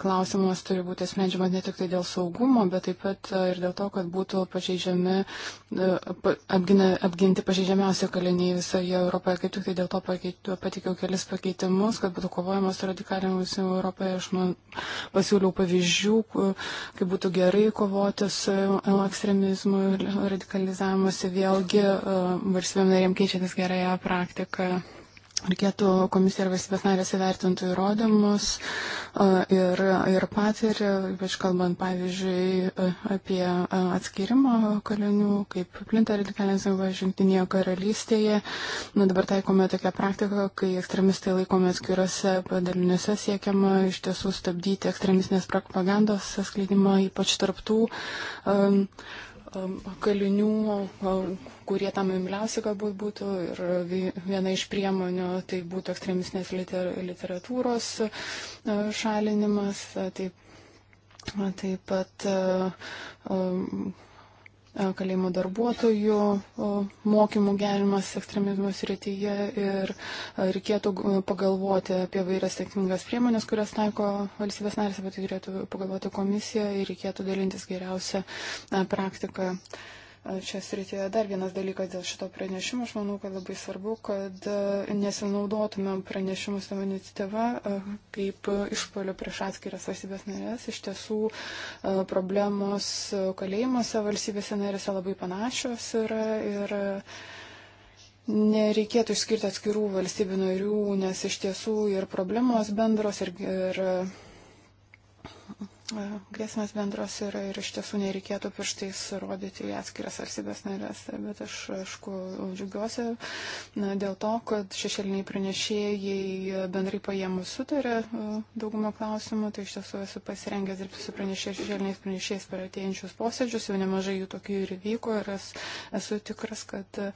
Klausimas turi būti sprendžiamas ne tik tai dėl saugumo, bet taip pat e, ir dėl to, kad būtų e, apgina, apginti pažeidžiamiausi kaliniai visoje Europoje. Kaip tik tai dėl to patikėjau kelis pakeitimus, kad būtų kovojamas radikaliamus Europoje. Aš man pasiūliau pavyzdžių, kaip būtų gerai kovoti su ekstremizmu ir radikalizavimuose. Vėlgi, e, valstybėm narėm keičiantis gerąją praktiką. Reikėtų komisija ir valstybės narės įvertintų įrodymus ir, ir patirį, ypač kalbant, pavyzdžiui, apie atskirimą kalinių, kaip plinta radikalizmas Junktinėje karalystėje. Na, dabar taikome tokią praktiką, kai ekstremistai laikomi atskiriuose padaliniuose siekiama iš tiesų stabdyti ekstremistinės propagandos skleidimą, ypač tarptų. Um, kalinių, kurie tam imliausi galbūt būtų. Ir viena iš priemonių tai būtų ekstremistinės liter, literatūros e, šalinimas. E, taip, e, taip pat kalėjimo darbuotojų mokymų gerimas ekstremizmo srityje ir reikėtų pagalvoti apie vairias sėkmingas priemonės, kurias taiko valstybės narės, bet tai turėtų pagalvoti komisija ir reikėtų dalintis geriausią praktiką čia srityje. Dar vienas dalykas dėl šito pranešimo. Aš manau, kad labai svarbu, kad e, nesinaudotumėm pranešimus savo iniciatyva e, kaip e, išpolio prieš atskiras valstybės narės. Iš tiesų problemos kalėjimuose valstybėse narėse labai panašios yra. Ir, Nereikėtų išskirti atskirų valstybių narių, nes iš tiesų ir problemos bendros, ir, ir grėsmės bendros yra ir iš tiesų nereikėtų pirštais rodyti į atskiras valstybės narės, bet aš, aišku, džiugiuosi na, dėl to, kad šešėliniai pranešėjai bendrai paėmus sutarė e, daugumą klausimų, tai iš tiesų esu pasirengęs dirbti su pranešėjais šešėliniais pranešėjais per ateinčius posėdžius, jau nemažai jų tokių ir vyko ir esu tikras, kad e,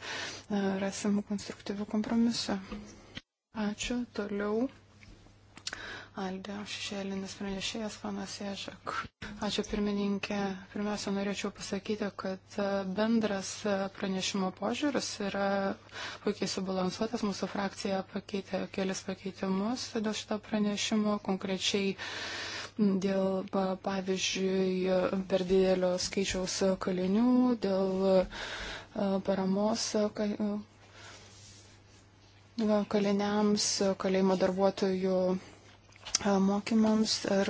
rasim konstruktyvių kompromisų. Ačiū, toliau. Aldė Šešėlinis pranešėjas, panas Ježak. Ačiū pirmininkė. Pirmiausia, norėčiau pasakyti, kad e, bendras e, pranešimo požiūris yra puikiai subalansuotas. Mūsų frakcija pakeitė kelis pakeitimus dėl šito pranešimo, konkrečiai dėl, pavyzdžiui, per didelio skaičiaus kalinių, dėl e, paramos kaliniams, kalėjimo darbuotojų mokymams, ar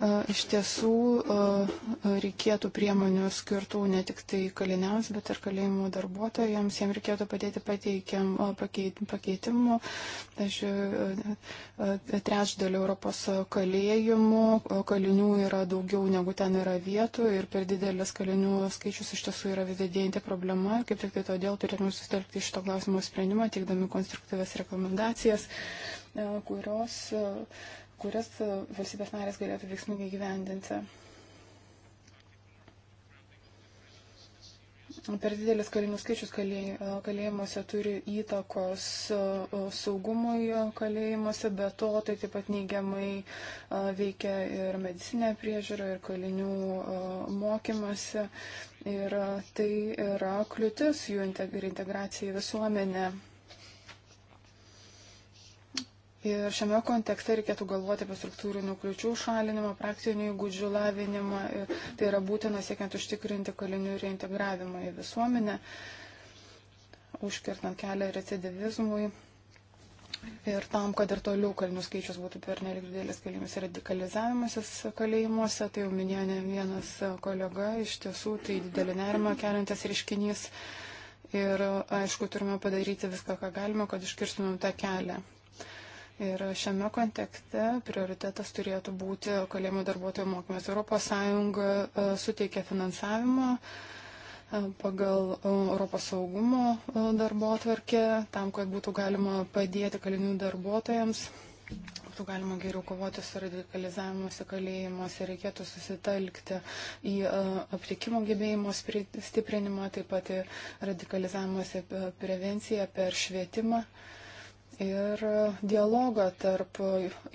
e, iš tiesų e, reikėtų priemonių skirtų ne tik tai kaliniams, bet ir kalėjimų darbuotojams, jiems reikėtų padėti pateikiam pakeitimų. Tačiau e, trečdalį Europos kalėjimų kalinių yra daugiau negu ten yra vietų ir per didelis kalinių skaičius iš tiesų yra vis didėjanti problema. Kaip tik tai todėl turėtume susitelkti šito klausimo sprendimą, teikdami konstruktyves rekomendacijas kurios kurias e, valstybės narės galėtų veiksmingai gyvendinti. Per didelis kalinių skaičius e, kalėjimuose turi įtakos e, saugumui kalėjimuose, bet to tai taip pat neigiamai veikia ir medicinė priežiūra, ir kalinių mokymasi. Ir tai yra kliūtis jų integracijai visuomenė. Ir šiame kontekste reikėtų galvoti apie struktūrinių kliučių šalinimą, praktinių įgūdžių lavinimą. Tai yra būtina siekiant užtikrinti kalinių reintegravimą į visuomenę, užkirtant kelią recidivizmui. Ir tam, kad ir toliau kalinių skaičius būtų per nelik didelis kalėjimas ir radikalizavimasis kalėjimuose, tai jau minėjo ne vienas kolega, iš tiesų tai didelį nerimą keliantis reiškinys. Ir aišku, turime padaryti viską, ką galime, kad iškirstumėm tą kelią. Ir šiame kontekste prioritetas turėtų būti kalėjimo darbuotojų mokymas. ES e, suteikia finansavimą e, pagal e, Europos saugumo darbo atvarkę, tam, kad būtų galima padėti kalinių darbuotojams būtų galima geriau kovoti su radikalizavimuose kalėjimuose, reikėtų susitelkti į aprikimo gebėjimo stiprinimą, taip pat į radikalizavimuose prevenciją per švietimą. Uh, ir e, dialogą tarp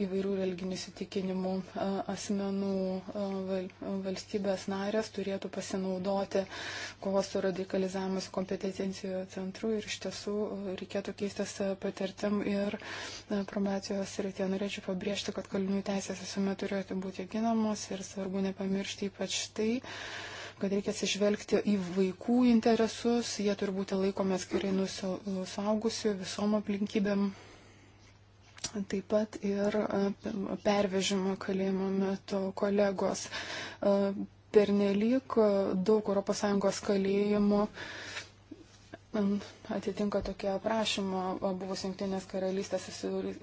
įvairių religinių įsitikinimų e, asmenų e, valstybės narės turėtų pasinaudoti kovos su radikalizavimus kompetencijų centru ir iš tiesų reikėtų keistis patirtim ir probacijos rytė. Norėčiau pabrėžti, kad kalinių teisės visuomet turėtų būti ginamos ir svarbu nepamiršti ypač tai, kad reikia atsižvelgti į vaikų interesus, jie turi būti laikomi atskirai nusaugusių visom aplinkybėm. Taip pat ir pervežimo kalėjimo metu kolegos pernelyg daug ES kalėjimų Mm, atitinka tokie aprašymo buvus Junktinės karalystės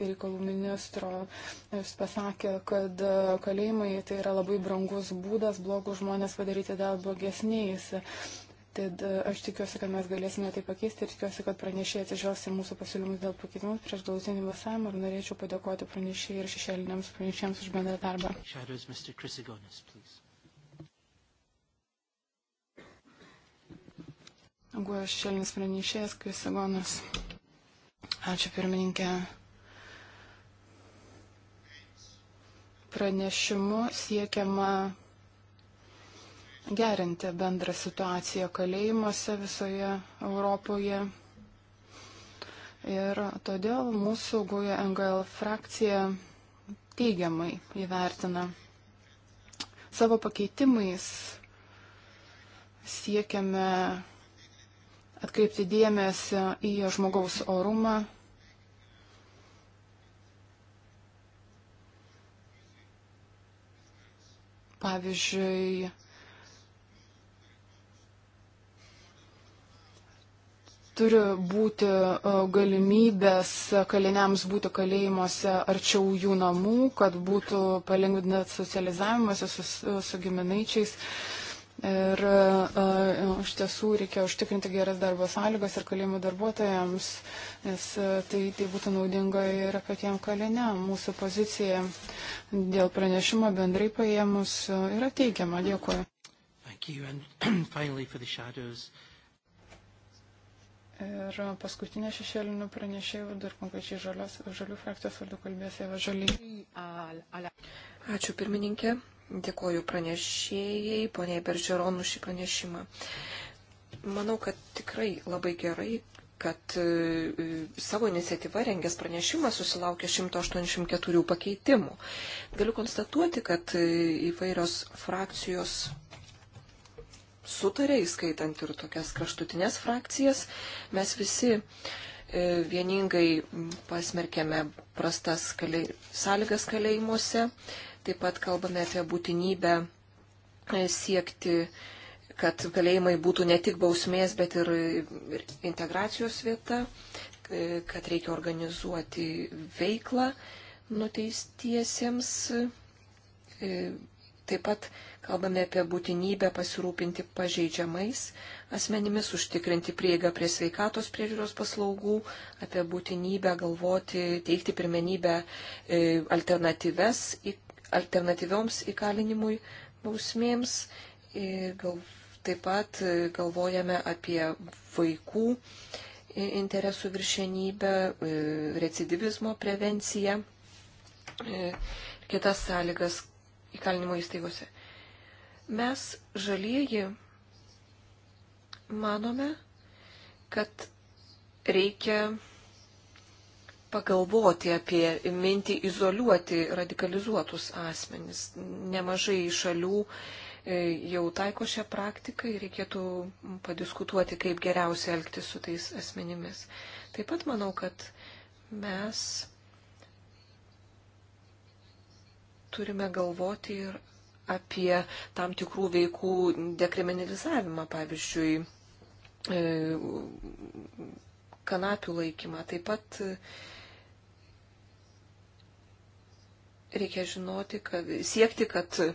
reikalų ministro. E, jis pasakė, kad e, kalėjimai tai yra labai brangus būdas blogus žmonės padaryti dar blogesniais. Tad e, aš tikiuosi, kad mes galėsime tai pakeisti ir tikiuosi, kad pranešėjai atsižvelgs į mūsų pasiūlymus dėl pakeitimų prieš galutinį balsavimą ir norėčiau padėkoti pranešėjai ir šešėliniams pranešėjams už bendrą darbą. Shadows, Guo šelnis pranešėjas Kvisagonas. Ačiū pirmininkė. Pranešimu siekiama gerinti bendrą situaciją kalėjimuose visoje Europoje. Ir todėl mūsų GUE NGL frakcija teigiamai įvertina. Savo pakeitimais siekiame atkreipti dėmesį į žmogaus orumą. Pavyzdžiui, turi būti e, galimybės kaliniams būti kalėjimuose arčiau jų namų, kad būtų palengvinat socializavimuose su, su giminaičiais. Uh, Ir iš tiesų reikia užtikrinti geras darbo sąlygas ir kalėjimų darbuotojams, nes tai, tai būtų naudinga ir patiems kaliniam. Mūsų pozicija dėl pranešimo bendrai paėmus yra teigiama. Dėkuoju. Ir paskutinė šešėlinių pranešėjų vardu ir konkrečiai žalios, žalių frakcijos vardu kalbės Eva Žaly. Ačiū pirmininkė. Dėkoju pranešėjai, poniai Beržeron, už šį pranešimą. Manau, kad tikrai labai gerai, kad e, savo iniciatyvą rengęs pranešimas susilaukė 184 pakeitimų. Galiu konstatuoti, kad e, įvairios frakcijos sutarė, įskaitant ir tokias kraštutinės frakcijas, mes visi e, vieningai pasmerkėme prastas kalė... sąlygas kalėjimuose Taip pat kalbame apie būtinybę e, siekti, kad kalėjimai būtų ne tik bausmės, bet ir integracijos vieta, e, kad reikia organizuoti veiklą nuteistiesiems. E, taip pat kalbame apie būtinybę pasirūpinti pažeidžiamais asmenimis, užtikrinti prieigą prie sveikatos priežiūros paslaugų, apie būtinybę galvoti, teikti pirmenybę alternatyves į alternatyvioms įkalinimui bausmėms. Gal, taip pat e, galvojame apie vaikų e, interesų viršenybę, e, recidivizmo prevenciją, kitas sąlygas įkalinimo įstaigose. Mes žalieji manome, kad reikia pagalvoti apie mintį izoliuoti radikalizuotus asmenis. Nemažai šalių e, jau taiko šią praktiką ir reikėtų padiskutuoti, kaip geriausia elgtis su tais asmenimis. Taip pat manau, kad mes turime galvoti ir apie tam tikrų veikų dekriminalizavimą, pavyzdžiui, e, kanapių laikymą. Taip pat reikia žinoti, kad siekti, kad e,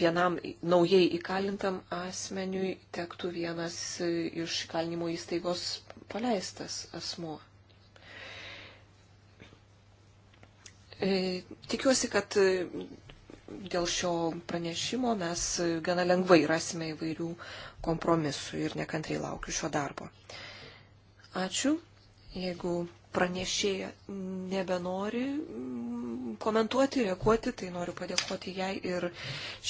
vienam naujai įkalintam asmeniui tektų vienas e, iš įkalinimo įstaigos paleistas asmuo. E, tikiuosi, kad dėl šio pranešimo mes gana lengvai rasime įvairių kompromisų ir nekantriai laukiu šio darbo. Ačiū. Jeigu pranešėja nebenori mm, komentuoti, reaguoti, tai noriu padėkoti jai ir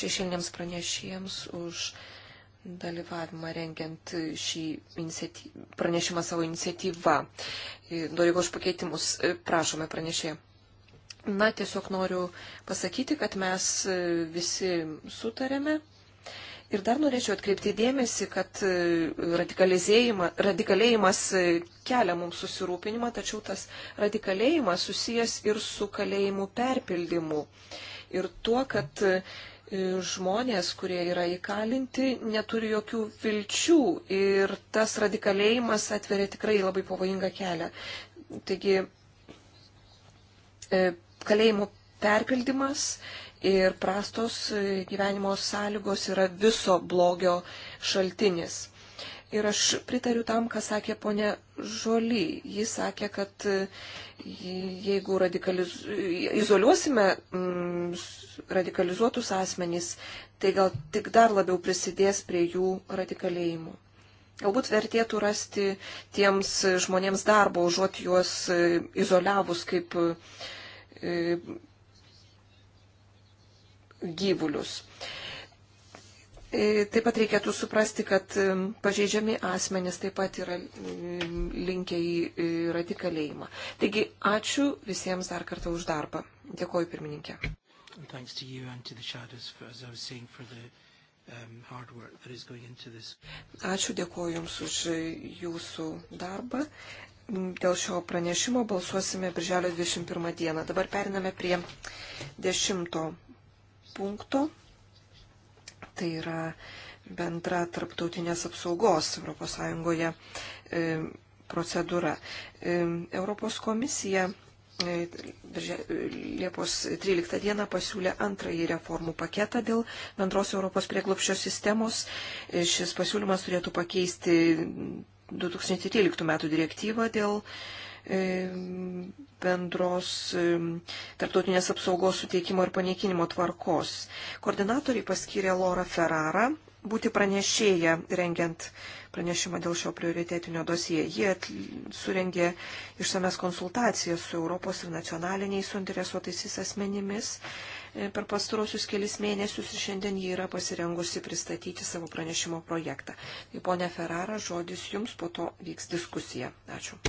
šešėliniams pranešėjams už dalyvavimą rengiant šį iniciaty... pranešimą savo iniciatyvą. Noriu už pakeitimus, e, prašome pranešėją. Na, tiesiog noriu pasakyti, kad mes e, visi sutarėme Ir dar norėčiau atkreipti dėmesį, kad e, radikalėjimas e, kelia mums susirūpinimą, tačiau tas radikalėjimas susijęs ir su kalėjimų perpildymu. Ir tuo, kad e, žmonės, kurie yra įkalinti, neturi jokių vilčių ir tas radikalėjimas atveria tikrai labai pavojingą kelią. Taigi, kalėjimų perpildymas ir prastos gyvenimo sąlygos yra viso blogio šaltinis. Ir aš pritariu tam, ką sakė ponė Žoly. Jis sakė, kad e, jeigu radikaliz... izoliuosime mm, radikalizuotus asmenys, tai gal tik dar labiau prisidės prie jų radikalėjimų. Galbūt vertėtų rasti tiems žmonėms darbo, užuot juos e, izoliavus kaip e, gyvulius. E, taip pat reikėtų suprasti, kad e, pažeidžiami asmenys taip pat yra e, linkę į radikalėjimą. Taigi, ačiū visiems dar kartą už darbą. Dėkoju, pirmininkė. Um, ačiū, dėkoju Jums už Jūsų darbą. Dėl šio pranešimo balsuosime birželio 21 dieną. Dabar periname prie 10 punkto. Tai yra bendra tarptautinės apsaugos ES e, procedūra. E, Europos komisija e, Liepos 13 dieną pasiūlė antrąjį reformų paketą dėl bendros Europos prieglopščio sistemos. Šis pasiūlymas turėtų pakeisti 2013 m. direktyvą dėl E, bendros e, tarptautinės apsaugos suteikimo ir paniekinimo tvarkos. Koordinatoriai paskyrė Laura Ferrara būti pranešėja, rengiant pranešimą dėl šio prioritetinio dosie. Jie surengė išsames konsultacijas su Europos ir nacionaliniais suinteresuotaisiais asmenimis e, per pastarosius kelis mėnesius ir šiandien jie yra pasirengusi pristatyti savo pranešimo projektą. Tai ponė Ferrara, žodis jums, po to vyks diskusija. Ačiū.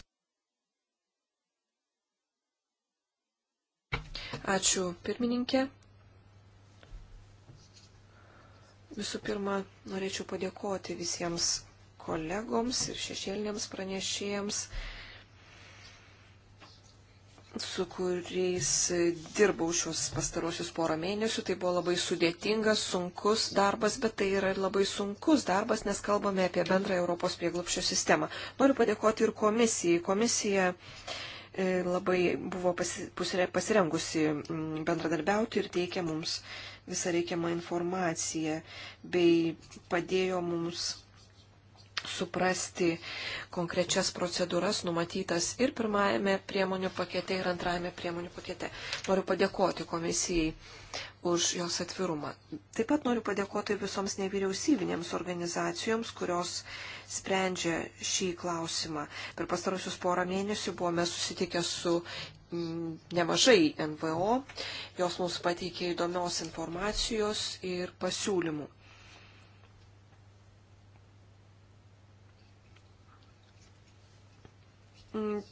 Ačiū pirmininkė. Visų pirma, norėčiau padėkoti visiems kolegoms ir šešėlinėms pranešėjams, su kuriais dirbau šios pastarosius porą mėnesių. Tai buvo labai sudėtingas, sunkus darbas, bet tai yra labai sunkus darbas, nes kalbame apie bendrą Europos prieglapščio sistemą. Noriu padėkoti ir komisijai. Komisija. Komisija E, labai buvo pasirengusi mm, bendradarbiauti ir teikė mums visą reikiamą informaciją bei padėjo mums suprasti konkrečias procedūras numatytas ir pirmajame priemonių pakete, ir antrajame priemonių pakete. Noriu padėkoti komisijai už jos atvirumą. Taip pat noriu padėkoti visoms nevyriausybinėms organizacijoms, kurios sprendžia šį klausimą. Per pastarusius porą mėnesių buvome susitikę su mm, nemažai NVO, jos mums pateikė įdomios informacijos ir pasiūlymų. Mm,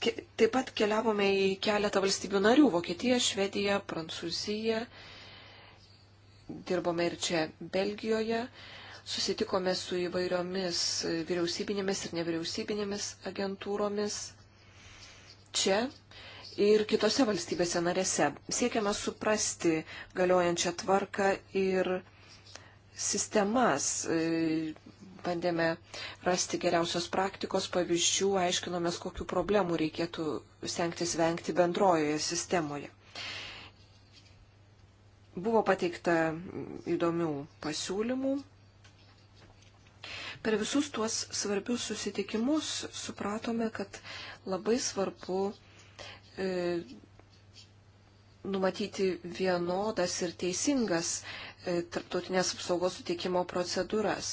Taip pat keliavome į keletą valstybių narių - Vokietiją, Švediją, Prancūziją. Dirbome ir čia Belgijoje. Susitikome su įvairiomis vyriausybinėmis ir nevyriausybinėmis agentūromis čia ir kitose valstybėse narėse. Siekiame suprasti galiojančią tvarką ir sistemas, bandėme rasti geriausios praktikos pavyzdžių, aiškinomės, kokiu problemu reikėtų stengtis vengti bendrojoje sistemoje. Buvo pateikta įdomių pasiūlymų. Per visus tuos svarbius susitikimus supratome, kad labai svarbu e, numatyti vienodas ir teisingas e, tarptautinės apsaugos suteikimo procedūras.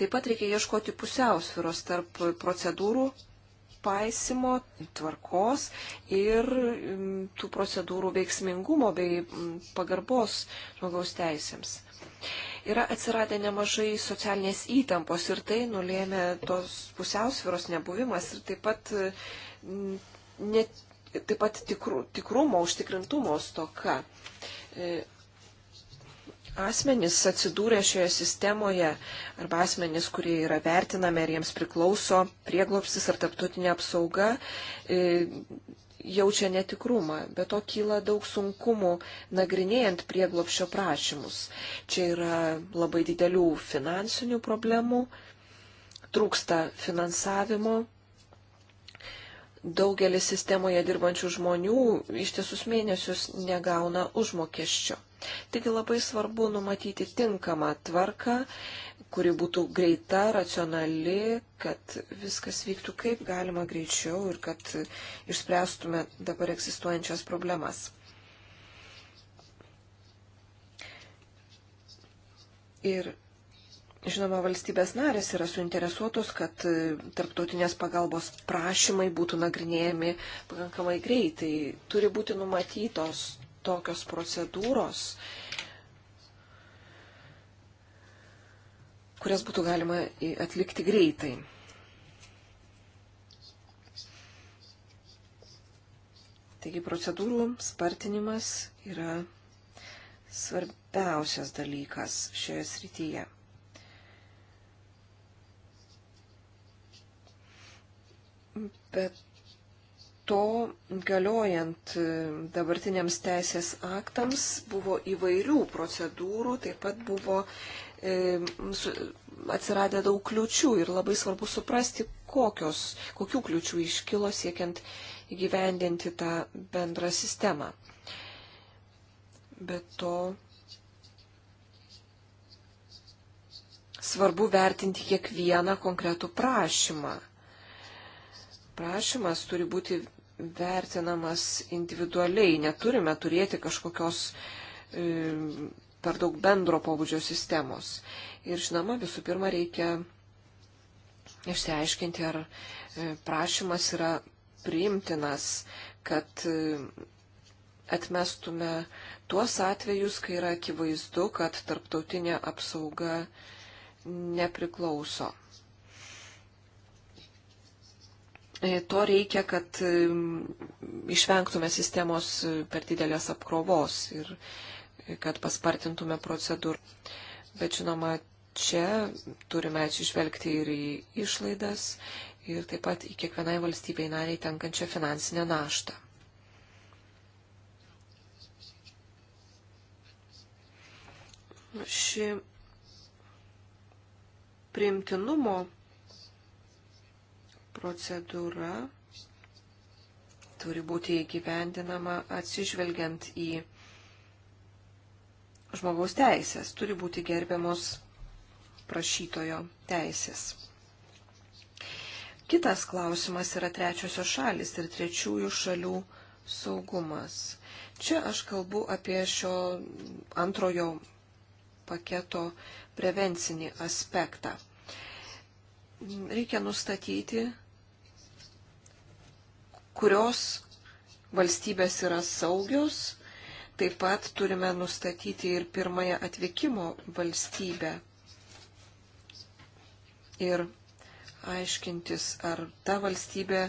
Taip pat reikia ieškoti pusiausviros tarp procedūrų paisimo, tvarkos ir tų procedūrų veiksmingumo bei pagarbos žmogaus teisėms. Yra atsiradę nemažai socialinės įtampos ir tai nulėmė tos pusiausviros nebuvimas ir taip pat net taip pat tikru, tikrumo, užtikrintumo stoka. E, asmenys atsidūrė šioje sistemoje arba asmenys, kurie yra vertinami ir jiems priklauso prieglopsis ar taptutinė apsauga, e, jaučia netikrumą, bet to kyla daug sunkumų nagrinėjant prieglopščio prašymus. Čia yra labai didelių finansinių problemų, trūksta finansavimo, daugelis sistemoje dirbančių žmonių ištisus mėnesius negauna užmokesčio. Taigi labai svarbu numatyti tinkamą tvarką, kuri būtų greita, racionali, kad viskas vyktų kaip galima greičiau ir kad išspręstume dabar egzistuojančias problemas. Ir Žinoma, valstybės narės yra suinteresuotos, kad e, tarptautinės pagalbos prašymai būtų nagrinėjami pakankamai greitai. Turi būti numatytos tokios procedūros, kurias būtų galima atlikti greitai. Taigi procedūrų spartinimas yra svarbiausias dalykas šioje srityje. Bet to, galiojant e, dabartiniams teisės aktams, buvo įvairių procedūrų, taip pat buvo e, atsiradę daug kliučių ir labai svarbu suprasti, kokios, kokių kliučių iškilo siekiant įgyvendinti tą bendrą sistemą. Bet to svarbu vertinti kiekvieną konkretų prašymą prašymas turi būti vertinamas individualiai. Neturime turėti kažkokios e, per daug bendro pobūdžio sistemos. Ir žinoma, visų pirma, reikia išsiaiškinti, ar e, prašymas yra priimtinas, kad e, atmestume tuos atvejus, kai yra akivaizdu, kad tarptautinė apsauga nepriklauso. E, to reikia, kad e, išvengtume sistemos e, per didelės apkrovos ir kad paspartintume procedūrą. Bet žinoma, čia turime atsižvelgti ir į išlaidas, ir taip pat į kiekvienai valstybei nariai tenkančią finansinę naštą. Ši priimtinumo procedūra turi būti įgyvendinama atsižvelgiant į žmogaus teisės, turi būti gerbiamos prašytojo teisės. Kitas klausimas yra trečiosios šalis ir trečiųjų šalių saugumas. Čia aš kalbu apie šio antrojo paketo prevencinį aspektą. Reikia nustatyti kurios valstybės yra saugios. Taip pat turime nustatyti ir pirmąją atvykimo valstybę. Ir aiškintis, ar ta valstybė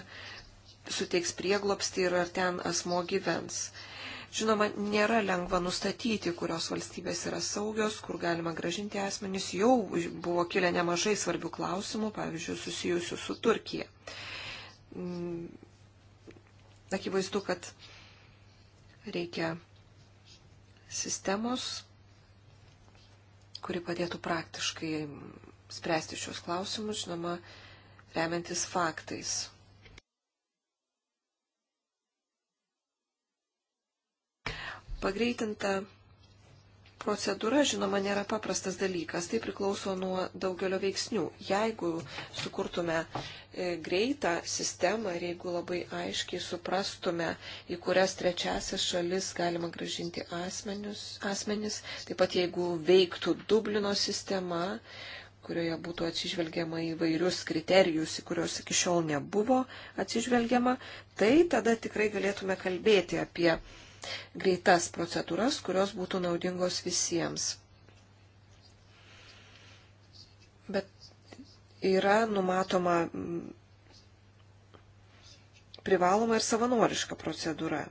suteiks prieglopstį ir ar ten asmo gyvens. Žinoma, nėra lengva nustatyti, kurios valstybės yra saugios, kur galima gražinti asmenys. Jau buvo kilę nemažai svarbių klausimų, pavyzdžiui, susijusių su Turkija. Mm, akivaizdu, kad reikia sistemos, kuri padėtų praktiškai spręsti šios klausimus, žinoma, remiantis faktais. Pagreitinta Procedūra, žinoma, nėra paprastas dalykas, tai priklauso nuo daugelio veiksnių. Jeigu sukurtume e, greitą sistemą ir jeigu labai aiškiai suprastume, į kurias trečiasias šalis galima gražinti asmenius, asmenis, taip pat jeigu veiktų Dublino sistema, kurioje būtų atsižvelgiama į vairius kriterijus, į kuriuos iki šiol nebuvo atsižvelgiama, tai tada tikrai galėtume kalbėti apie greitas procedūras, kurios būtų naudingos visiems. Bet yra numatoma mm, privaloma ir savanoriška procedūra.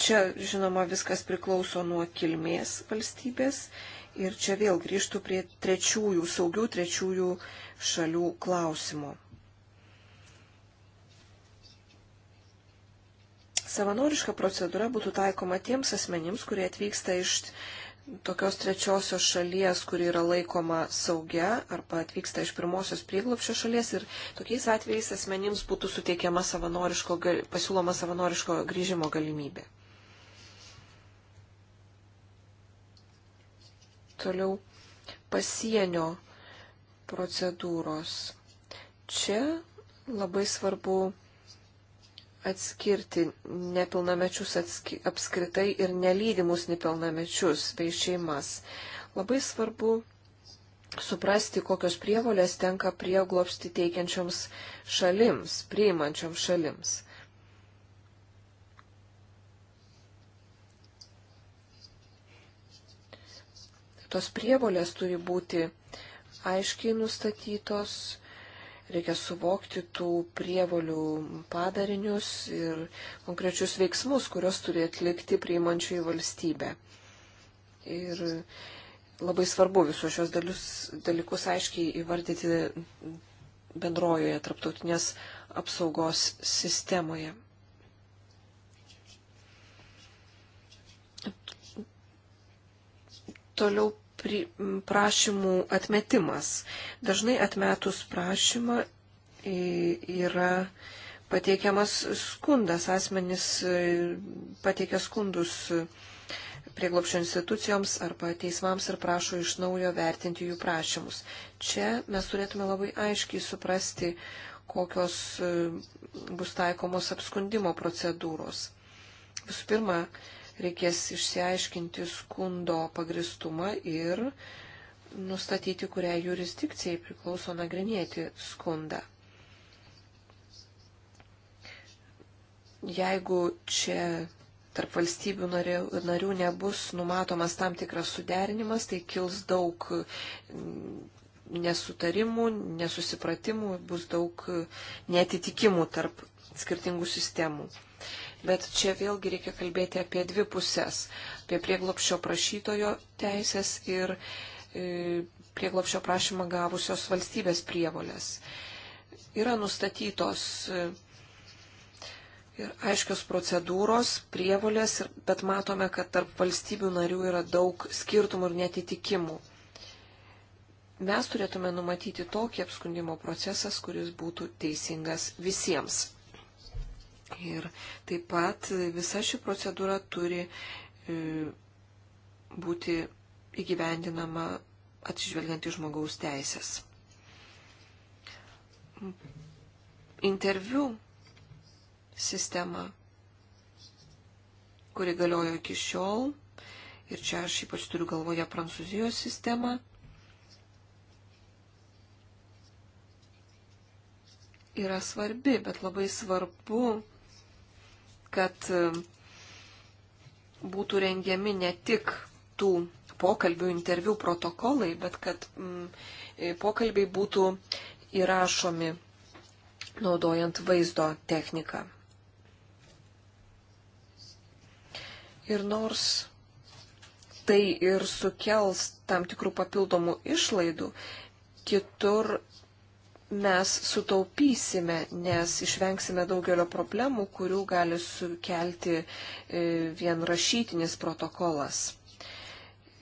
Čia, žinoma, viskas priklauso nuo kilmės valstybės ir čia vėl grįžtų prie trečiųjų, saugių trečiųjų šalių klausimo. Savanoriška procedūra būtų taikoma tiems asmenims, kurie atvyksta iš tokios trečiosios šalies, kuri yra laikoma saugia, arba atvyksta iš pirmosios prieglopščio šalies ir tokiais atvejais asmenims būtų suteikiama savanoriško, pasiūloma savanoriško grįžimo galimybė. Toliau pasienio procedūros. Čia labai svarbu atskirti nepilnamečius atski, apskritai ir nelydimus nepilnamečius bei šeimas. Labai svarbu suprasti, kokios prievolės tenka prieglopsti teikiančioms šalims, priimančioms šalims. Tos prievolės turi būti aiškiai nustatytos, Reikia suvokti tų prievolių padarinius ir konkrečius veiksmus, kurios turi atlikti priimančiųjų valstybę. Ir labai svarbu visus šios dalius, dalykus aiškiai įvardyti bendrojoje tarptautinės apsaugos sistemoje. Toliau prašymų atmetimas. Dažnai atmetus prašymą yra pateikiamas skundas, asmenys e, pateikia skundus prieglopšio institucijoms arba teismams ir prašo iš naujo vertinti jų prašymus. Čia mes turėtume labai aiškiai suprasti, kokios e, bus taikomos apskundimo procedūros. Visų pirma, Reikės išsiaiškinti skundo pagristumą ir nustatyti, kuriai jurisdikcijai priklauso nagrinėti skundą. Jeigu čia tarp valstybių narių, narių nebus numatomas tam tikras suderinimas, tai kils daug nesutarimų, nesusipratimų, bus daug netitikimų tarp skirtingų sistemų. Bet čia vėlgi reikia kalbėti apie dvi pusės - apie prieglopščio prašytojo teisės ir e, prieglopščio prašymą gavusios valstybės prievolės. Yra nustatytos e, ir aiškios procedūros, prievolės, bet matome, kad tarp valstybių narių yra daug skirtumų ir netitikimų. Mes turėtume numatyti tokį apskundimo procesas, kuris būtų teisingas visiems. Ir taip pat visa ši procedūra turi e, būti įgyvendinama atsižvelgiant į žmogaus teisės. Interviu sistema, kuri galiojo iki šiol, ir čia aš ypač turiu galvoje Prancūzijos sistemą, yra svarbi, bet labai svarbu kad e, būtų rengiami ne tik tų pokalbių, interviu protokolai, bet kad mm, e, pokalbiai būtų įrašomi naudojant vaizdo techniką. Ir nors tai ir sukels tam tikrų papildomų išlaidų, kitur mes sutaupysime, nes išvengsime daugelio problemų, kurių gali sukelti e, vien rašytinis protokolas.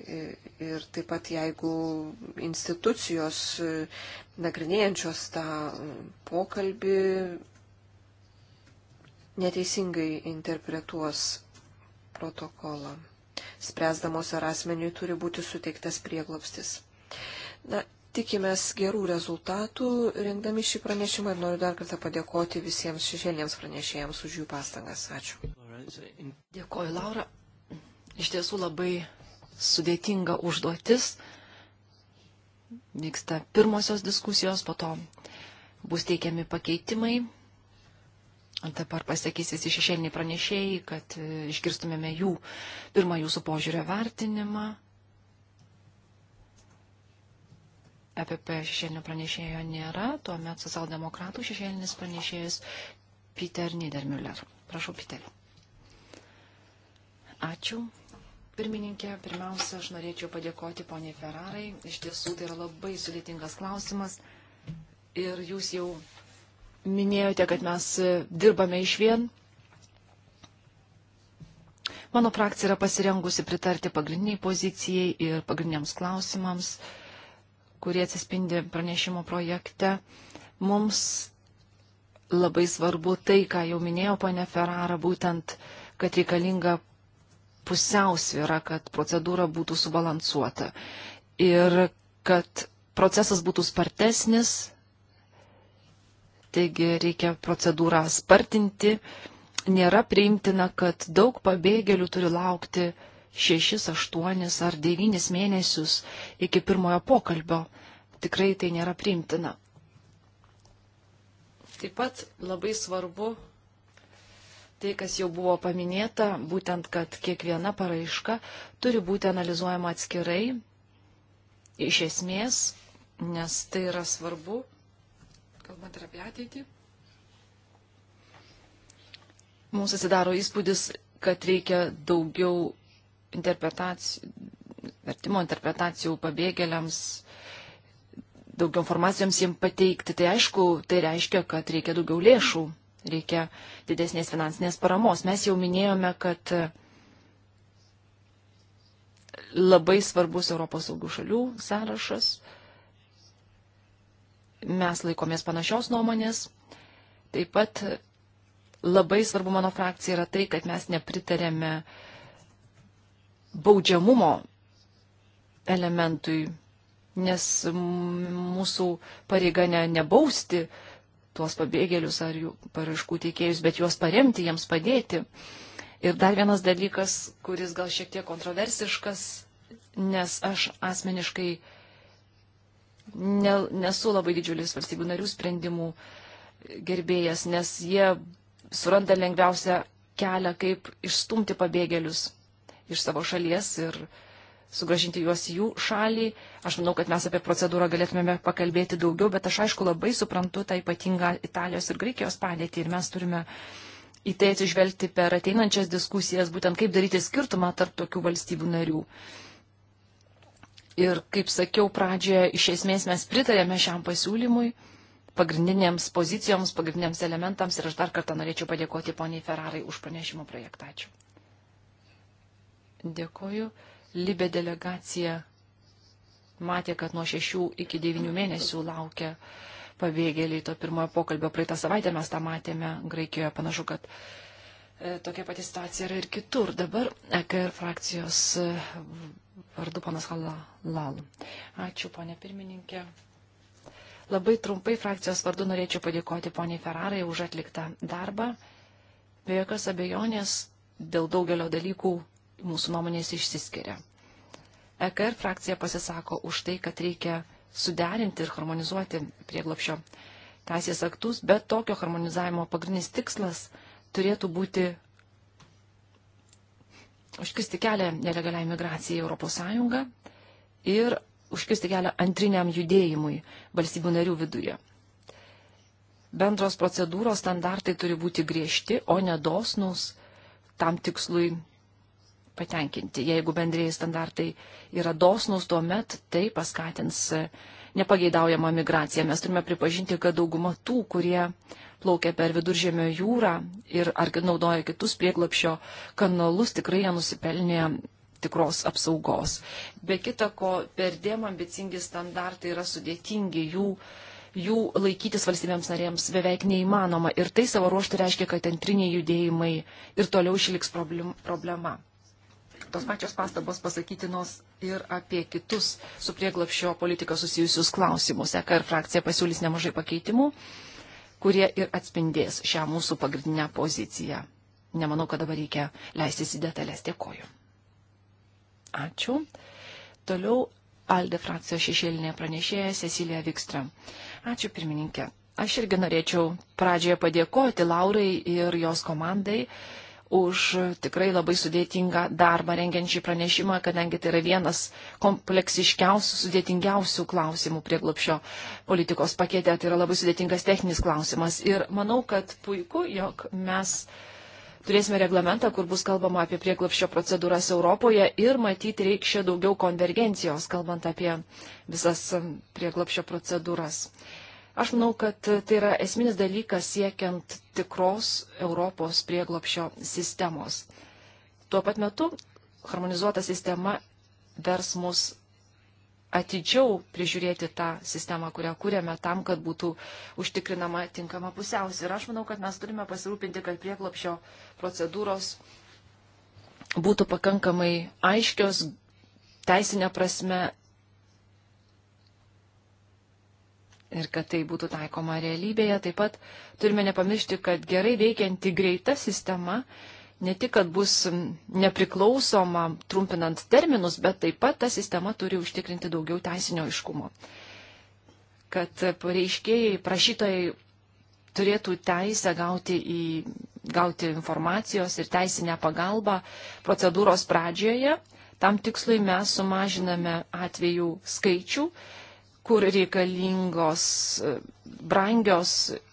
E, ir taip pat jeigu institucijos e, nagrinėjančios tą pokalbį neteisingai interpretuos protokolą, spręsdamos ar asmeniui turi būti suteiktas prieglopstis. Na, tikimės gerų rezultatų, rengdami šį pranešimą ir noriu dar kartą padėkoti visiems šešėliems pranešėjams už jų pastangas. Ačiū. Dėkoju, Laura. Iš tiesų labai sudėtinga užduotis. Vyksta pirmosios diskusijos, po to bus teikiami pakeitimai. Dabar pasakys visi šešėliniai pranešėjai, kad išgirstumėme jų pirmą jūsų požiūrio vertinimą EPP šešėlinio pranešėjo nėra, tuomet socialdemokratų šešėlinis pranešėjas Peter Niedermüller. Prašau, Peter. Ačiū. Pirmininkė, pirmiausia, aš norėčiau padėkoti poniai Ferrarai. Iš tiesų, tai yra labai sudėtingas klausimas. Ir jūs jau minėjote, kad mes dirbame iš vien. Mano frakcija yra pasirengusi pritarti pagrindiniai pozicijai ir pagrindiniams klausimams. Uh, kurie atsispindi pranešimo projekte. Mums labai svarbu tai, ką jau minėjo ponė Ferrara, būtent, kad reikalinga pusiausvyrą, kad procedūra būtų subalansuota ir kad procesas būtų spartesnis, taigi reikia procedūrą spartinti. Nėra priimtina, kad daug pabėgėlių turi laukti šešis, aštuonis ar devynis mėnesius iki pirmojo pokalbio. Tikrai tai nėra priimtina. Taip pat labai svarbu tai, kas jau buvo paminėta, būtent, kad kiekviena paraiška turi būti analizuojama atskirai, iš esmės, nes tai yra svarbu, kalbant ir apie ateitį. Mums atsidaro įspūdis, kad reikia daugiau interpretacijų, vertimo interpretacijų pabėgėliams, daugiau informacijoms jiems pateikti, tai aišku, tai reiškia, kad reikia daugiau lėšų, reikia didesnės finansinės paramos. Mes jau minėjome, kad labai svarbus Europos saugų šalių sąrašas. Mes laikomės panašios nuomonės. Taip pat labai svarbu mano frakcija yra tai, kad mes nepritarėme uh, baudžiamumo elementui, nes mūsų pareiga ne, nebausti tuos pabėgėlius ar jų paraiškų teikėjus, bet juos paremti, jiems padėti. Ir dar vienas dalykas, kuris gal šiek tiek kontroversiškas, nes aš asmeniškai ne, nesu labai didžiulis valstybių narių sprendimų gerbėjas, nes jie suranda lengviausią kelią, kaip išstumti pabėgėlius iš savo šalies ir sugražinti juos į jų šalį. Aš manau, kad mes apie procedūrą galėtumėme pakalbėti daugiau, bet aš aišku labai suprantu tą ypatingą Italijos ir Graikijos padėtį ir mes turime į tai atsižvelgti per ateinančias diskusijas, būtent kaip daryti skirtumą tarp tokių valstybių narių. Ir kaip sakiau pradžioje, iš esmės mes pritarėme šiam pasiūlymui, pagrindinėms pozicijoms, pagrindiniams elementams ir aš dar kartą norėčiau padėkoti poniai Ferrarai už pranešimo projektą. Ačiū. Dėkoju. Libė delegacija matė, kad nuo šešių iki devinių mėnesių laukia pabėgėliai to pirmojo pokalbio. Praeitą savaitę mes tą matėme Graikijoje. Panašu, kad e, tokia pati situacija yra ir kitur. Dabar EKR frakcijos e, vardu panas Halal. Ačiū, ponė pirmininkė. Labai trumpai frakcijos vardu norėčiau padėkoti poniai Ferrarai už atliktą darbą. Be jokios abejonės dėl daugelio dalykų mūsų nuomonės išsiskiria. EKR frakcija pasisako už tai, kad reikia suderinti ir harmonizuoti prieglopšio teisės aktus, bet tokio harmonizavimo pagrindinis tikslas turėtų būti užkisti kelią nelegaliai migracijai Europos Sąjungą ir užkisti kelią antriniam judėjimui valstybių narių viduje. Bendros procedūros standartai turi būti griežti, o nedosnus tam tikslui patenkinti. Jeigu bendrėjai standartai yra dosnus, tuomet tai paskatins e, nepageidaujamą migraciją. Mes turime pripažinti, kad dauguma tų, kurie plaukia per viduržėmio jūrą ir ar naudoja kitus prieglapšio kanalus, tikrai jie nusipelnė tikros apsaugos. Be kita ko, perdėm ambicingi standartai yra sudėtingi, jų, jų laikytis valstybėms narėms beveik neįmanoma ir tai savo ruoštų reiškia, kad antriniai judėjimai ir toliau išliks problema tos pačios pastabos pasakytinos ir apie kitus su prieglapšio politika susijusius klausimus. EKR frakcija pasiūlys nemažai pakeitimų, kurie ir atspindės šią mūsų pagrindinę poziciją. Nemanau, kad dabar reikia leistis į detalės. Dėkoju. Ačiū. Toliau Alde frakcijos šešėlinė pranešėja Cecilija Vikstra. Ačiū pirmininkė. Aš irgi norėčiau pradžioje padėkoti Laurai ir jos komandai už tikrai labai sudėtingą darbą rengiant šį pranešimą, kadangi tai yra vienas kompleksiškiausių, sudėtingiausių klausimų prieglopšio politikos pakete. Tai yra labai sudėtingas techninis klausimas. Ir manau, kad puiku, jog mes turėsime reglamentą, kur bus kalbama apie prieglopščio procedūras Europoje ir matyti reikšia daugiau konvergencijos, kalbant apie visas prieglopščio procedūras. Aš manau, kad tai yra esminis dalykas siekiant tikros Europos prieglopšio sistemos. Tuo pat metu harmonizuota sistema vers mus atidžiau prižiūrėti tą sistemą, kurią kūrėme tam, kad būtų užtikrinama tinkama pusiausvė. Ir aš manau, kad mes turime pasirūpinti, kad prieglopšio procedūros būtų pakankamai aiškios, teisinė prasme ir kad tai būtų taikoma realybėje. Taip pat turime nepamiršti, kad gerai veikianti greita sistema ne tik, kad bus nepriklausoma trumpinant terminus, bet taip pat ta sistema turi užtikrinti daugiau teisinio iškumo. Kad pareiškėjai, prašytojai turėtų teisę gauti, į, gauti informacijos ir teisinę pagalbą procedūros pradžioje. Tam tikslui mes sumažiname atvejų skaičių kur reikalingos e, brangios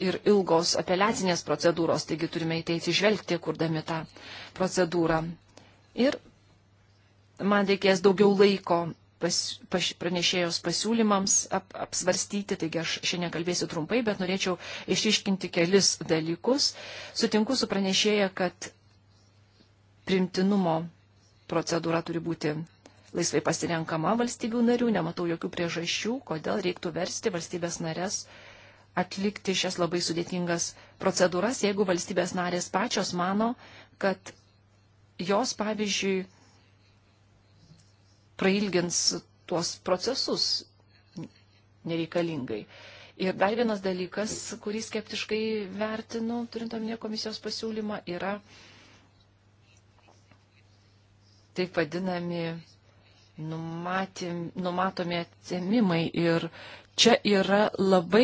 ir ilgos apeliacinės procedūros, taigi turime į tai atsižvelgti, kurdami tą procedūrą. Ir man reikės daugiau laiko pas, pas, pranešėjos pasiūlymams ap, apsvarstyti, taigi aš šiandien kalbėsiu trumpai, bet norėčiau išiškinti kelis dalykus. Sutinku su pranešėja, kad primtinumo procedūra turi būti laisvai pasirenkama valstybių narių, nematau jokių priežasčių, kodėl reiktų versti valstybės narės atlikti šias labai sudėtingas procedūras, jeigu valstybės narės pačios mano, kad jos, pavyzdžiui, prailgins tuos procesus nereikalingai. Ir dar vienas dalykas, kurį skeptiškai vertinu, turint omenyje komisijos pasiūlymą, yra taip vadinami numatėm, numatomi atsimimai ir čia yra labai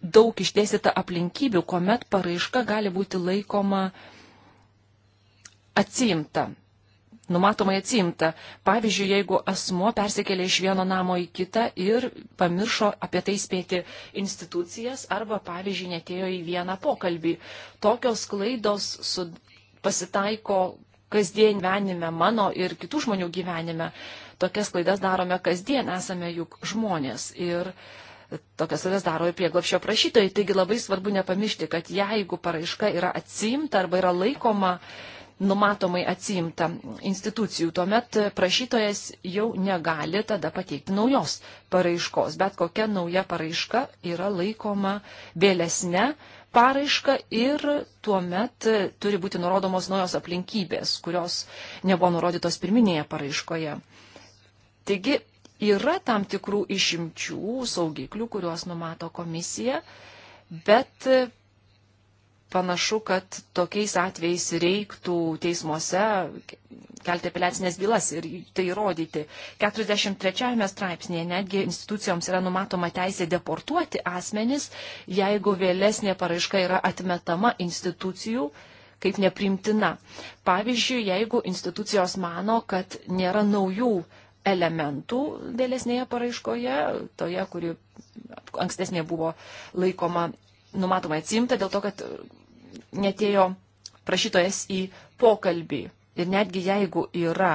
daug išdėstyta aplinkybių, kuomet paraiška gali būti laikoma atsiimta, numatomai atsiimta. Pavyzdžiui, jeigu asmo persikėlė iš vieno namo į kitą ir pamiršo apie tai spėti institucijas arba, pavyzdžiui, netėjo į vieną pokalbį. Tokios klaidos su, pasitaiko kasdien gyvenime mano ir kitų žmonių gyvenime tokias klaidas darome kasdien, esame juk žmonės. Ir tokias klaidas daro ir prieglapšio prašytojai. Taigi labai svarbu nepamiršti, kad jeigu paraiška yra atsimta arba yra laikoma numatomai atsimta institucijų, tuomet prašytojas jau negali tada pateikti naujos paraiškos. Bet kokia nauja paraiška yra laikoma vėlesne paraišką ir tuomet turi būti nurodomos naujos aplinkybės, kurios nebuvo nurodytos pirminėje paraiškoje. Taigi yra tam tikrų išimčių, saugiklių, kuriuos numato komisija, bet panašu, kad tokiais atvejais reiktų teismuose kelti apeliacinės bylas ir tai įrodyti. 43 straipsnėje netgi institucijoms yra numatoma teisė deportuoti asmenis, jeigu vėlesnė paraiška yra atmetama institucijų kaip neprimtina. Pavyzdžiui, jeigu institucijos mano, kad nėra naujų elementų vėlesnėje paraiškoje, toje, kuri ankstesnė buvo laikoma numatoma atsimta dėl to, kad netėjo prašytojas į pokalbį. Ir netgi jeigu yra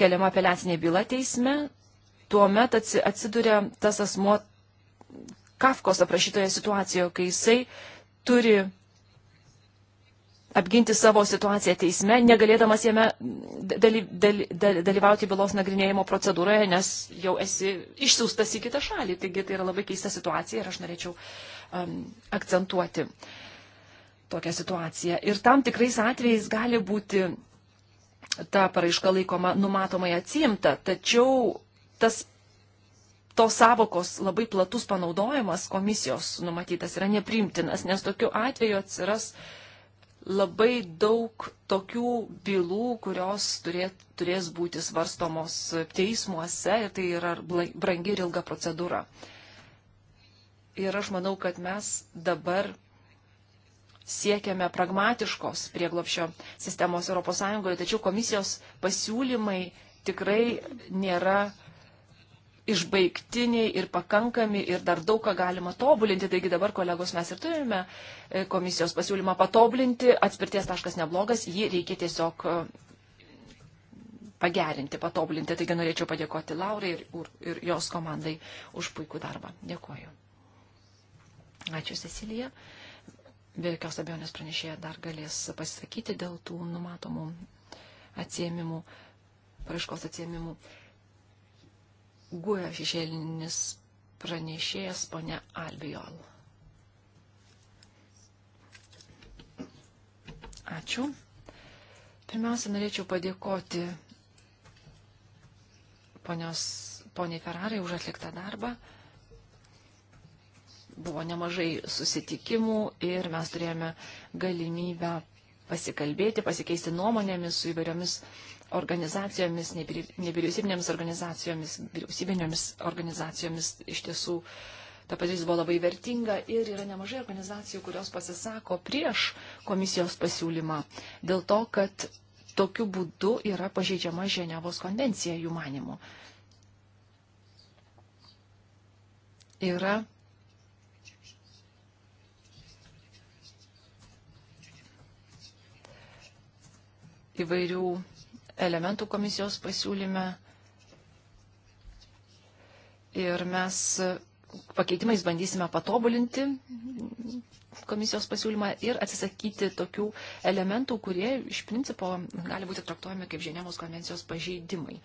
keliama apeliacinė byla teisme, tuomet atsiduria tas asmo Kafkos aprašytoje situacijoje, kai jisai turi apginti savo situaciją teisme, negalėdamas jame daly, daly, daly, dalyvauti bylos nagrinėjimo procedūroje, nes jau esi išsiųstas į kitą šalį. Taigi tai yra labai keista situacija ir aš norėčiau um, akcentuoti tokią situaciją. Ir tam tikrais atvejais gali būti ta paraiška laikoma numatomai atsimta, tačiau tas tos savokos labai platus panaudojimas komisijos numatytas yra nepriimtinas, nes tokiu atveju atsiras uh, labai daug tokių bylų, kurios turėt, turės būti svarstomos teismuose ir tai yra brangi ir ilga procedūra. Ir aš manau, kad mes dabar siekiame pragmatiškos prieglopšio sistemos ES, tačiau komisijos pasiūlymai tikrai nėra išbaigtiniai ir pakankami ir dar daug ką galima tobulinti. Taigi dabar, kolegos, mes ir turime e, komisijos pasiūlymą patobulinti. Atspirties taškas neblogas, jį reikia tiesiog e, pagerinti, patobulinti. Taigi norėčiau padėkoti Laurai ir, ir jos komandai už puikų darbą. Dėkuoju. Ačiū, Cecilija. Be jokios abejonės pranešėja dar galės pasisakyti dėl tų numatomų atsiemimų, paraiškos atsiemimų guoja šešėlinis pranešėjas ponia Albiol. Ačiū. Pirmiausia, norėčiau padėkoti ponios, poniai Ferrarai už atliktą darbą. Buvo nemažai susitikimų ir mes turėjome galimybę pasikalbėti, pasikeisti nuomonėmis su įvairiomis organizacijomis, nevyriausybinėmis organizacijomis, vyriausybinėmis organizacijomis iš tiesų ta patirtis buvo labai vertinga ir yra nemažai organizacijų, kurios pasisako prieš komisijos pasiūlymą dėl to, kad tokiu būdu yra pažeidžiama Ženevos konvencija jų manimu. Yra įvairių elementų komisijos pasiūlyme. Ir mes pakeitimais bandysime patobulinti komisijos pasiūlymą ir atsisakyti tokių elementų, kurie iš principo gali būti traktuojami kaip Ženevos konvencijos pažeidimai.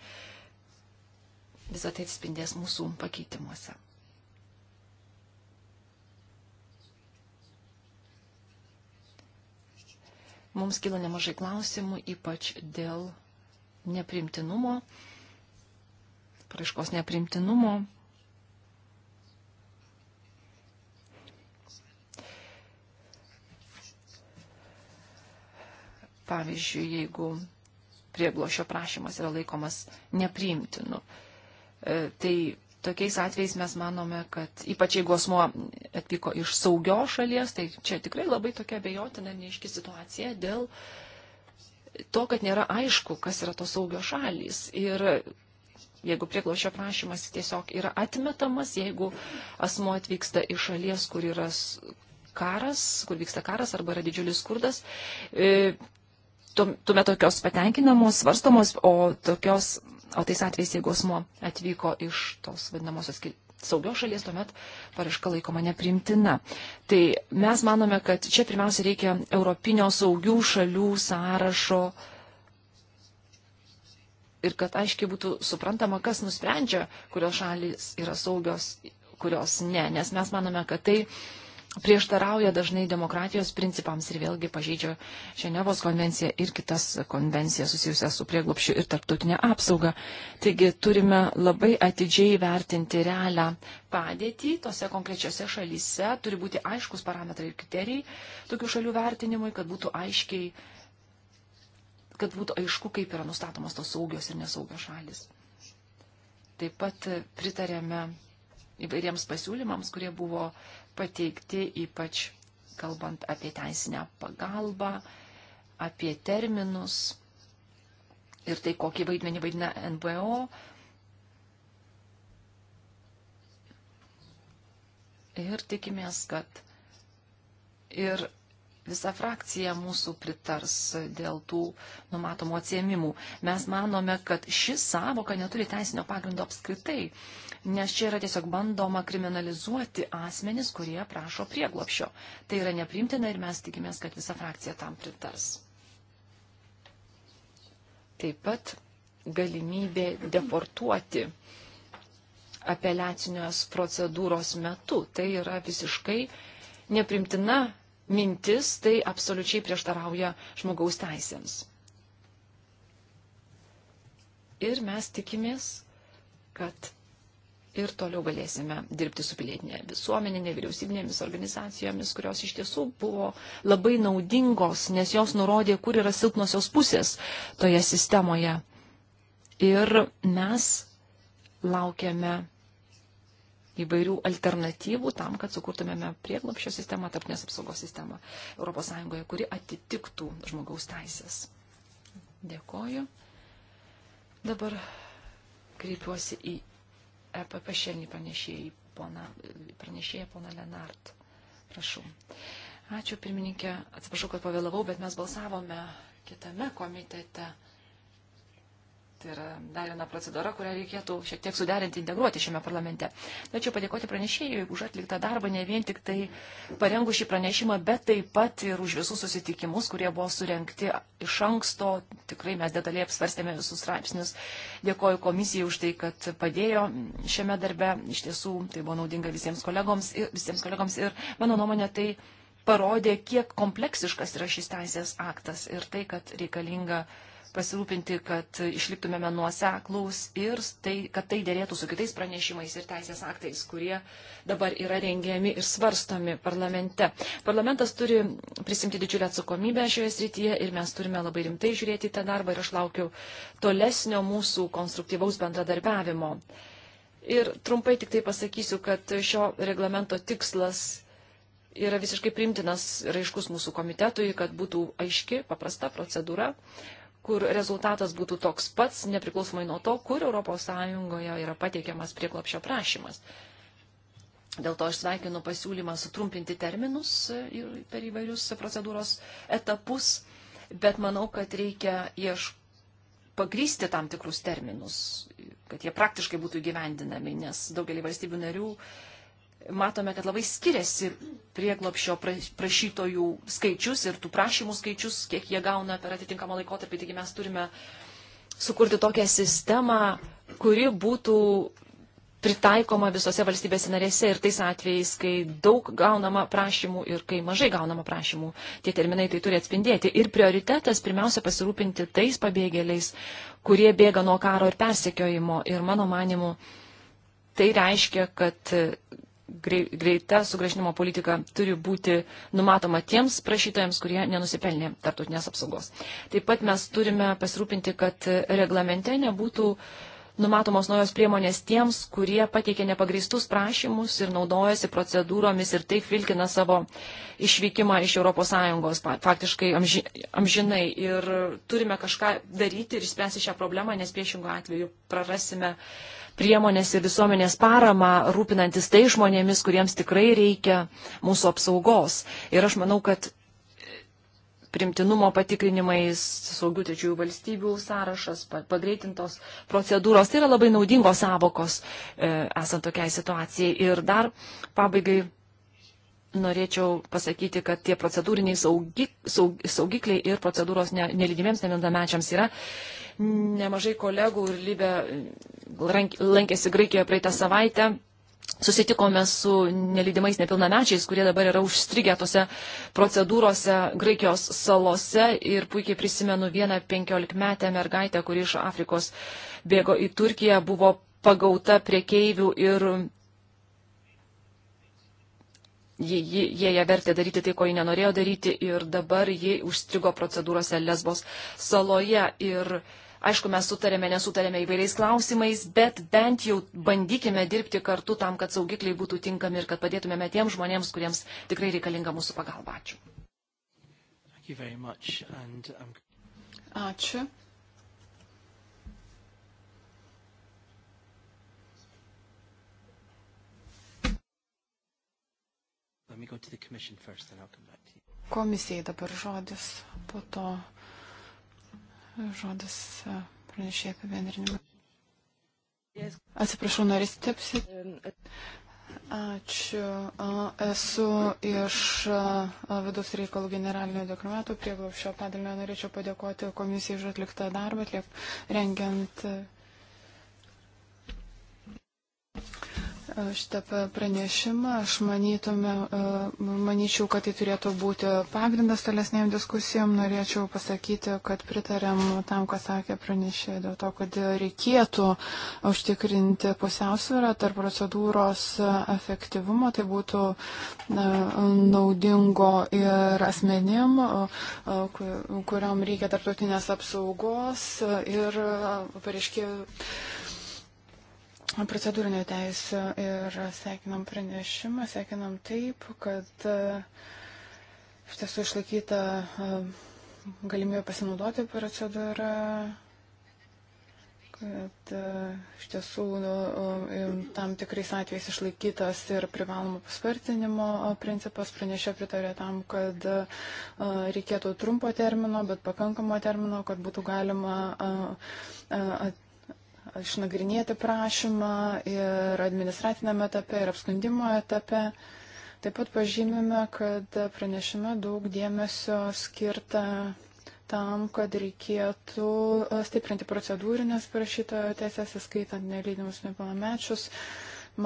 Visą tai atspindės mūsų pakeitimuose. Mums kilo nemažai klausimų, ypač dėl neprimtinumo, praaiškos neprimtinumo. Pavyzdžiui, jeigu prieglošio prašymas yra laikomas nepriimtinu, e, tai tokiais atvejais mes manome, kad ypač jeigu asmo atvyko iš saugios šalies, tai čia tikrai labai tokia bejotina ir neiški situacija dėl uh, to, kad nėra aišku, kas yra tos saugios šalys. Ir jeigu prieglošio prašymas tiesiog yra atmetamas, jeigu asmo atvyksta iš šalies, kur yra karas, kur vyksta karas arba yra didžiulis skurdas, e, tuomet tokios patenkinamos, svarstomos, o tokios O tais atvejais, jeigu asmo atvyko iš tos vadinamosios saugios šalies, tuomet paraiška laikoma neprimtina. Tai mes manome, kad čia pirmiausia reikia Europinio saugių šalių sąrašo ir kad aiškiai būtų suprantama, kas nusprendžia, kurios šalis yra saugios, kurios ne, nes mes manome, kad tai prieštarauja dažnai demokratijos principams ir vėlgi pažeidžia Ženevos konvenciją ir kitas konvencijas susijusias su prieglopšiu ir tarptautinė apsauga. Taigi turime labai atidžiai vertinti realią padėtį tose konkrečiose šalyse, turi būti aiškus parametrai ir kriterijai tokių šalių vertinimui, kad būtų aiškiai, kad būtų aišku, kaip yra nustatomos tos saugios ir nesaugios šalis. Taip pat pritarėme įvairiems pasiūlymams, kurie buvo pateikti, ypač kalbant apie teisinę pagalbą, apie terminus ir tai, kokį vaidmenį vaidina NVO. Ir tikimės, kad ir visa frakcija mūsų pritars dėl tų numatomų atsiemimų. Mes manome, kad ši savoka neturi teisinio pagrindo apskritai nes čia yra tiesiog bandoma kriminalizuoti asmenis, kurie prašo prieglopšio. Tai yra neprimtina ir mes tikimės, kad visa frakcija tam pritars. Taip pat galimybė deportuoti apeliacinės procedūros metu. Tai yra visiškai neprimtina mintis, tai absoliučiai prieštarauja žmogaus teisėms. Ir mes tikimės, kad ir toliau galėsime dirbti su pilietinė visuomenė, nevyriausybinėmis organizacijomis, kurios iš tiesų buvo labai naudingos, nes jos nurodė, kur yra silpnosios pusės toje sistemoje. Ir mes laukiame įvairių alternatyvų tam, kad sukurtumėme prieglopščio sistemą, tarpnės apsaugos sistemą ES, kuri atitiktų žmogaus teisės. Dėkoju. Dabar kreipiuosi į EPP šiandien pranešėja pona Lenart. Prašau. Ačiū pirmininkė, atsiprašau, kad pavėlavau, bet mes balsavome kitame komitete Tai yra dar viena procedūra, kurią reikėtų šiek tiek suderinti, integruoti šiame parlamente. Norėčiau padėkoti pranešėjui už atliktą darbą, ne vien tik tai parengu šį pranešimą, bet taip pat ir už visus susitikimus, kurie buvo surenkti iš anksto. Tikrai mes detaliai apsvarstėme visus straipsnius. Dėkoju komisijai už tai, kad padėjo šiame darbe. Iš tiesų, tai buvo naudinga visiems kolegoms ir, visiems kolegoms ir mano nuomonė tai parodė, kiek kompleksiškas yra šis teisės aktas ir tai, kad reikalinga pasirūpinti, kad išliktumėme nuoseklaus ir tai, kad tai dėrėtų su kitais pranešimais ir teisės aktais, kurie dabar yra rengiami ir svarstomi parlamente. Parlamentas turi prisimti didžiulę atsakomybę šioje srityje ir mes turime labai rimtai žiūrėti į tą darbą ir aš laukiu tolesnio mūsų konstruktyvaus bendradarbiavimo. Ir trumpai tik tai pasakysiu, kad šio reglamento tikslas yra visiškai primtinas raiškus mūsų komitetui, kad būtų aiški, paprasta procedūra, kur rezultatas būtų toks pats, nepriklausomai nuo to, kur ES yra pateikiamas prieklopšio prašymas. Dėl to aš sveikinu pasiūlymą sutrumpinti terminus e, per įvairius procedūros etapus, bet manau, kad reikia ieš... pagrysti tam tikrus terminus, kad jie praktiškai būtų gyvendinami, nes daugelį valstybių narių uh, matome, kad labai skiriasi prieglopšio prašytojų skaičius ir tų prašymų skaičius, kiek jie gauna per atitinkamą laikotarpį. Taigi mes turime sukurti tokią sistemą, kuri būtų pritaikoma visose valstybėse narėse ir tais atvejais, kai daug gaunama prašymų ir kai mažai gaunama prašymų, tie terminai tai turi atspindėti. Ir prioritetas pirmiausia pasirūpinti tais pabėgėliais, kurie bėga nuo karo ir persekiojimo. Ir mano manimu, tai reiškia, kad greita sugražinimo politika turi būti numatoma tiems prašytojams, kurie nenusipelnė tartutinės apsaugos. Taip pat mes turime pasirūpinti, kad reglamente nebūtų numatomos naujos priemonės tiems, kurie pateikė nepagristus prašymus ir naudojasi procedūromis ir taip vilkina savo išvykimą iš ES faktiškai amži, amžinai. Ir turime kažką daryti ir išspręsti šią problemą, nes priešingų atveju prarasime uh, priemonės ir visuomenės paramą, rūpinantis tai žmonėmis, kuriems tikrai reikia mūsų apsaugos. Ir aš manau, kad primtinumo patikrinimais, saugių trečiųjų valstybių sąrašas, pagreitintos procedūros. Tai yra labai naudingos savokos e, esant tokiai situacijai. Ir dar pabaigai norėčiau pasakyti, kad tie procedūriniai saugik, saug, saugikliai ir procedūros nelydimiems nemindamečiams yra Nemažai kolegų ir Libė lankėsi Graikijoje praeitą savaitę. Susitikome su nelydimais nepilnamečiais, kurie dabar yra užstrigę tose procedūrose Graikijos salose ir puikiai prisimenu vieną penkiolikmetę mergaitę, kuri iš Afrikos bėgo į Turkiją, buvo pagauta prie keivių ir jie, jie, jie ją vertė daryti tai, ko ji nenorėjo daryti ir dabar ji užstrigo procedūrose Lesbos saloje. Ir Aišku, mes sutarėme, nesutarėme įvairiais klausimais, bet bent jau bandykime dirbti kartu tam, kad saugikliai būtų tinkami ir kad padėtumėme tiems žmonėms, kuriems tikrai reikalinga mūsų pagalba. Ačiū. Um, Ačiū. Komisijai dabar žodis, po to Žodis e, pranešė apibendrinimą. Atsiprašau, norėsite apsit. Ačiū. Esu iš e, vidaus reikalų generalinio deklarato prieglopščio padalinio. Norėčiau padėkoti komisijai už atliktą darbą, atliek, rengiant e, šitą pranešimą. Aš manytume, e, manyčiau, kad tai turėtų būti pagrindas tolesnėm diskusijom. Norėčiau pasakyti, kad pritarėm tam, ką sakė pranešė, dėl to, kad reikėtų užtikrinti pusiausvyrą tarp procedūros efektyvumo. Tai būtų naudingo ir asmenim, kuriam reikia tarptautinės apsaugos ir pareiškėjų procedūrinė teisė ir sveikinam pranešimą, sveikinam taip, kad e, iš tiesų išlaikyta e, galimybė pasinaudoti procedūrą, kad e, iš tiesų nu, tam tikrais atvejais išlaikytas ir privalomo paspartinimo principas pranešė pritarė tam, kad reikėtų trumpo termino, bet pakankamo termino, kad būtų galima išnagrinėti prašymą ir administratinėme etape, ir apskundimo etape. Taip pat pažymime, kad pranešime daug dėmesio skirta tam, kad reikėtų stiprinti procedūrinės parašytojo teisės, įskaitant nelydimus nepilnamečius.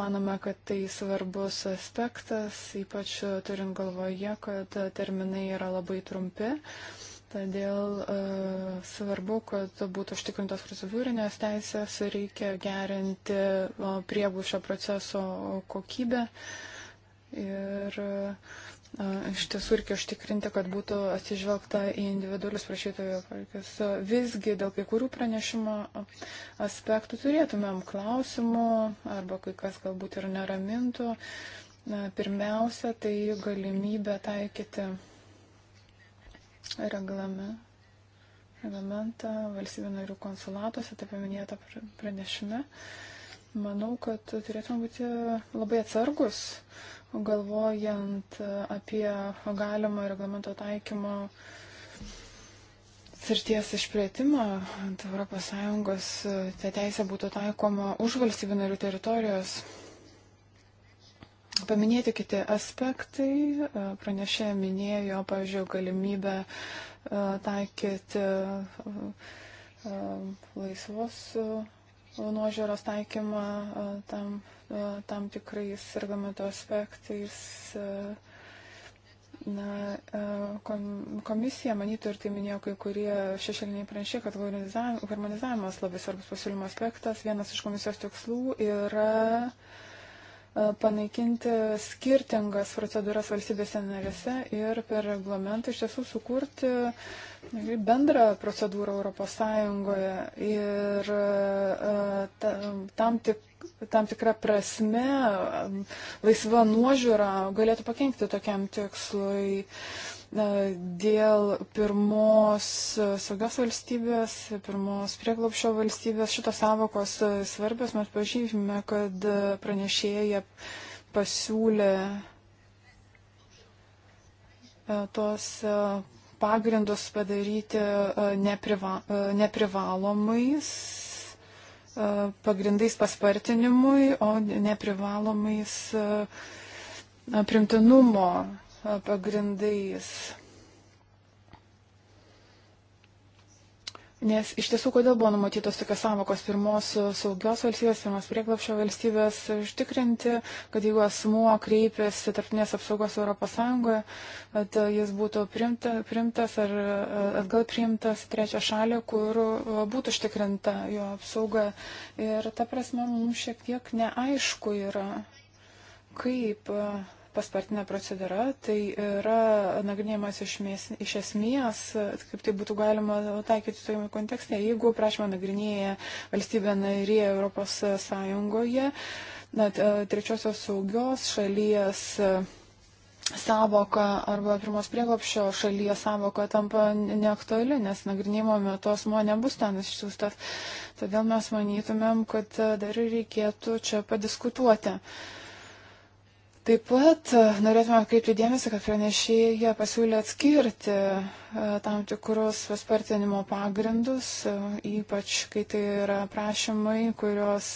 Manome, kad tai svarbus aspektas, ypač turint galvoje, kad terminai yra labai trumpi. Uh, Todėl uh, svarbu, kad būtų užtikrintos procedūrinės teisės, reikia gerinti uh, priebušio proceso kokybę ir uh, iš tiesų reikia užtikrinti, kad būtų atsižvelgta į individualius prašytojų poreikius. Visgi dėl kai kurių pranešimo aspektų turėtumėm klausimų arba kai kas galbūt ir neramintų. Pirmiausia, tai galimybė taikyti reglame, reglamentą valstybių narių konsulatuose, tai paminėta pranešime. Manau, kad turėtume būti labai atsargus, galvojant apie galimą reglamento taikymo srities išplėtimą, ES teisė būtų taikoma už valstybių narių teritorijos paminėti kiti aspektai. E, pranešė minėjo, pavyzdžiui, galimybę e, taikyti e, laisvos nuožiūros taikymą tam, tam tikrais reglamento aspektais. Na, komisija, manytų ir tai minėjo kai kurie šešėliniai pranešė, kad harmonizavimas labai svarbus pasiūlymo aspektas. Vienas iš komisijos tikslų yra uh, E, panaikinti skirtingas procedūras valstybėse narėse ir per reglamentą iš tiesų sukurti bendrą procedūrą Europos Sąjungoje ir e, tam, tik, tam tikrą prasme laisva nuožiūra galėtų pakengti tokiam tikslui dėl pirmos e, saugios valstybės, pirmos prieglopšio valstybės. Šitos savokos e, svarbios, mes pažymime, kad e, pranešėja pasiūlė tos pagrindus padaryti nepriva, neprivalomais pagrindais paspartinimui, o neprivalomais primtinumo pagrindais. Nes iš tiesų, kodėl buvo numatytos tokios savokos pirmos saugios valstybės, pirmas prieglapšio valstybės, ištikrinti, kad jeigu asmuo kreipiasi tarptinės apsaugos ES, kad jis būtų primta, primtas ar atgal priimtas trečią šalį, kur būtų ištikrinta jo apsauga. Ir ta prasme, mums šiek tiek neaišku yra, kaip. Uh, paspartinė procedūra, tai yra nagrinėjimas iš, mės, iš esmės, kaip tai būtų galima taikyti tojame kontekste, jeigu prašymą nagrinėja valstybė narė Europos Sąjungoje, net trečiosios saugios šalies savoka arba pirmos prieglopščio šalyje savoka tampa neaktuali, nes nagrinimo metu asmo nebus ten išsiųstas. Todėl mes manytumėm, kad dar reikėtų čia padiskutuoti. Uh, Taip pat e, norėtume atkreipti dėmesį, kad pranešėja pasiūlė atskirti e, tam tikrus paspartinimo pagrindus, e, ypač kai tai yra prašymai, kurios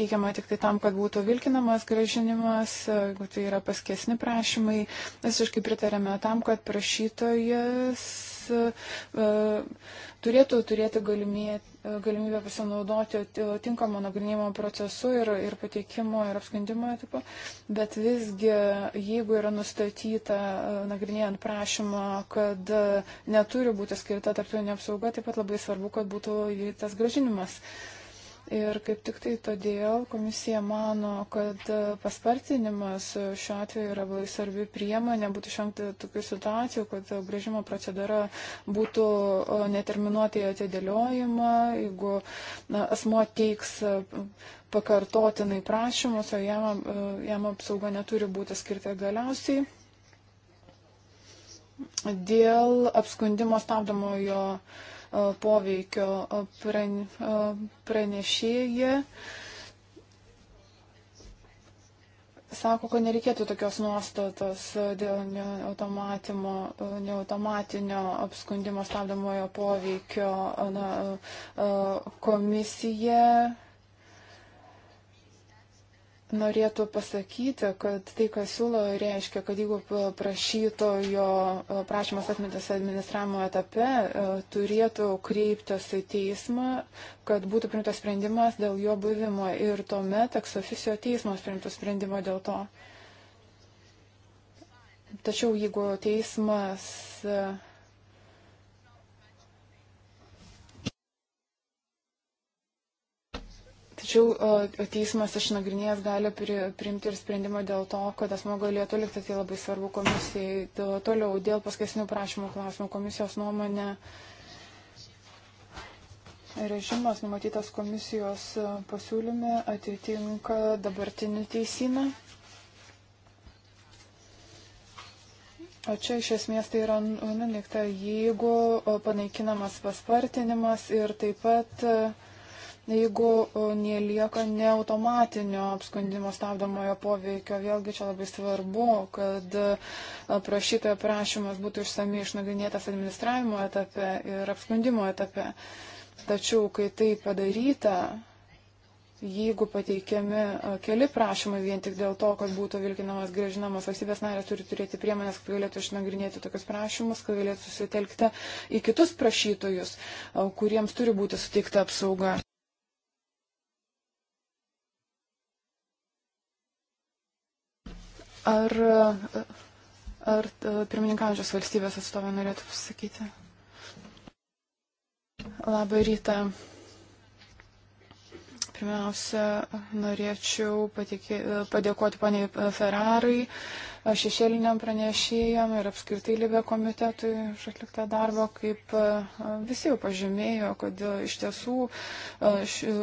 teikiama tik tai tam, kad būtų vilkinamas gražinimas, jeigu tai yra paskesni prašymai. Visiškai pritarėme tam, kad prašytojas E, e, turėtų turėti galimybę, e, galimybę pasinaudoti tinkamo nagrinėjimo procesu ir, ir pateikimo ir apskandimo etapu, bet visgi jeigu yra nustatyta nagrinėjant prašymą, kad neturi būti skirta tarptautinė apsauga, taip pat labai svarbu, kad būtų įvyktas gražinimas. Uh, Ir kaip tik tai todėl komisija mano, kad paspartinimas šiuo atveju yra labai svarbi priemonė, būtų išvengti tokių situacijų, kad grįžimo procedūra būtų neterminuotai atidėliojama, jeigu na, asmo teiks pakartotinai prašymus, o jam, jam apsauga neturi būti skirta galiausiai. Dėl apskundimo stabdomojo jo poveikio pranešėja sako, kad nereikėtų tokios nuostatos dėl neautomatinio apskundimo stabdomojo poveikio na, komisija norėtų pasakyti, kad tai, ką siūlo, reiškia, kad jeigu prašytojo e, prašymas atmintas administravimo etape, e, turėtų kreiptis į teismą, kad būtų primtas sprendimas dėl jo buvimo ir tuomet eksoficijo teismas primtų sprendimą dėl to. Tačiau jeigu teismas e, tačiau teismas išnagrinėjęs gali pri, priimti ir sprendimą dėl to, kad asmo galėtų likti, tai labai svarbu komisijai. Toliau, dėl paskesnių prašymų klausimų komisijos nuomonė. Režimas numatytas komisijos e, pasiūlyme atitinka dabartinį teisiną. O čia iš esmės tai yra nunikta, jeigu panaikinamas paspartinimas ir taip pat e, jeigu e, nelieka neautomatinio apskundimo stabdomojo poveikio. Vėlgi čia labai svarbu, kad e, prašytojo prašymas būtų išsamei išnagrinėtas administravimo etape ir apskundimo etape. Tačiau, kai tai padaryta, jeigu pateikiami e, keli prašymai vien tik dėl to, kad būtų vilkinamas gražinamas, valstybės narės turi turėti priemonės, kad galėtų išnagrinėti tokius prašymus, kad galėtų susitelkti į kitus prašytojus, kuriems turi būti suteikta apsauga. Ar, ar pirmininkaujančios valstybės atstovai norėtų pasakyti? Labą rytą. Pirmiausia, norėčiau patikė, padėkoti poniai Ferrarai, šešėliniam pranešėjam ir apskritai Libė komitetui už atliktą darbą, kaip visi jau pažymėjo, kad iš tiesų ši,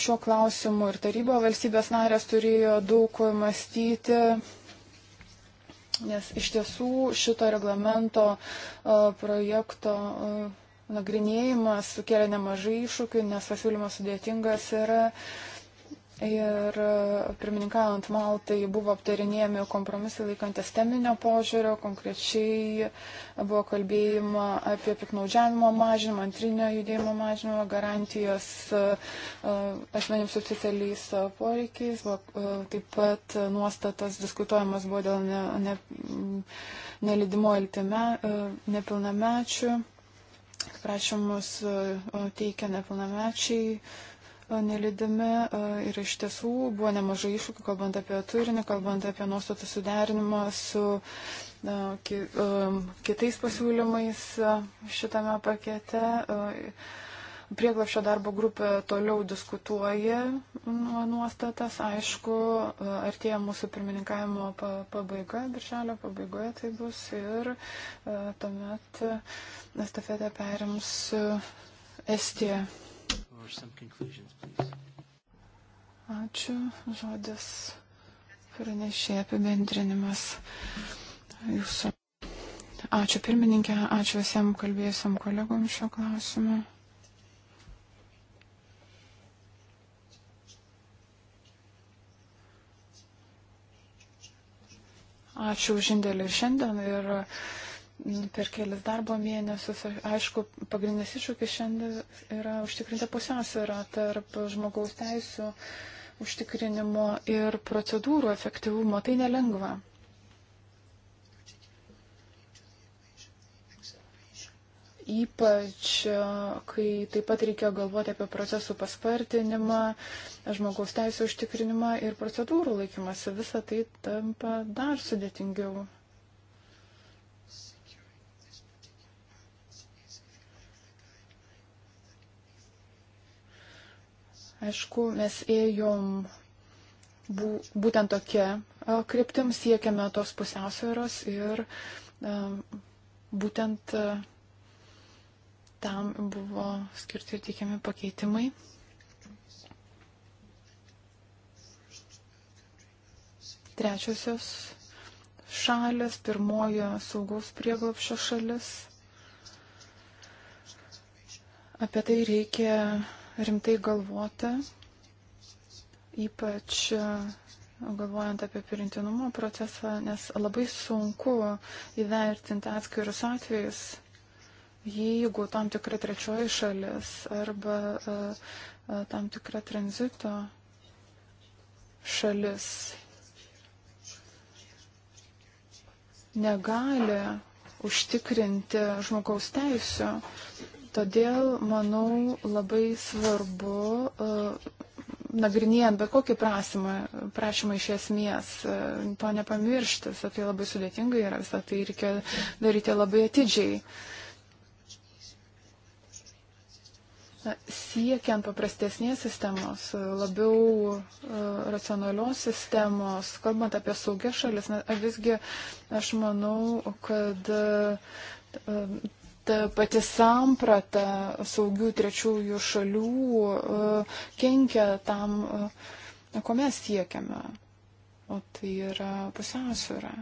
šiuo klausimu ir taryba valstybės narės turėjo daug mąstyti. Nes iš tiesų šito reglamento projekto nagrinėjimas sukelia nemažai iššūkių, nes pasiūlymas sudėtingas yra. Ir Ir e, pirmininkaujant Maltai buvo aptarinėjami kompromisai laikantis teminio požiūrio, konkrečiai buvo kalbėjama apie piknaudžiavimo mažinimą, antrinio judėjimo mažinimą, garantijos e, e, asmenims su oficialiais poreikiais, buvo, taip pat nuostatos diskutuojamas buvo dėl ne, ne, nelidimo nepilnamečių, prašymus teikia nepilnamečiai nelydimi e, ir iš tiesų buvo nemažai iššūkių, kalbant apie turinį, kalbant apie nuostatų suderinimą su e, ki, e, kitais pasiūlymais šitame pakete. Prieglapšio darbo grupė toliau diskutuoja nuostatas. Aišku, artėja mūsų pirmininkavimo pabaiga, birželio pabaigoje tai bus ir tuomet estafetę perims Estija for some conclusions, please. Ačiū. Žodis pranešė apibendrinimas jūsų. Ačiū pirmininkė, ačiū visiems kalbėjusiam kolegom šio klausimu. Ačiū už indėlį šiandien ir per kelias darbo mėnesius. Aišku, pagrindinis iššūkis šiandien yra užtikrinti pusiausvyrą tarp žmogaus teisų užtikrinimo ir procedūrų efektyvumo. Tai nelengva. Ypač, e, kai taip pat reikėjo galvoti apie procesų paspartinimą, žmogaus teisų užtikrinimą ir procedūrų laikymasi, visa tai tampa dar sudėtingiau. Aišku, mes ėjom būtent tokia kryptim, siekiame tos pusiausvėros ir būtent tam buvo skirti ir teikiami pakeitimai. Trečiosios šalis, pirmoji saugaus prieglopščio šalis. Apie tai reikia rimtai galvoti, ypač e, galvojant apie pirintinumo procesą, nes labai sunku įvertinti atskirus atvejus, jeigu tam tikra trečioji šalis arba a, e, a, e, tam tikra tranzito šalis negali užtikrinti žmogaus teisų, Todėl, manau, labai svarbu, e, nagrinėjant bet kokį prašymą, prašymą iš esmės, e, to nepamiršti, visą tai labai sudėtinga yra, visą tai reikia daryti labai atidžiai. siekiant paprastesnės sistemos, labiau e, racionalios sistemos, kalbant apie saugias šalis, visgi aš manau, kad ta pati samprata saugių trečiųjų šalių uh, kenkia tam, uh, ko mes siekiame. O tai yra pusiausvyrą.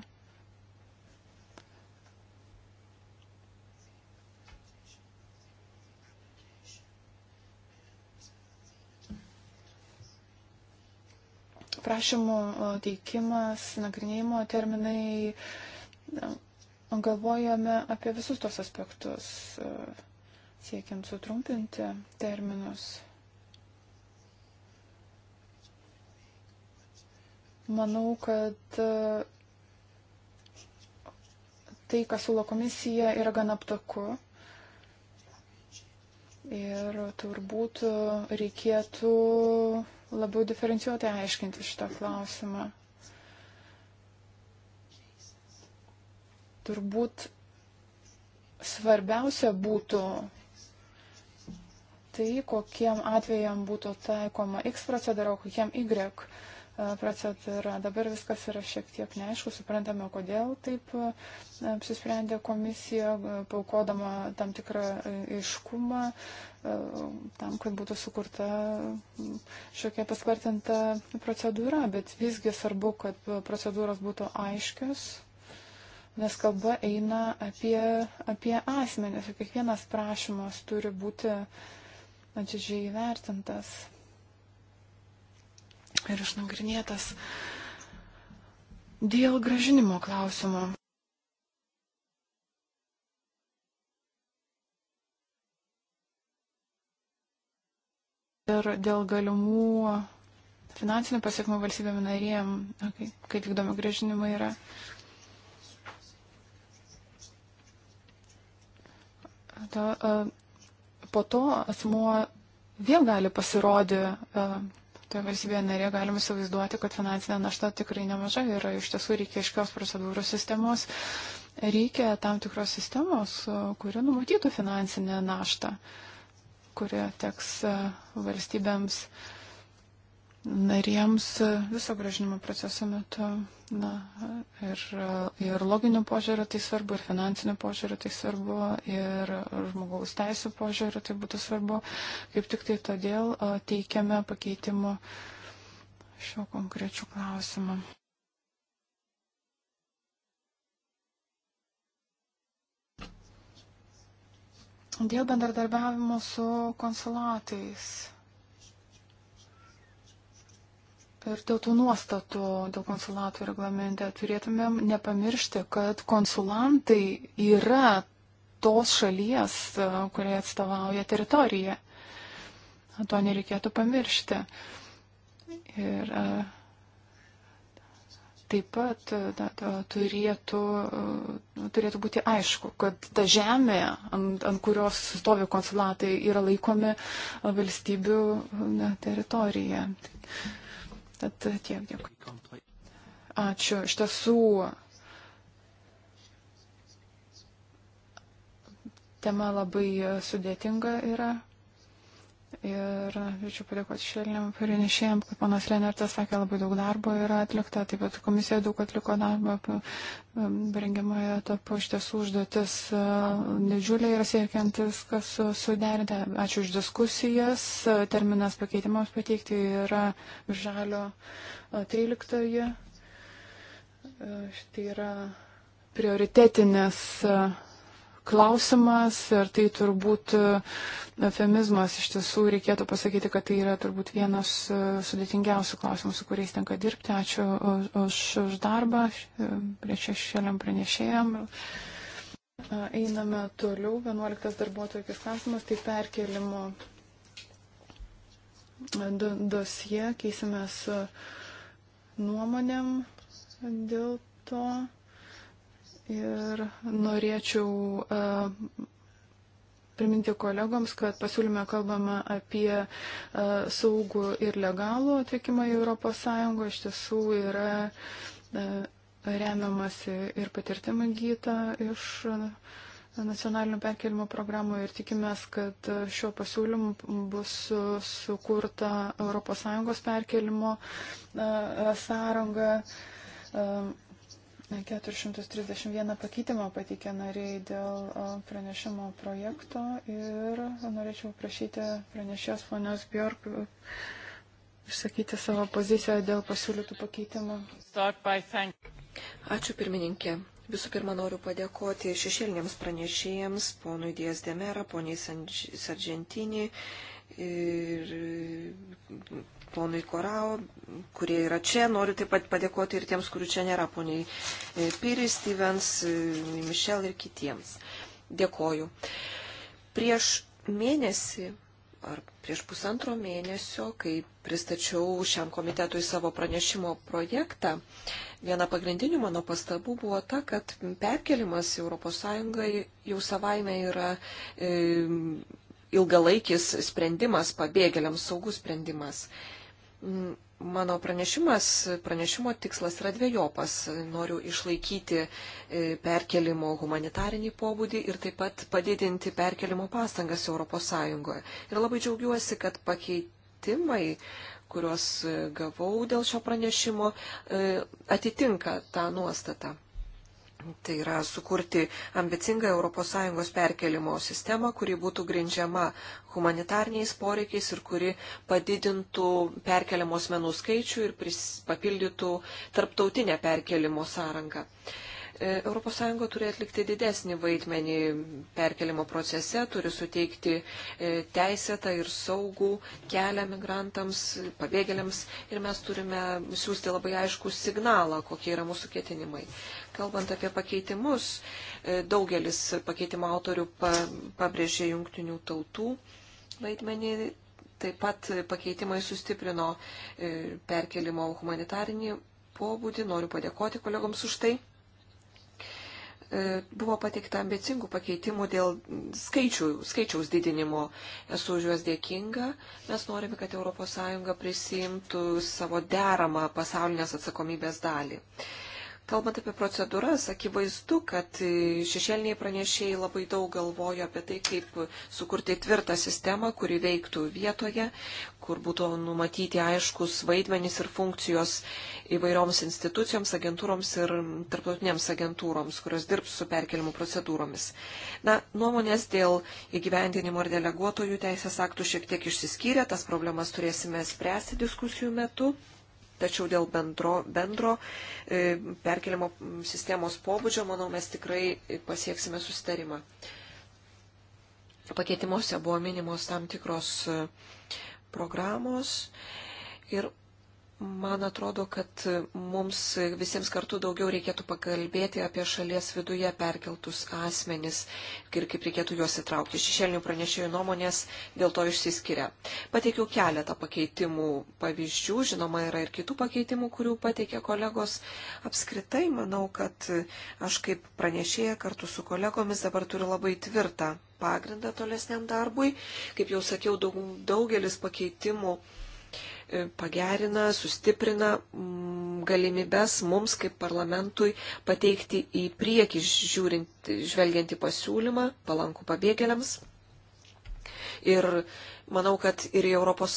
prašymų uh, teikimas, nagrinėjimo terminai galvojame apie visus tos aspektus, e, siekiant sutrumpinti terminus. Manau, kad e, tai, ką siūlo komisija, yra gan aptaku. Ir turbūt reikėtų labiau diferencijuotai aiškinti šitą klausimą. turbūt svarbiausia būtų tai, kokiem atvejam būtų taikoma X procedūra, o kokiem Y e, procedūra. Dabar viskas yra šiek tiek neaišku, suprantame, kodėl taip e, apsisprendė komisija, e, paukodama tam tikrą aiškumą, tam, kad būtų sukurta šiokia paspartinta procedūra, bet visgi svarbu, kad procedūros būtų aiškios nes kalba eina apie, apie asmenis ir kiekvienas prašymas turi būti atidžiai įvertintas ir išnagrinėtas dėl gražinimo klausimo. ir dėl galimų finansinių pasiekmių valstybėm narėm, kai, kai vykdomi grėžinimai yra ta, e, po to asmuo vėl gali pasirodyti. E, toje valstybėje narėje galime įsivaizduoti, kad finansinė našta tikrai nemaža yra. Iš tiesų reikia iškios procedūrų sistemos, reikia tam tikros sistemos, e, kuri numatytų finansinę naštą, kuri teks valstybėms uh, narėms viso gražinimo proceso metu. Na, ir, ir loginių požiūrių tai svarbu, ir finansinių požiūrių tai svarbu, ir žmogaus teisų požiūrių tai būtų svarbu. Kaip tik tai todėl teikiame pakeitimo šio konkrečių klausimą. Dėl bendradarbiavimo su konsulatais. Ir dėl tų nuostatų, dėl konsulatų reglamente turėtumėm nepamiršti, kad konsulantai yra tos šalies, e, kurie atstovauja teritoriją. To nereikėtų pamiršti. Ir e, taip pat e, da, da, turėtų, turėtų būti aišku, kad ta žemė, ant, ant kurios stovi konsulatai, yra laikomi valstybių na, teritorija. Tai, Tad tiek, dėkui. Ačiū. Iš tiesų, tema labai sudėtinga yra. Ir norėčiau padėkoti šelniam pranešėjim, kaip panas Lenertas sakė, labai daug darbo yra atlikta, taip pat komisija daug atliko darbo, rengiamoje etapu iš tiesų užduotis e, didžiulė yra siekiantis, kas suderinti. Ačiū už diskusijas, terminas pakeitimams pateikti yra žalio 13. E, e, tai yra prioritetinis. Uh, klausimas ir tai turbūt eufemizmas iš tiesų reikėtų pasakyti, kad tai yra turbūt vienas e, sudėtingiausių klausimų, su kuriais tenka dirbti. Ačiū už, už darbą e, prieš šešėliam pranešėjam. E, einame toliau. 11 darbuotojų klausimas, tai perkelimo dosie, keisimės nuomonėm dėl to. Ir norėčiau e, priminti kolegoms, kad pasiūlyme kalbama apie e, saugų ir legalų atvykimą į ES. Iš tiesų yra e, remiamasi ir patirtimą gytą iš nacionalinių perkelimo programų ir tikimės, kad šiuo pasiūlymu bus sukurta ES perkelimo sąranga 431 pakeitimą pateikė nariai dėl pranešimo projekto ir norėčiau prašyti pranešės ponios Bjork išsakyti savo poziciją dėl pasiūlytų pakeitimų. Ačiū pirmininkė. Visų pirma, noriu padėkoti šešėlinėms pranešėjams, ponui Dijas Demera, poniai Sargentinį ir ponui Korao, kurie yra čia. Noriu taip pat padėkoti ir tiems, kurių čia nėra, poniai e, Pyri, Stevens, e, Mišel ir kitiems. Dėkoju. Prieš mėnesį ar prieš pusantro mėnesio, kai pristačiau šiam komitetui savo pranešimo projektą, viena pagrindinių mano pastabų buvo ta, kad perkelimas ES jau savaime yra e, ilgalaikis sprendimas, pabėgėliams saugus sprendimas. E, Mano pranešimas, pranešimo tikslas yra dviejopas. Noriu išlaikyti e, perkelimo humanitarinį pobūdį ir taip pat padidinti perkelimo pastangas ES. Ir labai džiaugiuosi, kad pakeitimai kuriuos gavau dėl šio pranešimo, e, atitinka tą nuostatą. Tai yra sukurti ambicingą ES perkelimo sistemą, kuri būtų grindžiama humanitarniais poreikiais ir kuri padidintų perkeliamos menų skaičių ir papildytų tarptautinę perkelimo sąrangą. ES turi atlikti didesnį vaidmenį perkelimo procese, turi suteikti e, teisėtą ir saugų kelią migrantams, pabėgėliams ir mes turime siūsti labai aišku signalą, kokie yra mūsų ketinimai. Kalbant apie pakeitimus, e, daugelis pakeitimo autorių pabrėžė jungtinių tautų vaidmenį Taip pat pakeitimai sustiprino e, perkelimo humanitarinį pobūdį. Noriu padėkoti kolegoms už tai. E, buvo pateikta ambicingų pakeitimų dėl skaičių, skaičiaus didinimo. Esu už juos dėkinga. Mes norime, kad ES prisimtų savo deramą pasaulinės atsakomybės dalį. Uh, Kalbant apie procedūras, akivaizdu, kad šešėliniai pranešėjai labai daug galvojo apie tai, kaip sukurti tvirtą sistemą, kuri veiktų vietoje, kur būtų numatyti aiškus vaidmenys ir funkcijos įvairioms institucijoms, agentūroms ir tarptautinėms agentūroms, kurios dirbs su perkelimų procedūromis. Na, nuomonės dėl įgyvendinimo ir deleguotojų teisės aktų šiek tiek išsiskyrė, tas problemas turėsime spręsti diskusijų metu. Tačiau dėl bendro, bendro e, perkelimo sistemos pobūdžio, manau, mes tikrai pasieksime susitarimą. Pakeitimuose buvo minimos tam tikros e, programos ir Man atrodo, kad mums visiems kartu daugiau reikėtų pakalbėti apie šalies viduje perkeltus asmenis ir kaip reikėtų juos įtraukti. Šešėlinių pranešėjų nuomonės dėl to išsiskiria. Pateikiau keletą pakeitimų pavyzdžių, žinoma, yra ir kitų pakeitimų, kurių pateikė kolegos. Apskritai, manau, kad aš kaip pranešėja kartu su kolegomis dabar turiu labai tvirtą pagrindą tolesniam darbui. Kaip jau sakiau, daug, daugelis pakeitimų E, pagerina, sustiprina mm, galimybės mums kaip parlamentui pateikti į priekį žiūrint, žvelgiant į pasiūlymą palankų pabėgėliams. Ir manau, kad ir į ES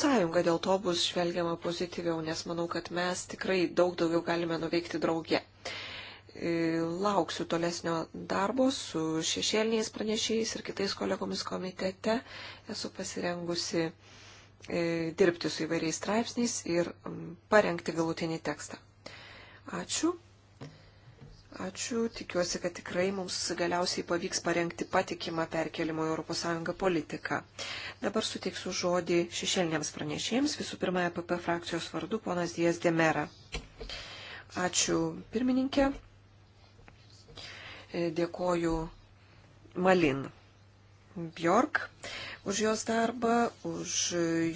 dėl to bus žvelgiama pozityviau, nes manau, kad mes tikrai daug daugiau galime nuveikti drauge. E, lauksiu tolesnio darbo su šešėliniais pranešėjais ir kitais kolegomis komitete. Esu pasirengusi E, dirbti su įvairiais straipsniais ir parengti galutinį tekstą. Ačiū. Ačiū. Tikiuosi, kad tikrai mums galiausiai pavyks parengti patikimą perkelimo į ES politiką. Dabar suteiksiu žodį šešėliniams pranešėjams. Visų pirma, EPP frakcijos vardu ponas Dijas Demera. Ačiū pirmininkė. E, dėkoju Malin Bjork už jos darbą, už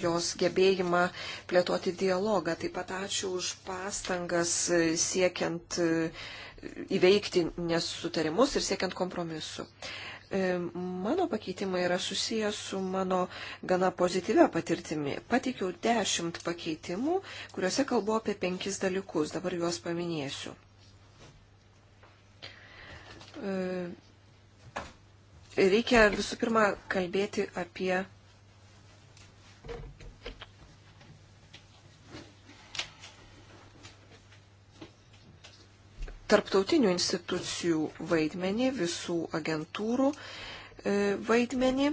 jos gebėjimą plėtoti dialogą. Taip pat ačiū už pastangas siekiant e, įveikti nesutarimus ir siekiant kompromisu. E, mano pakeitimai yra susijęs su mano gana pozityvia patirtimi. Pateikiau dešimt pakeitimų, kuriuose kalbu apie penkis dalykus. Dabar juos paminėsiu e, reikia visų pirma kalbėti apie tarptautinių institucijų vaidmenį, visų agentūrų e, vaidmenį.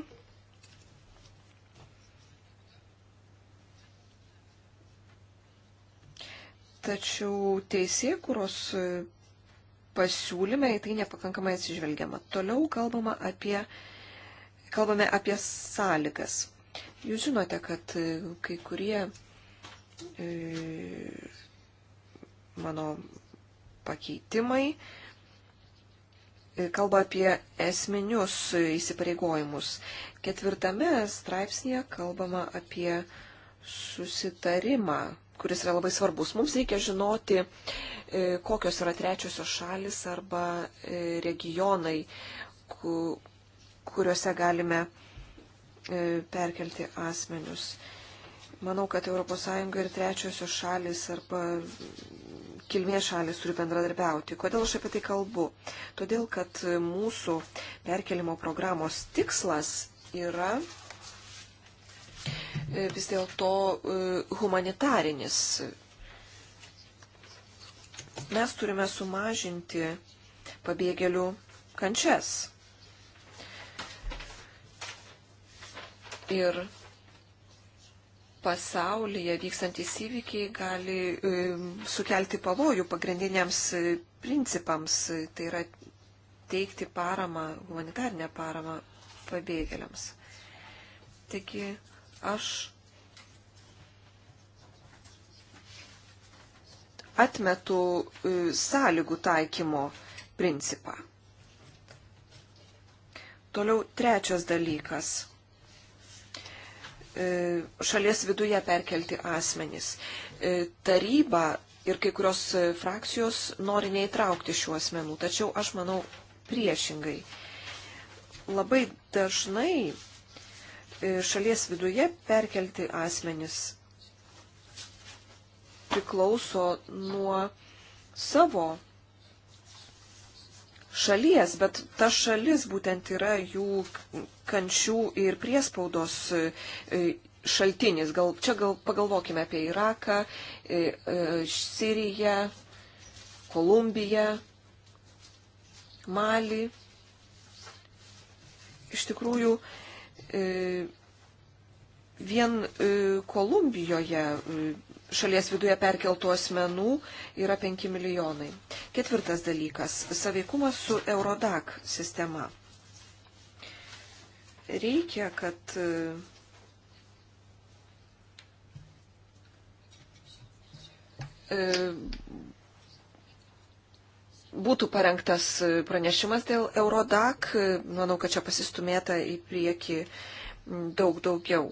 Tačiau teisė, kurios pasiūlyme į tai nepakankamai atsižvelgiama. Toliau kalbama apie, kalbame apie sąlygas. Jūs žinote, kad e, kai kurie e, mano pakeitimai e, kalba apie esminius įsipareigojimus. Ketvirtame straipsnėje kalbama apie susitarimą kuris yra labai svarbus. Mums reikia žinoti, e, kokios yra trečiosios šalis arba e, regionai, kuriuose galime e, perkelti asmenius. Manau, kad ES ir trečiosios šalis arba kilmės šalis turi bendradarbiauti. Kodėl aš apie tai kalbu? Todėl, kad mūsų perkelimo programos tikslas yra E, vis dėlto e, humanitarinis. Mes turime sumažinti pabėgėlių kančias. Ir pasaulyje vykstantis įvykiai gali e, sukelti pavojų pagrindiniams principams, tai yra teikti paramą, humanitarnę paramą pabėgėliams. Taigi aš atmetu e, sąlygų taikymo principą. Toliau trečias dalykas. E, šalies viduje perkelti asmenys. E, taryba ir kai kurios frakcijos nori neįtraukti šių asmenų, tačiau aš manau priešingai. Labai dažnai šalies viduje perkelti asmenys priklauso nuo savo šalies, bet ta šalis būtent yra jų kančių ir priespaudos e, šaltinis. Gal, čia gal pagalvokime apie Iraką, e, e, Siriją, Kolumbiją, Malį. Iš tikrųjų, E, vien e, Kolumbijoje e, šalies viduje perkeltų asmenų yra 5 milijonai. Ketvirtas dalykas - saveikumas su Eurodac sistema. Reikia, kad būtų parengtas pranešimas dėl Eurodak. Manau, kad čia pasistumėta į priekį daug daugiau.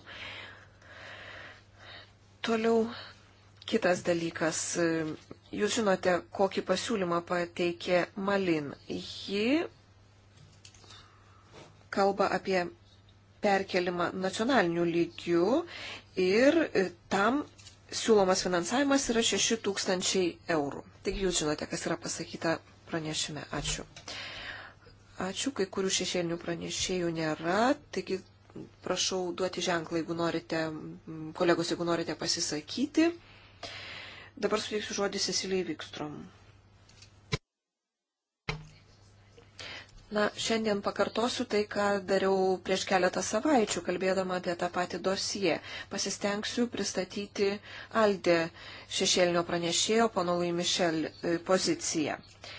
Toliau kitas dalykas. Jūs žinote, kokį pasiūlymą pateikė Malin. Ji kalba apie perkelimą nacionalinių lygių ir tam siūlomas finansavimas yra 6 tūkstančiai eurų. Taigi jūs žinote, kas yra pasakyta pranešime. Ačiū. Ačiū, kai kurių šešėlinių pranešėjų nėra, taigi prašau duoti ženklą, jeigu norite, kolegos, jeigu norite pasisakyti. Dabar suteiksiu žodį Cecilijai Vikstrom. Na, šiandien pakartosiu tai, ką dariau prieš keletą savaičių, kalbėdama apie tą patį dosiją. Pasistengsiu pristatyti Aldė šešėlinio pranešėjo, pono Lui Mišel, e, poziciją. Uh,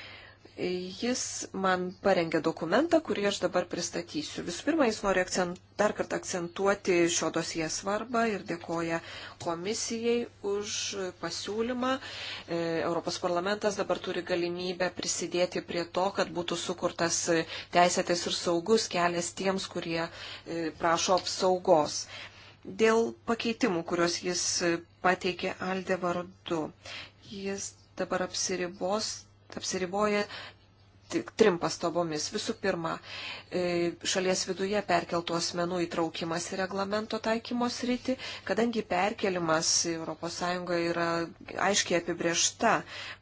Jis man parengė dokumentą, kurį aš dabar pristatysiu. Visų pirma, jis nori akcent, dar kartą akcentuoti šio dosie svarbą ir dėkoja komisijai už pasiūlymą. E, Europos parlamentas dabar turi galimybę prisidėti prie to, kad būtų sukurtas teisėtais ir saugus kelias tiems, kurie e, prašo apsaugos dėl pakeitimų, kuriuos jis pateikė Alde vardu. Jis dabar apsiribos apsiriboja tik trim pastabomis. Visų pirma, e, šalies viduje perkeltų asmenų įtraukimas į reglamento taikymos rytį, kadangi perkelimas ES yra aiškiai apibriešta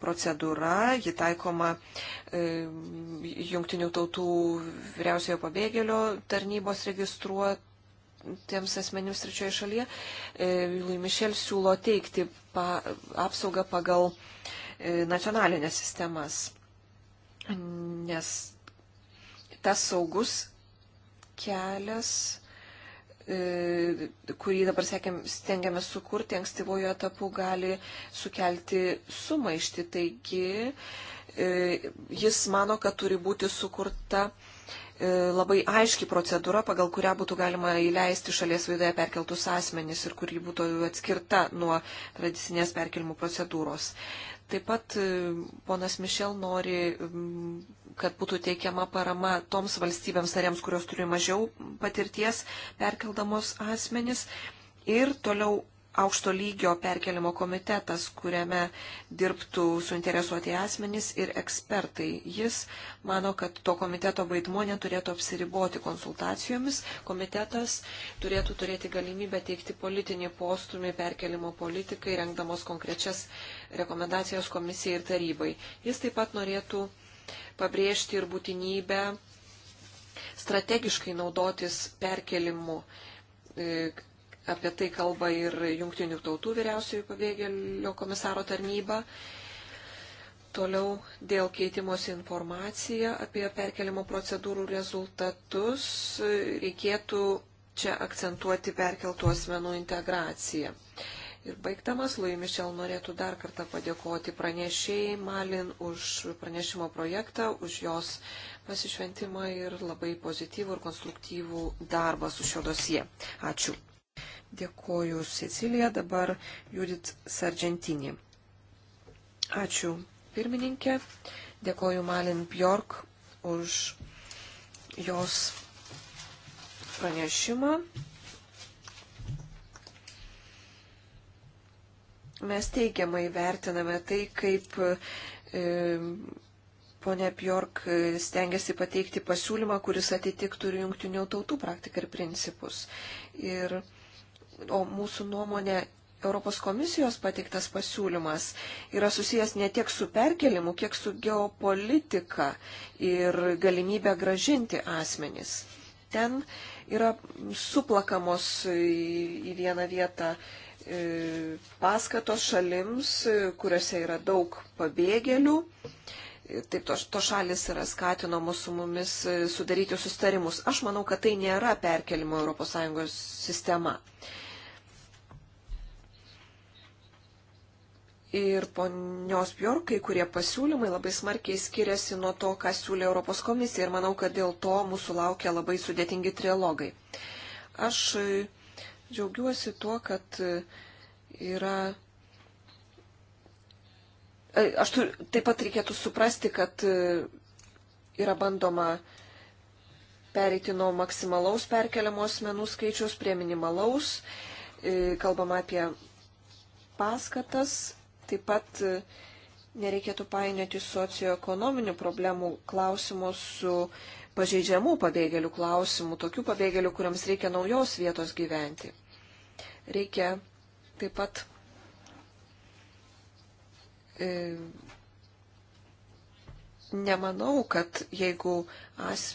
procedūra, ji taikoma e, Junktinių tautų vyriausiojo pabėgėlio tarnybos registruot tiems asmenims trečioje šalyje. E, Lui Mišel siūlo teikti pa, apsaugą pagal uh, E, nacionalinės sistemas, nes tas saugus kelias, e, kurį dabar stengiame sukurti ankstyvojo etapu, gali sukelti sumaišti. Taigi e, jis mano, kad turi būti sukurta labai aiški procedūra, pagal kurią būtų galima įleisti šalies vaidoje perkeltus asmenys ir kuri būtų atskirta nuo tradicinės perkelimų procedūros. Taip pat e, ponas Mišel nori, kad būtų teikiama parama toms valstybėms narėms, kurios turi mažiau patirties perkeldamos asmenis. Ir toliau aukšto lygio perkelimo komitetas, kuriame dirbtų suinteresuoti asmenys ir ekspertai. Jis mano, kad to komiteto vaidmuo neturėtų apsiriboti konsultacijomis. Komitetas turėtų turėti galimybę teikti politinį postumį perkelimo politikai, rengdamos konkrečias rekomendacijos komisijai ir tarybai. Jis taip pat norėtų pabrėžti ir būtinybę strategiškai naudotis perkelimu. E, apie tai kalba ir Junktinių tautų vyriausiojų pabėgėlio komisaro tarnyba. Toliau dėl keitimosi informacija apie perkelimo procedūrų rezultatus reikėtų čia akcentuoti perkeltų asmenų integraciją. Ir baigtamas, Lui Mišel norėtų dar kartą padėkoti pranešėjai Malin už pranešimo projektą, už jos pasišventimą ir labai pozityvų ir konstruktyvų darbą su šio dosie. Ačiū. Dėkoju Cecilija, dabar Judit Sargentinį. Ačiū pirmininkė, dėkoju Malin Bjork už jos pranešimą. Mes teigiamai vertiname tai, kaip e, ponia Bjork e, stengiasi pateikti pasiūlymą, kuris atitiktų ir jungtinių tautų praktiką ir principus. Ir, o mūsų nuomonė Europos komisijos pateiktas pasiūlymas yra susijęs ne tiek su perkelimu, kiek su geopolitika ir galimybė gražinti asmenis. Ten yra suplakamos į vieną vietą E, paskatos šalims, e, kuriuose yra daug pabėgėlių. E, taip, to, to šalis yra skatinamos su mumis sudaryti sustarimus. Aš manau, kad tai nėra perkelimo ES sistema. Ir ponios Bjork, kai kurie pasiūlymai labai smarkiai skiriasi nuo to, ką siūlė Europos komisija ir manau, kad dėl to mūsų laukia labai sudėtingi trilogai. Aš Džiaugiuosi tuo, kad e, yra. E, aš tur, taip pat reikėtų suprasti, kad e, yra bandoma pereiti nuo maksimalaus perkeliamos menų skaičiaus prie minimalaus. Kalbama apie paskatas. Taip pat nereikėtų painioti socioekonominių problemų klausimus su pažeidžiamų pabėgėlių klausimų, tokių pabėgėlių, kuriams reikia naujos vietos gyventi. Reikia taip pat e, nemanau, kad jeigu as,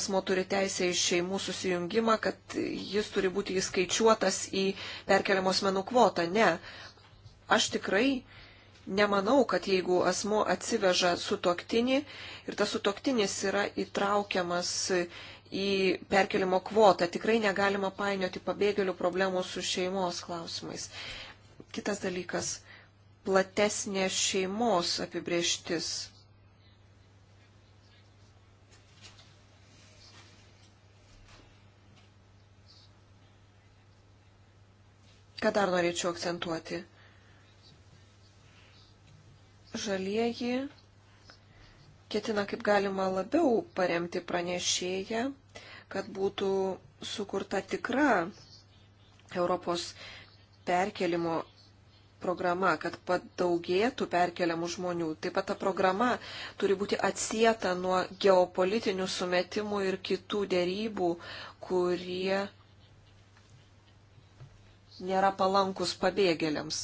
asmo turi teisę į šeimų susijungimą, kad jis turi būti įskaičiuotas į perkeliamos menų kvotą. Ne. Aš tikrai nemanau, kad jeigu asmo atsiveža sutoktinį ir tas sutoktinis yra įtraukiamas į perkelimo kvotą, tikrai negalima painioti pabėgėlių problemų su šeimos klausimais. Kitas dalykas - platesnė šeimos apibrieštis. Ką dar norėčiau akcentuoti? žalieji ketina kaip galima labiau paremti pranešėją, kad būtų sukurta tikra Europos perkelimo programa, kad padaugėtų perkeliamų žmonių. Taip pat ta programa turi būti atsieta nuo geopolitinių sumetimų ir kitų dėrybų, kurie nėra palankus pabėgėliams.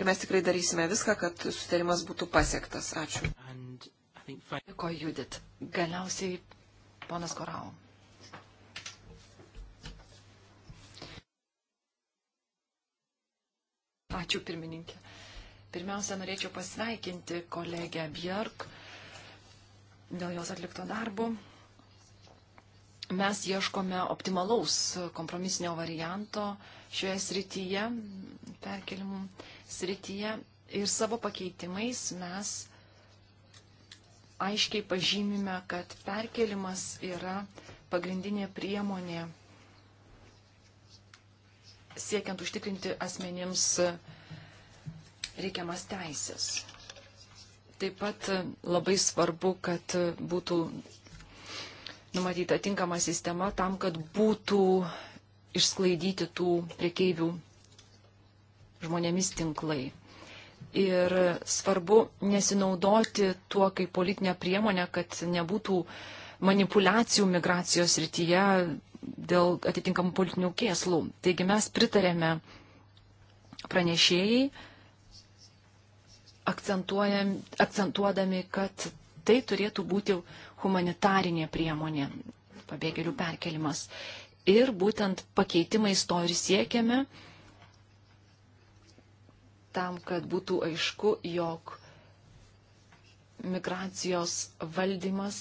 Ir mes tikrai darysime viską, kad sutarimas būtų pasiektas. Ačiū. Dėkoju, Judit. Galiausiai, ponas Korau. Ačiū, pirmininkė. Pirmiausia, norėčiau pasveikinti kolegę Björk dėl jos atlikto darbo. Mes ieškome optimalaus kompromisinio varianto, uh, šioje srityje, perkelimų srityje. Ir savo pakeitimais mes aiškiai pažymime, kad perkelimas yra pagrindinė priemonė siekiant užtikrinti asmenims reikiamas teisės. Taip pat labai svarbu, kad būtų numatyta tinkama sistema tam, kad būtų išsklaidyti tų priekeivių žmonėmis tinklai. Ir svarbu nesinaudoti tuo kaip politinę priemonę, kad nebūtų manipulacijų migracijos rytyje dėl atitinkamų politinių kėslų. Taigi mes pritarėme pranešėjai, akcentuodami, kad tai turėtų būti humanitarinė priemonė, pabėgėlių perkelimas ir būtent pakeitimais to ir siekiame, tam, kad būtų aišku, jog migracijos valdymas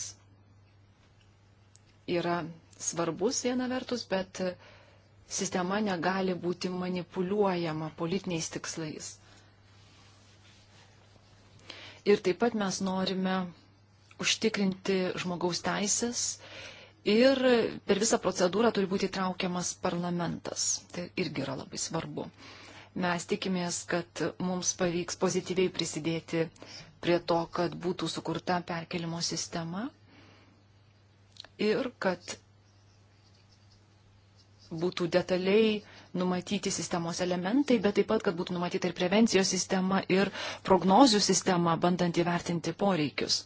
yra svarbus viena vertus, bet sistema negali būti manipuliuojama politiniais tikslais. Ir taip pat mes norime užtikrinti žmogaus teisės ir per visą procedūrą turi būti traukiamas parlamentas. Tai irgi yra labai svarbu. Mes tikimės, kad mums pavyks pozityviai prisidėti prie to, kad būtų sukurta perkelimo sistema ir kad būtų detaliai numatyti sistemos elementai, bet taip pat, kad būtų numatyta ir prevencijos sistema ir prognozių sistema, bandant įvertinti poreikius.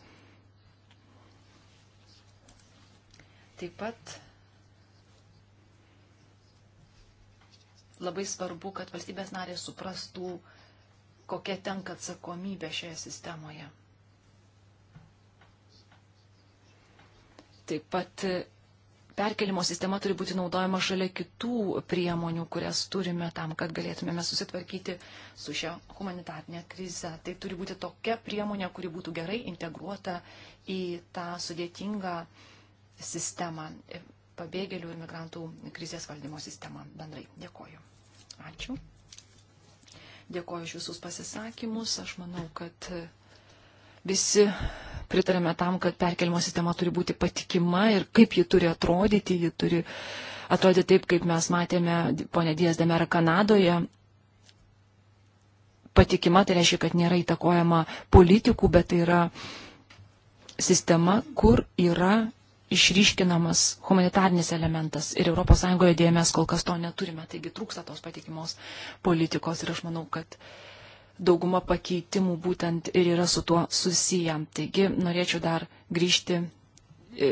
Taip pat labai svarbu, kad valstybės narės suprastų, kokia tenka atsakomybė šioje sistemoje. Taip pat perkelimo sistema turi būti naudojama šalia kitų priemonių, kurias turime tam, kad galėtumėme susitvarkyti su šia humanitarnė krize. Tai turi būti tokia priemonė, kuri būtų gerai integruota į tą sudėtingą uh, sistemą, pabėgėlių ir migrantų krizės valdymo sistemą bendrai. Dėkoju. Ačiū. Dėkoju iš visus pasisakymus. Aš manau, kad visi pritarėme tam, kad perkelimo sistema turi būti patikima ir kaip ji turi atrodyti. Ji turi atrodyti taip, kaip mes matėme ponė Dijas Demera Kanadoje. Patikima tai reiškia, kad nėra įtakojama politikų, bet tai yra sistema, kur yra išryškinamas humanitarnis elementas ir ES dėmes kol kas to neturime, taigi trūksta tos patikimos politikos ir aš manau, kad dauguma pakeitimų būtent ir yra su tuo susiję. Taigi norėčiau dar grįžti, e,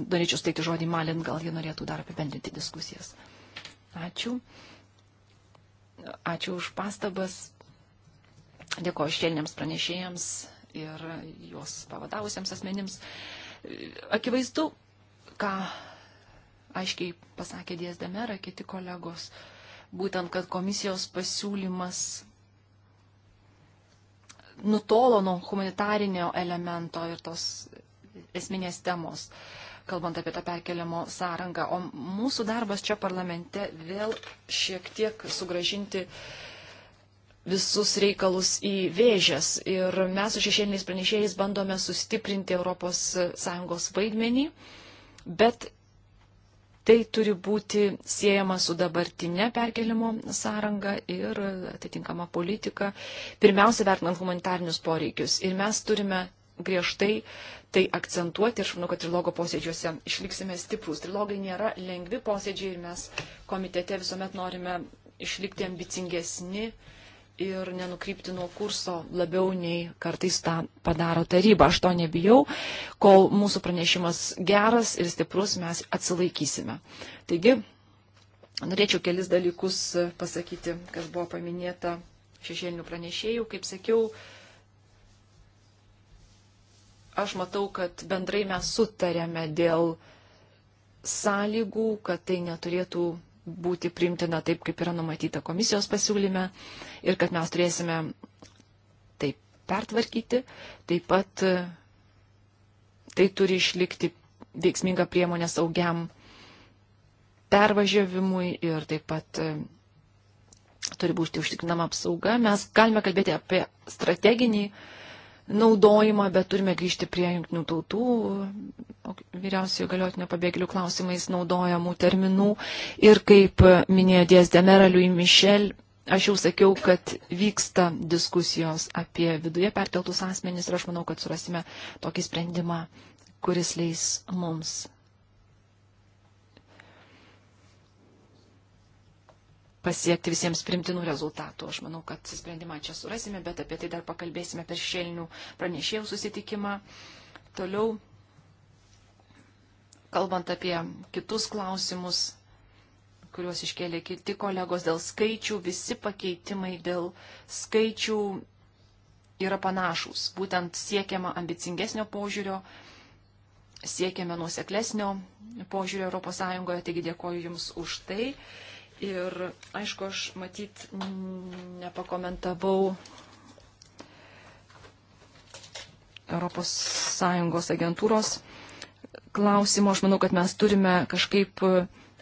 norėčiau steikti žodį Malin, gal jie norėtų dar apibendrinti diskusijas. Ačiū. Ačiū už pastabas. Dėkoju šėliniams pranešėjams ir juos pavadavusiems asmenims. Akivaizdu, ką aiškiai pasakė Dies Demera, kiti kolegos, būtent, kad komisijos pasiūlymas nutolo nuo humanitarinio elemento ir tos esminės temos, kalbant apie tą perkeliamo sąrangą. O mūsų darbas čia parlamente vėl šiek tiek sugražinti uh, visus reikalus į vėžės. Ir mes su šešėliniais pranešėjais bandome sustiprinti ES vaidmenį, bet tai turi būti siejama su dabartinė perkelimo sąranga ir atitinkama politika, pirmiausia vertinant humanitarinius poreikius. Ir mes turime griežtai tai akcentuoti ir aš manau, kad trilogo posėdžiuose išliksime stiprus. Trilogai nėra lengvi posėdžiai ir mes komitete visuomet norime išlikti ambicingesni, uh, ir nenukrypti nuo kurso labiau nei kartais tą padaro taryba. Aš to nebijau. Kol mūsų pranešimas geras ir stiprus, mes atsilaikysime. Taigi, norėčiau kelis dalykus pasakyti, kas buvo paminėta šešėlinių pranešėjų. Kaip sakiau, aš matau, kad bendrai mes sutarėme dėl sąlygų, kad tai neturėtų būti primtina taip, kaip yra numatyta komisijos pasiūlyme ir kad mes turėsime tai pertvarkyti. Taip pat e, tai turi išlikti veiksminga priemonė saugiam pervažiavimui ir taip pat e, turi būti užtikrinama apsauga. Mes galime kalbėti apie strateginį uh, naudojimą, bet turime grįžti prie jungtinių tautų vyriausiojo galiotinio pabėgėlių klausimais naudojamų terminų. Ir kaip minėjo Dės Demera Louis Michel, aš jau sakiau, kad vyksta diskusijos apie viduje perkeltus asmenys ir aš manau, kad surasime tokį sprendimą, kuris leis mums pasiekti visiems primtinų rezultatų. Aš manau, kad sprendimą čia surasime, bet apie tai dar pakalbėsime per šėlinių pranešėjų susitikimą. Toliau, kalbant apie kitus klausimus, kuriuos iškėlė kiti kolegos dėl skaičių, visi pakeitimai dėl skaičių yra panašus. Būtent siekiama ambicingesnio požiūrio, siekiame nuoseklesnio požiūrio ES, taigi dėkoju Jums už tai. Ir aišku, aš matyt nepakomentavau ES agentūros klausimo. Aš manau, kad mes turime kažkaip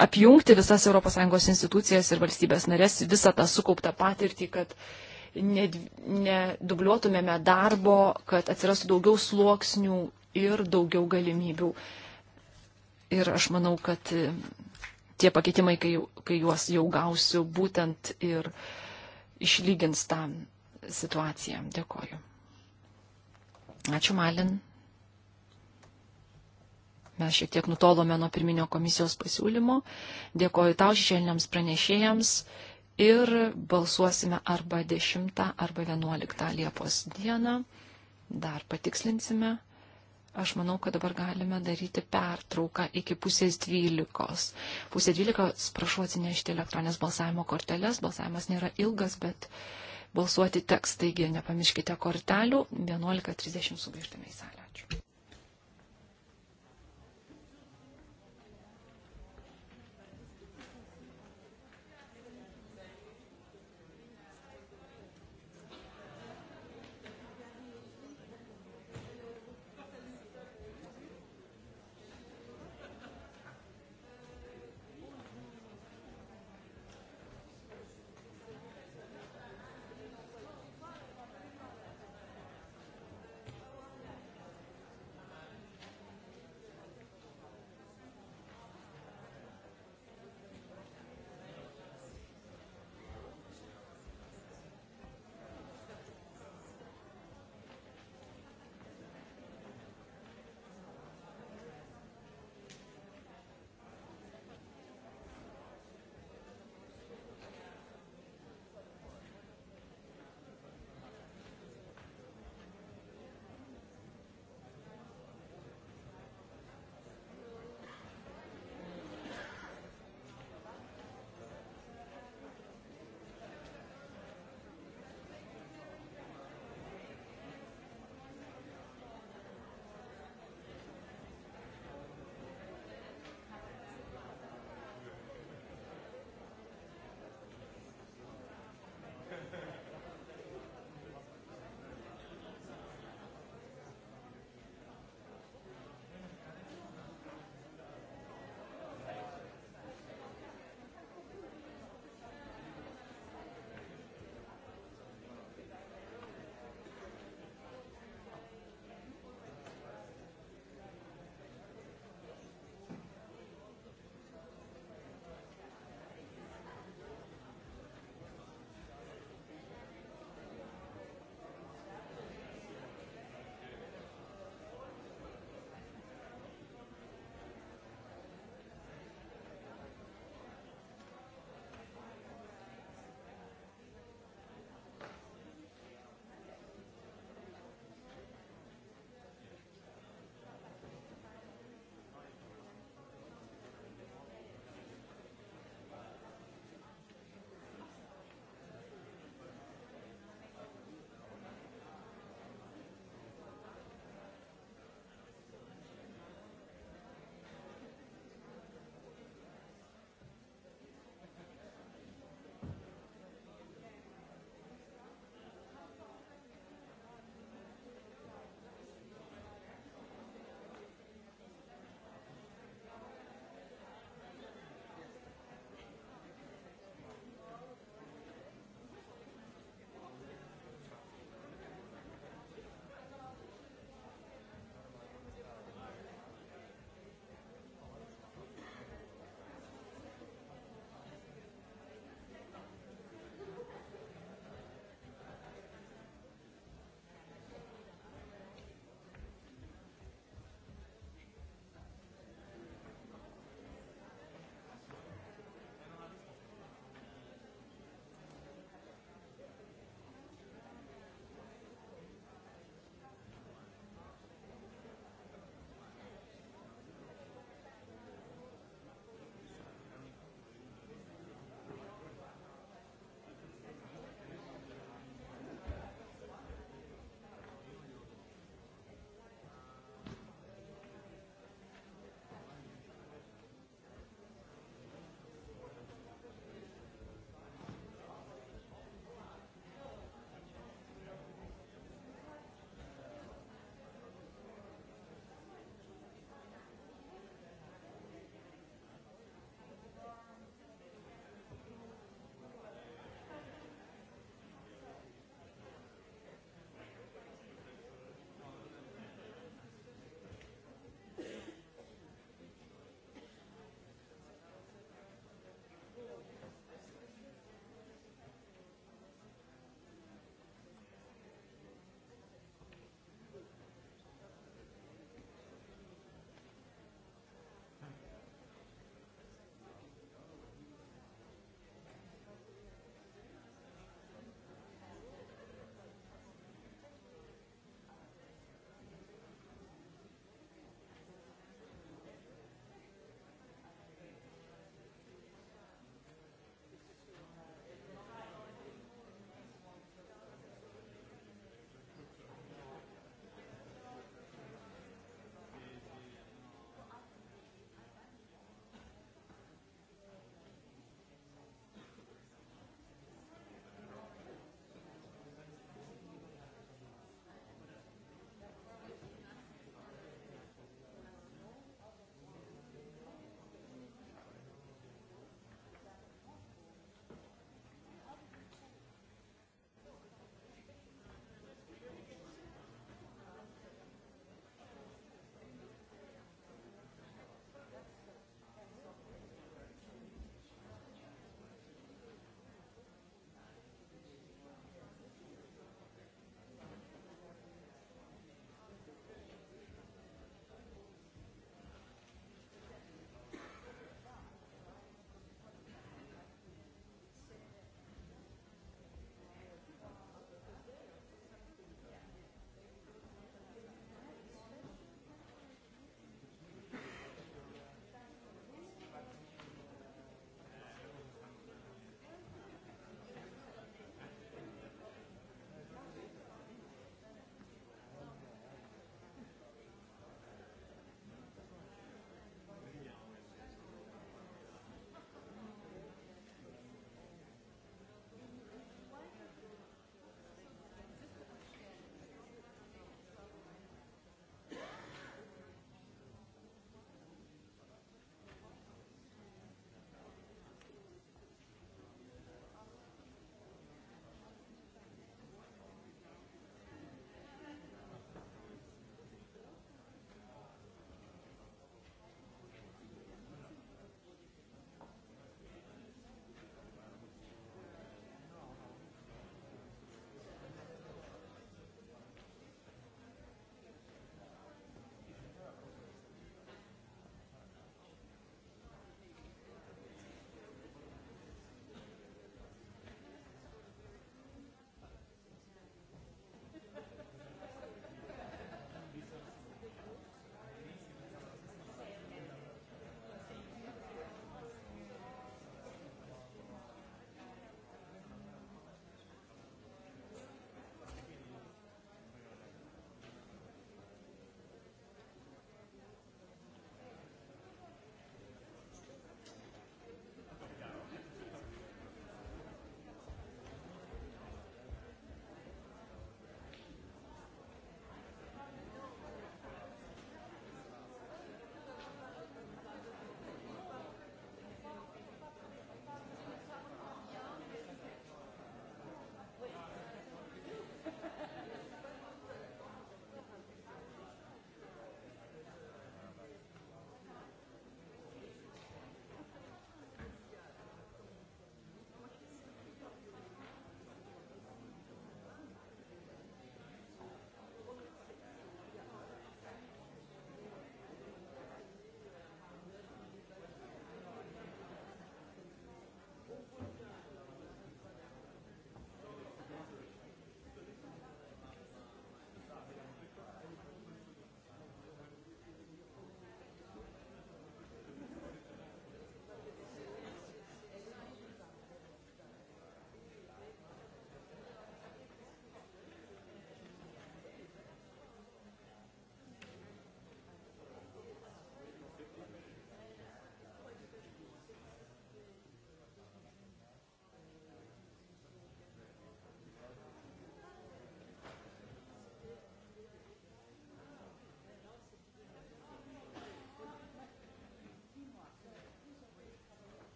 apjungti visas ES institucijas ir valstybės narės, visą tą sukauptą patirtį, kad nedubliuotumėme darbo, kad atsirastų daugiau sluoksnių ir daugiau galimybių. Ir aš manau, kad tie pakeitimai, kai, kai juos jau gausiu, būtent ir išlygins tą situaciją. Dėkoju. Ačiū, Malin. Mes šiek tiek nutolome nuo pirminio komisijos pasiūlymo. Dėkoju tau šešėliniams pranešėjams ir balsuosime arba 10 arba 11 Liepos dieną. Dar patikslinsime. Aš manau, kad dabar galime daryti pertrauką iki pusės dvylikos. Pusė dvylikos prašau atsinešti elektroninės balsavimo korteles. Balsavimas nėra ilgas, bet balsuoti teks, taigi nepamirškite kortelių. 11.30 sugrįžtame į salę. Ačiū.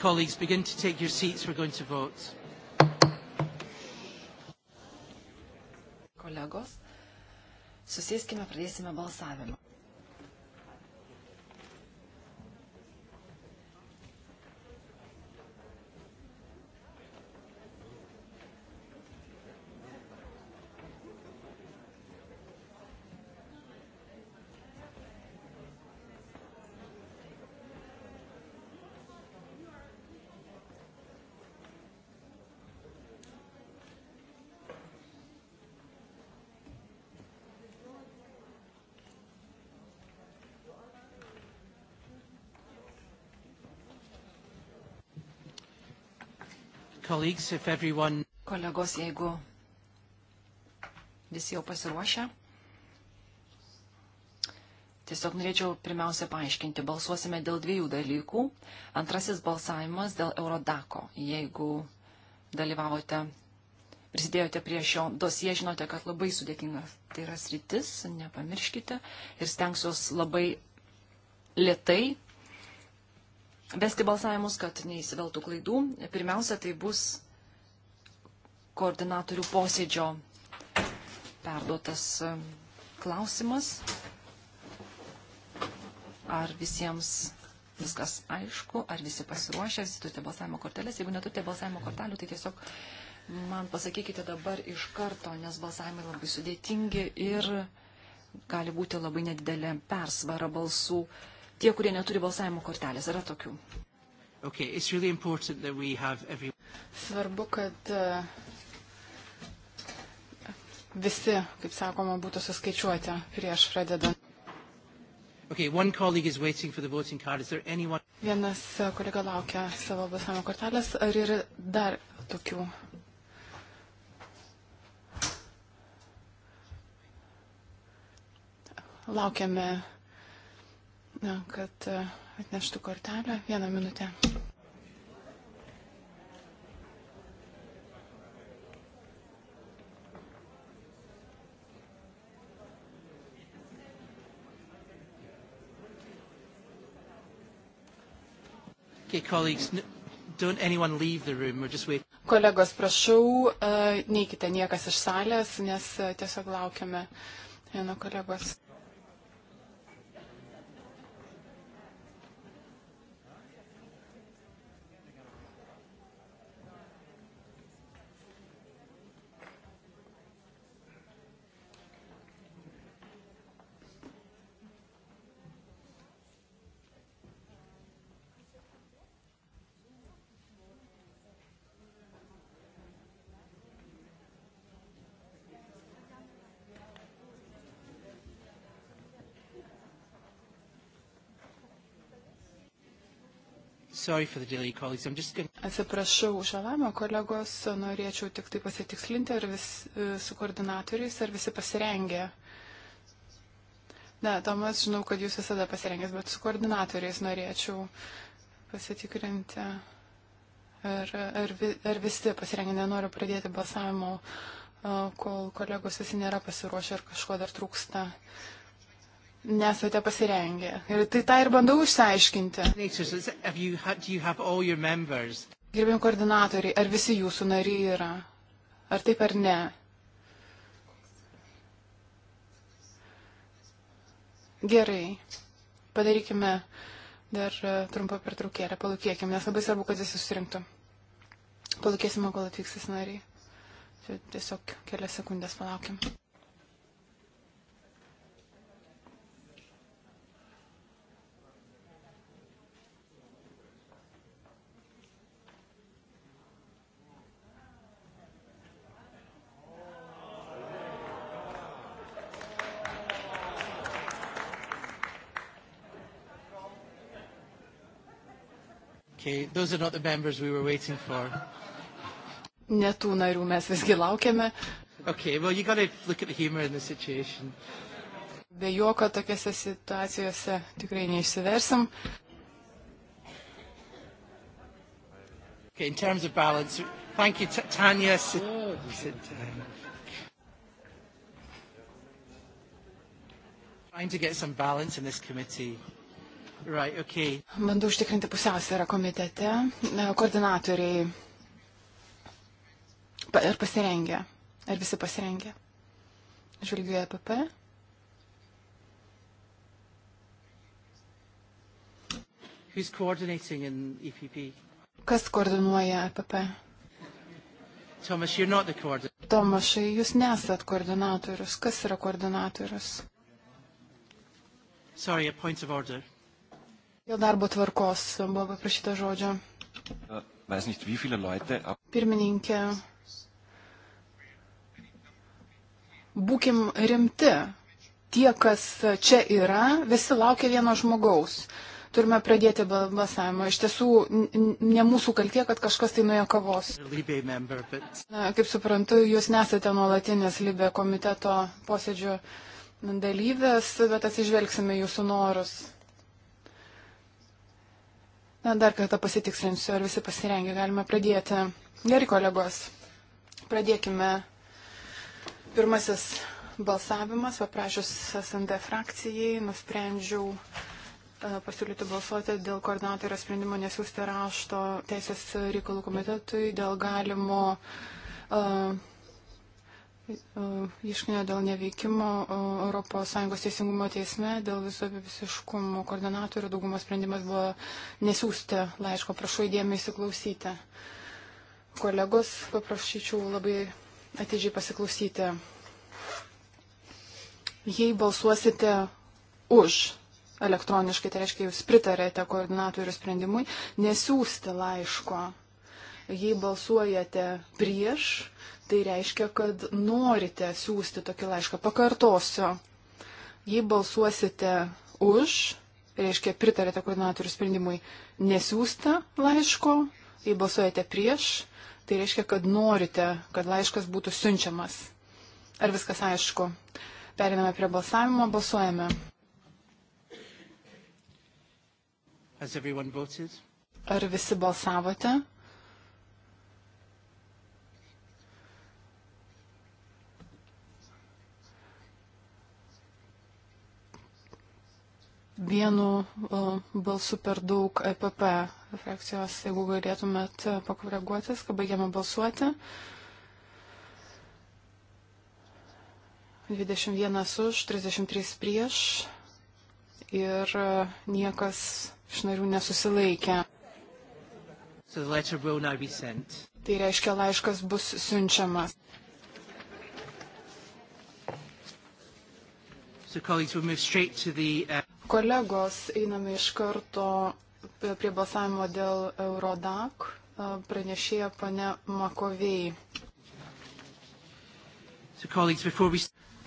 Colleagues, begin to take your seats. We're going to vote. Kolegos, susėskime, pradėsime balsavimą. Everyone... Kolegos, jeigu visi jau pasiruošę, tiesiog norėčiau pirmiausia paaiškinti. Balsuosime dėl dviejų dalykų. Antrasis balsavimas dėl Eurodako. Jeigu dalyvavote, prisidėjote prie šio dosie, žinote, kad labai sudėtinga tai yra sritis, nepamirškite. Ir stengsiuos labai lietai vesti balsavimus, kad neįsiveltų klaidų. Pirmiausia, tai bus koordinatorių posėdžio perduotas um, klausimas. Ar visiems viskas aišku, ar visi pasiruošę, visi turite balsavimo kortelės. Jeigu neturite balsavimo kortelių, tai tiesiog man pasakykite dabar iš karto, nes balsavimai labai sudėtingi ir gali būti labai nedidelė persvara balsų. Uh, tie, kurie neturi balsavimo kortelės. Yra tokių. Okay, really every... Svarbu, kad e, visi, kaip sakoma, būtų suskaičiuoti prieš pradedant. Okay, anyone... Vienas kolega laukia savo balsavimo kortelės. Ar yra dar tokių? Laukiame kad e, atneštų kortelę. Vieną minutę. Okay, colleagues, don't anyone leave the room. We're just waiting. Kolegos, prašau, e, neikite niekas iš salės, nes e, tiesiog laukiame vieno kolegos. Atsiprašau už alamą, kolegos, norėčiau tik tai pasitikslinti, ar vis, e, su koordinatoriais, ar visi pasirengė. Ne, Tomas, žinau, kad jūs visada pasirengęs, bet su koordinatoriais norėčiau pasitikrinti. Ar, ar, ar visi pasirengę nenoriu pradėti balsavimo, e, kol kolegos visi nėra pasiruošę, ar kažko dar trūksta. Uh, nesate pasirengę. Ir tai tą ir bandau išsiaiškinti. Gerbim koordinatoriai, ar visi jūsų nariai yra? Ar taip ar ne? Gerai. Padarykime dar e, trumpą pertraukėlę, palūkėkime, nes labai svarbu, kad jis susirinktų. Palūkėsime, kol atvyks jis nariai. Tiesiog kelias sekundės palaukim. Okay, those are not the members we were waiting for. Ne tų narių mes visgi laukiame. Okay, well, you gotta look at the humor in the situation. Be juoko tokiuose situacijose tikrai neišsiversim. Okay, in terms of balance, thank you, Tanya. Sit, sit down. Trying to get some balance in this committee. Right, okay. Bandau užtikrinti pusiausvyrą komitete. Koordinatoriai ir pasirengę. Ar visi pasirengę? Žvilgiu į APP. E e Kas koordinuoja APP? E Tomas, Tomašai, jūs nesat koordinatorius. Kas yra koordinatorius? Sorry, a point of order. Dėl darbo tvarkos buvo paprašyta žodžio. Pirmininkė, būkim rimti. Tie, kas čia yra, visi laukia vieno žmogaus. Turime pradėti balsavimą. Iš tiesų, ne mūsų kaltė, kad kažkas tai nuėjo kavos. Na, kaip suprantu, jūs nesate nuolatinės Libė komiteto posėdžio dalyvės, bet atsižvelgsime jūsų norus. Na, dar kartą pasitikslinsiu, ar visi pasirengę. Galime pradėti. Gerai, kolegos, pradėkime. Pirmasis balsavimas, paprašus SND frakcijai, nusprendžiau e, pasiūlyti balsuoti dėl koordinatorio sprendimo nesiųsti rašto Teisės reikalų komitetui dėl galimo uh, E, ieškinio dėl neveikimo ES teisingumo teisme, dėl viso visiškumo koordinatorių daugumos sprendimas buvo nesiųsti laiško, prašau įdėmiai įsiklausyti. Kolegos, paprašyčiau labai atidžiai pasiklausyti. Jei balsuosite už elektroniškai, tai reiškia, jūs pritarėte koordinatorių sprendimui, nesiųsti laiško Jei balsuojate prieš, tai reiškia, kad norite siūsti tokį laišką. Pakartosiu. Jei balsuosite už, reiškia, pritarėte koordinatorių sprendimui nesiūsta laiško, jei balsuojate prieš, tai reiškia, kad norite, kad laiškas būtų siunčiamas. Ar viskas aišku? Periname prie balsavimo, balsuojame. Ar visi balsavote? vienu balsu per daug EPP frakcijos, jeigu galėtumėt e, pakoreguoti viską, baigiame balsuoti. 21 už, 33 prieš ir e, niekas iš narių nesusilaikė. So tai reiškia, laiškas bus siunčiamas. So colleagues, we'll move straight to the uh, Kolegos, einame iš karto prie balsavimo dėl Eurodak pranešėja pane Makovėjai.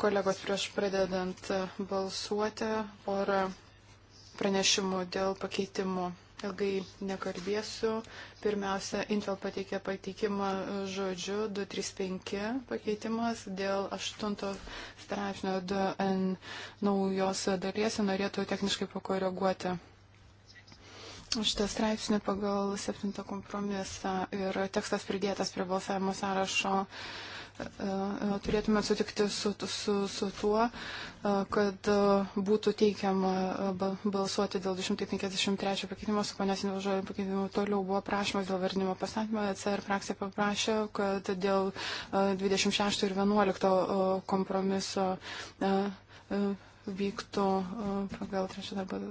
Kolegos, prieš pradedant balsuoti, porą pranešimų dėl pakeitimų ilgai nekalbėsiu. Pirmiausia, Intel pateikė pateikimą žodžiu 235 pakeitimas dėl 8 straipsnio 2N naujos dalies ir norėtų techniškai pakoreguoti. Šitą straipsnį pagal 7 kompromisą ir tekstas pridėtas prie balsavimo sąrašo. Uh, E, e, turėtume sutikti su, su, su tuo, e, kad būtų teikiama balsuoti dėl 253 pakeitimo, su ponios nevažiuoju pakeitimu. Toliau buvo prašymas dėl vardinimo pasakymo. CR frakcija paprašė, kad dėl 26 ir 11 kompromiso vyktų pagal trečią darbą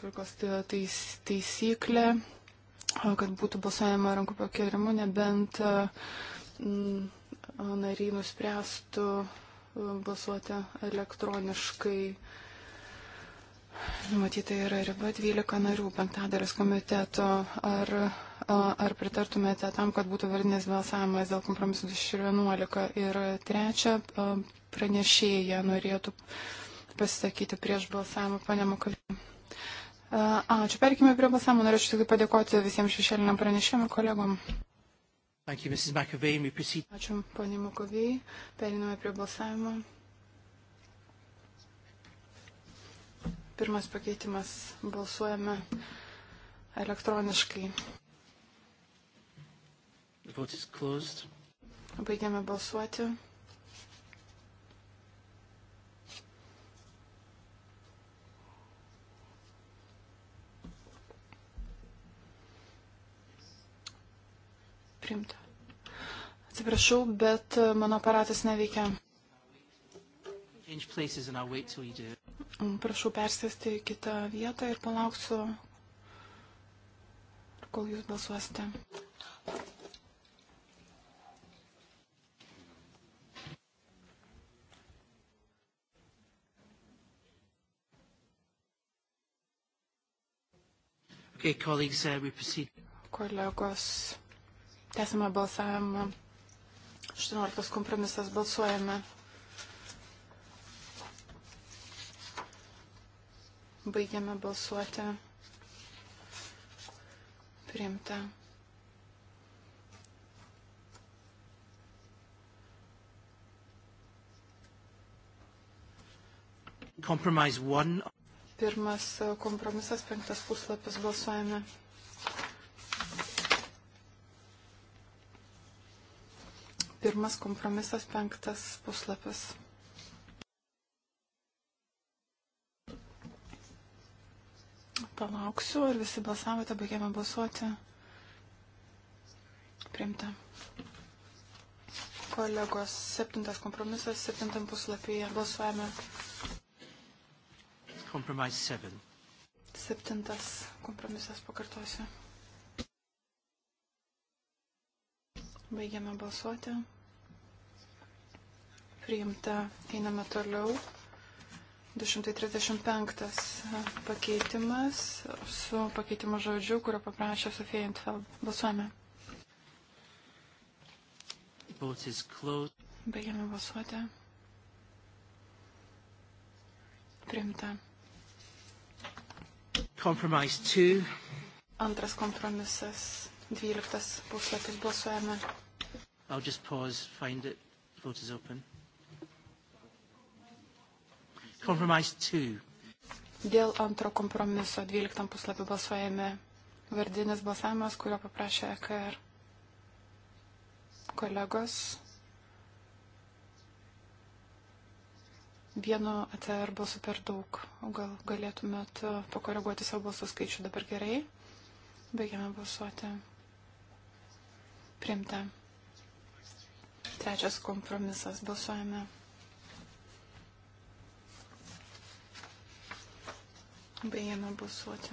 tvarkos tais, taisyklę, kad būtų balsuojama rankų pakėlimu, nebent uh, Mm, nariai nuspręstų e, balsuoti elektroniškai. Numatyta yra riba 12 narių, penktadalis komiteto. Ar, ar pritartumėte tam, kad būtų vardinės balsavimas dėl kompromisų 211? Ir trečia, pranešėja norėtų pasisakyti prieš balsavimą, pane Makalinė. Ačiū, perkime prie balsavimo. Norėčiau tik padėkoti visiems šešėliniam pranešėjim ir kolegom. Thank you, Mrs. McAvey. We proceed. Ačiū, ponė Makovėjai. Periname prie balsavimo. Pirmas pakeitimas. Balsuojame elektroniškai. Baigiame balsuoti. Primta. Atsiprašau, bet e, mano aparatas neveikia. Mm, prašau persėsti į kitą vietą ir palauksiu, kol jūs balsuosite. Okay, colleagues, uh, we proceed. Kolegos, Tęsime balsavimą. 18 kompromisas balsuojame. Baigiame balsuoti. Priimta. Pirmas kompromisas, penktas puslapis balsuojame. Pirmas kompromisas, penktas puslapis. Palauksiu, ar visi balsavote, baigėme balsuoti. Priimta. Kolegos, septintas kompromisas, septintam puslapyje balsuojame. Compromise 7. Septintas kompromisas, pakartosiu. Baigiame balsuoti. Priimta. Einame toliau. 235 pakeitimas su pakeitimo žodžiu, kurio paprašė Sofija Intfeld. Balsuojame. Baigiame balsuoti. Priimta. Antras kompromisas 12 puslapis balsuojame. I'll just pause, find it. Vote is open. Compromise 2. Dėl antro kompromiso 12 puslapį balsuojame vardinis balsavimas, kurio paprašė EKR kolegos. Vienu ATR e balsu per daug. Gal galėtumėt pakoreguoti savo balsų skaičių dabar gerai? Baigiame balsuoti. Primta. Trečias kompromisas. Balsuojame. Baigiame balsuoti.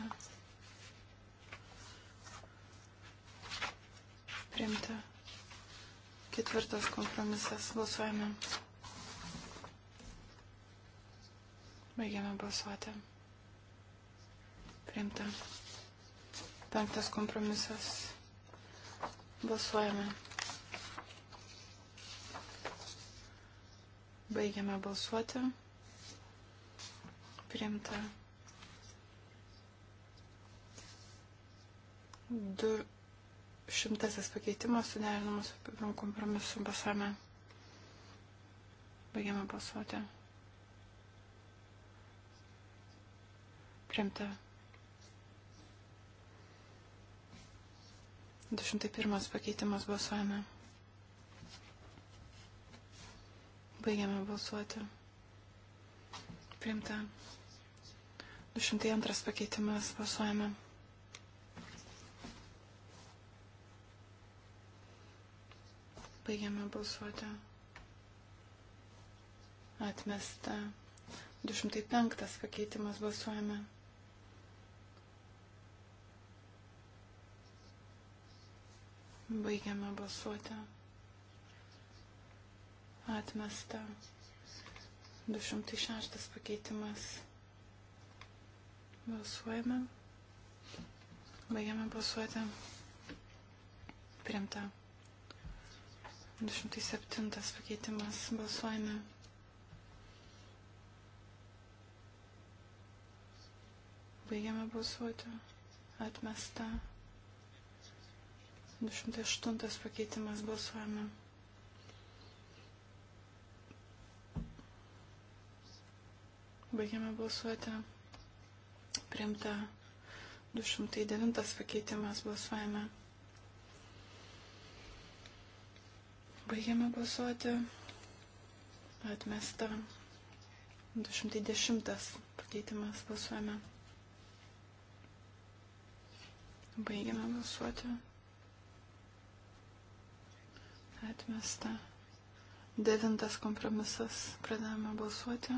Primta. Ketvirtas kompromisas. Balsuojame. Baigiame balsuoti. Primta. Penktas kompromisas. Balsuojame. Baigiame balsuoti. Priimta. 200 pakeitimas suderinamas su pirmu kompromisu basame. Baigiame balsuoti. Priimta. 201 pakeitimas balsuojame. Baigiame balsuoti. Priimta. 202 pakeitimas balsuojame. Baigiame balsuoti. Atmesta. 205 pakeitimas balsuojame. Baigiame balsuoti. Atmesta. 206 pakeitimas. Balsuojame. Baigiame balsuoti. Primta. 207 pakeitimas. Balsuojame. Baigiame balsuoti. Atmesta. 208 pakeitimas balsuojame. Baigiame balsuoti. Primta 209 pakeitimas balsuojame. Baigiame balsuoti. Atmesta 210 pakeitimas balsuojame. Baigiame balsuoti atmesta. Devintas kompromisas. Pradėjome balsuoti.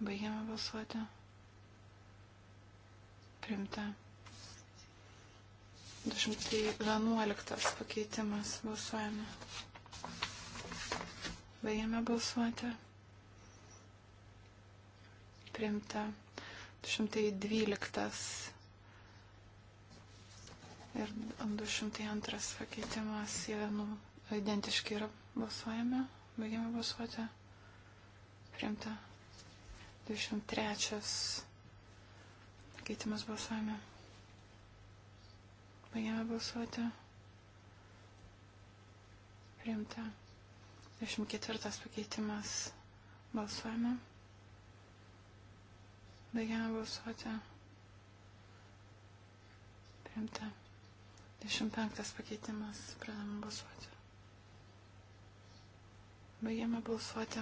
Baigėme balsuoti. Primta. 211 pakeitimas. Balsuojame. Baigėme balsuoti. Primta. 212 ir 202 pakeitimas jie nu, identiški yra balsuojami, baigiame balsuoti. Priimta 203 pakeitimas balsuojami. Baigiame balsuoti. Priimta 24 pakeitimas balsuojami. Baigiame balsuoti. Priimta 25 pakeitimas. Pradame balsuoti. Baigiame balsuoti.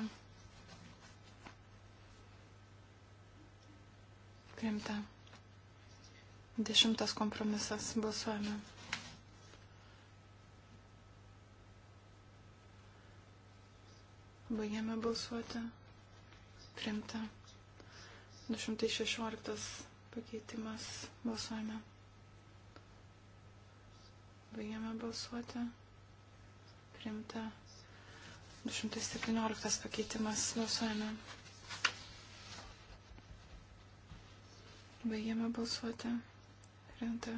Priimta. Dešimtas kompromisas. Balsuojame. Baigiame balsuoti. Priimta. 216 pakeitimas. Balsuojame. Baigiame balsuoti. Primta 217 pakeitimas. Balsuojame. Baigiame balsuoti. Primta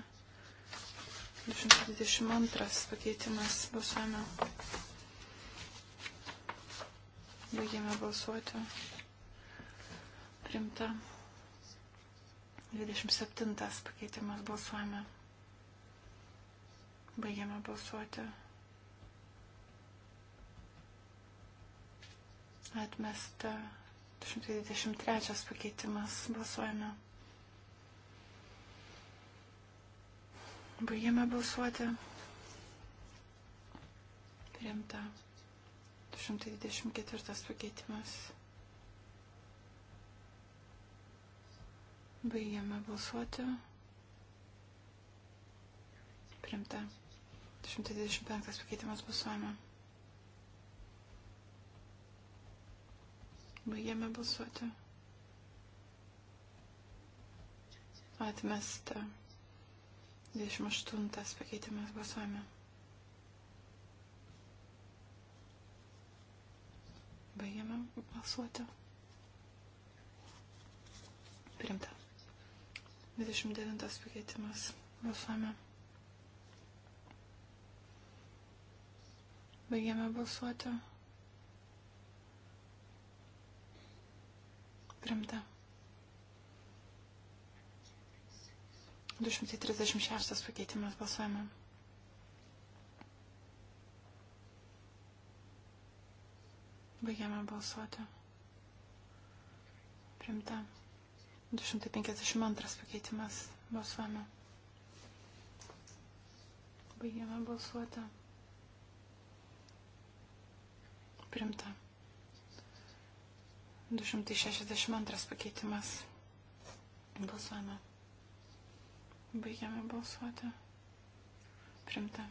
222 pakeitimas. Balsuojame. Baigiame balsuoti. Primta 27 pakeitimas. Balsuojame. Baigiame balsuoti. Atmesta 223 pakeitimas. Balsuojame. Baigiame balsuoti. Priimta 224 pakeitimas. Baigiame balsuoti. Primta. 125 pakeitimas balsuojame. Baigėme balsuoti. Atmesta. 28 pakeitimas balsuojame. Baigėme balsuoti. Primta. 29 pakeitimas balsuojame. Baigiame balsuoti. Primta. 236 pakeitimas balsuojame. Baigiame balsuoti. Primta. 252 pakeitimas balsuojame. Baigiame balsuoti primta. 262 pakeitimas. Balsuojame. Baigiame balsuoti. Primta.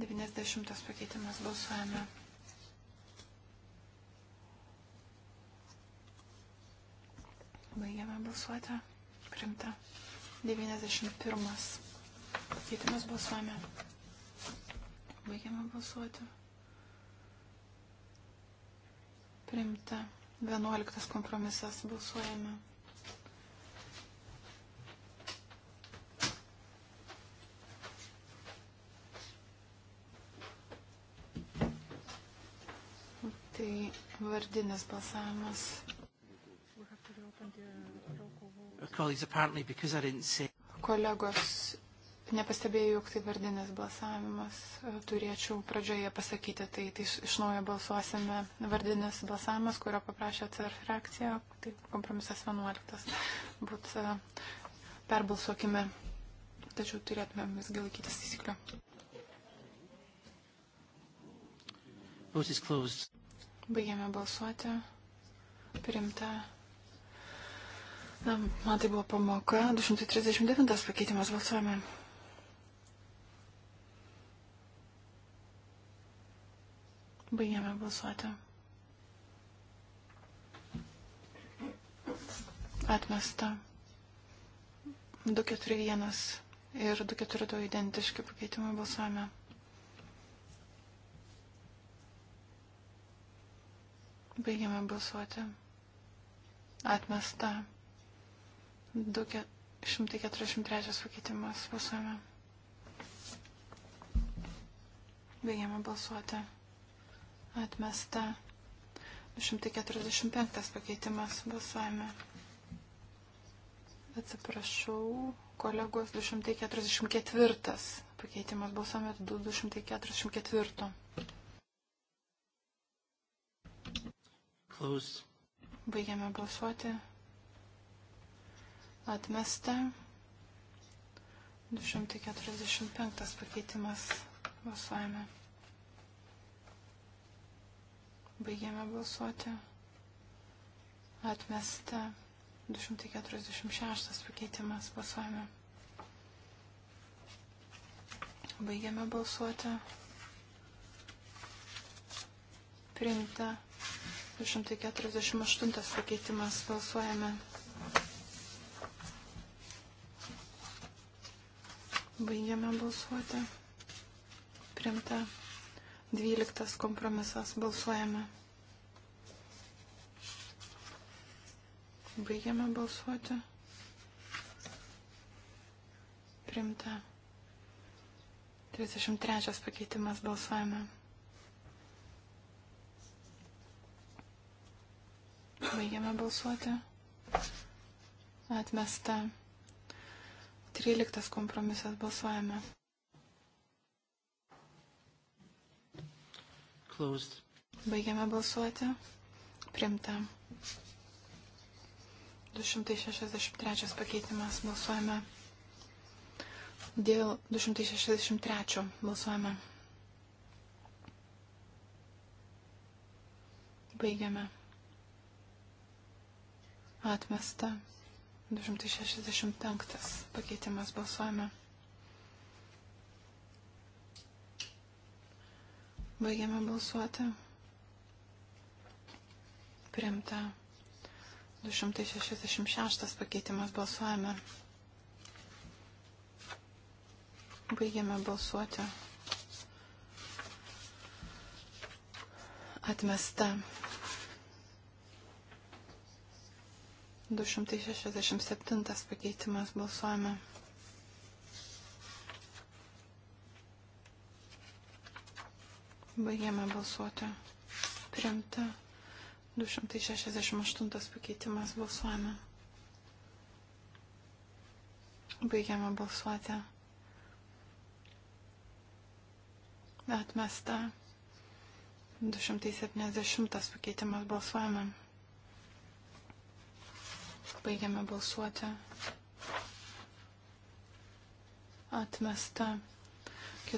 90 pakeitimas. Balsuojame. Baigiame balsuoti. Primta. 91. Pakeitimas balsuojame. Baigiame balsuoti. Primta. 11 kompromisas. Balsuojame. Tai vardinis balsavimas. Kolegos, nepastebėjau, jog tai vardinis balsavimas. Turėčiau pradžioje pasakyti, tai, tai iš naujo balsuosime vardinis balsavimas, kurio paprašė CR frakcija, tai kompromisas 11. Būt e, perbalsuokime, tačiau turėtume visgi laikytis taisyklio. Baigėme balsuoti. Primta Na, man tai buvo pamoka. 239 pakeitimas balsuojame. Baigiame balsuoti. Atmesta. 241 ir 242 identiški pakeitimai balsuojame. Baigiame balsuoti. Atmesta. 243 pakeitimas balsuojame. Baigiame balsuoti. Atmesta. 245 pakeitimas balsuojame. Atsiprašau, kolegos 244 pakeitimas balsuojame 244. Close. Baigiame balsuoti. Atmesta. 245 pakeitimas balsuojame. Baigiame balsuoti. Atmesta 246 pakeitimas. Balsuojame. Baigiame balsuoti. Priimta 248 pakeitimas. Balsuojame. Baigiame balsuoti. Priimta 12 kompromisas. Balsuojame. Baigiame balsuoti. Primta. 33 pakeitimas balsuojame. Baigiame balsuoti. Atmesta. 13 kompromisas balsuojame. Closed. Baigiame balsuoti. Primta. 263 pakeitimas. Balsuojame. Dėl 263 balsuojame. Baigiame. Atmesta. 265 pakeitimas balsuojame. Baigiame balsuoti. Primta 266 pakeitimas balsuojame. Baigiame balsuoti. Atmesta 267 pakeitimas balsuojame. Baigėme balsuoti. Priimta 268 pakeitimas. Balsuojame. Baigėme balsuoti. Atmesta 270 pakeitimas. Balsuojame. Baigėme balsuoti. Atmesta 270.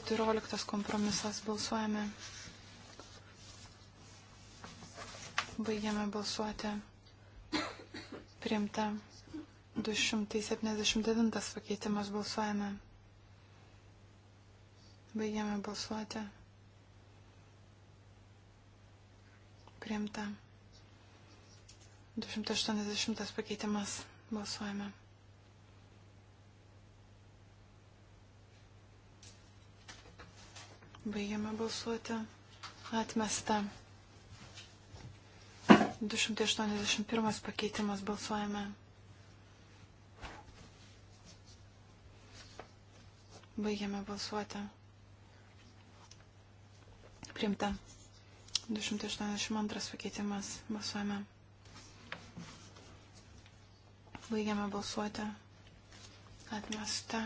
14 kompromisas balsuojame. Baigiame balsuoti. Priimta 279 pakeitimas balsuojame. Baigiame balsuoti. Priimta 280 pakeitimas balsuojame. Baigiame balsuoti. Atmesta. 281 pakeitimas balsuojame. Baigiame balsuoti. Primta. 282 pakeitimas balsuojame. Baigiame balsuoti. Atmesta.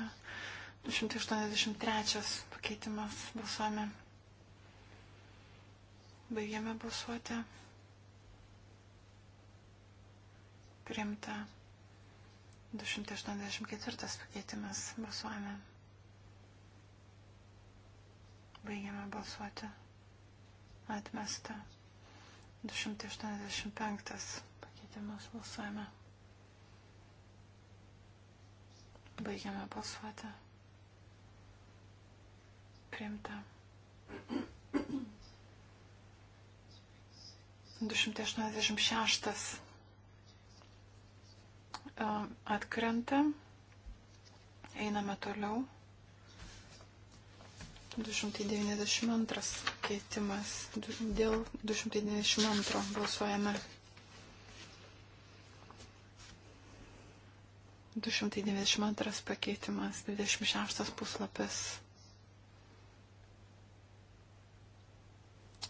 283 pakeitimas. Balsuojame. Baigiame balsuoti. Priimta 284 pakeitimas. Balsuojame. Baigiame balsuoti. Atmesta. 285 pakeitimas. Balsuojame. Baigiame balsuoti. Priimta. 286 e, atkrenta. Einame toliau. 292 keitimas. Dėl 292 balsuojame. 292 pakeitimas, 26 puslapis.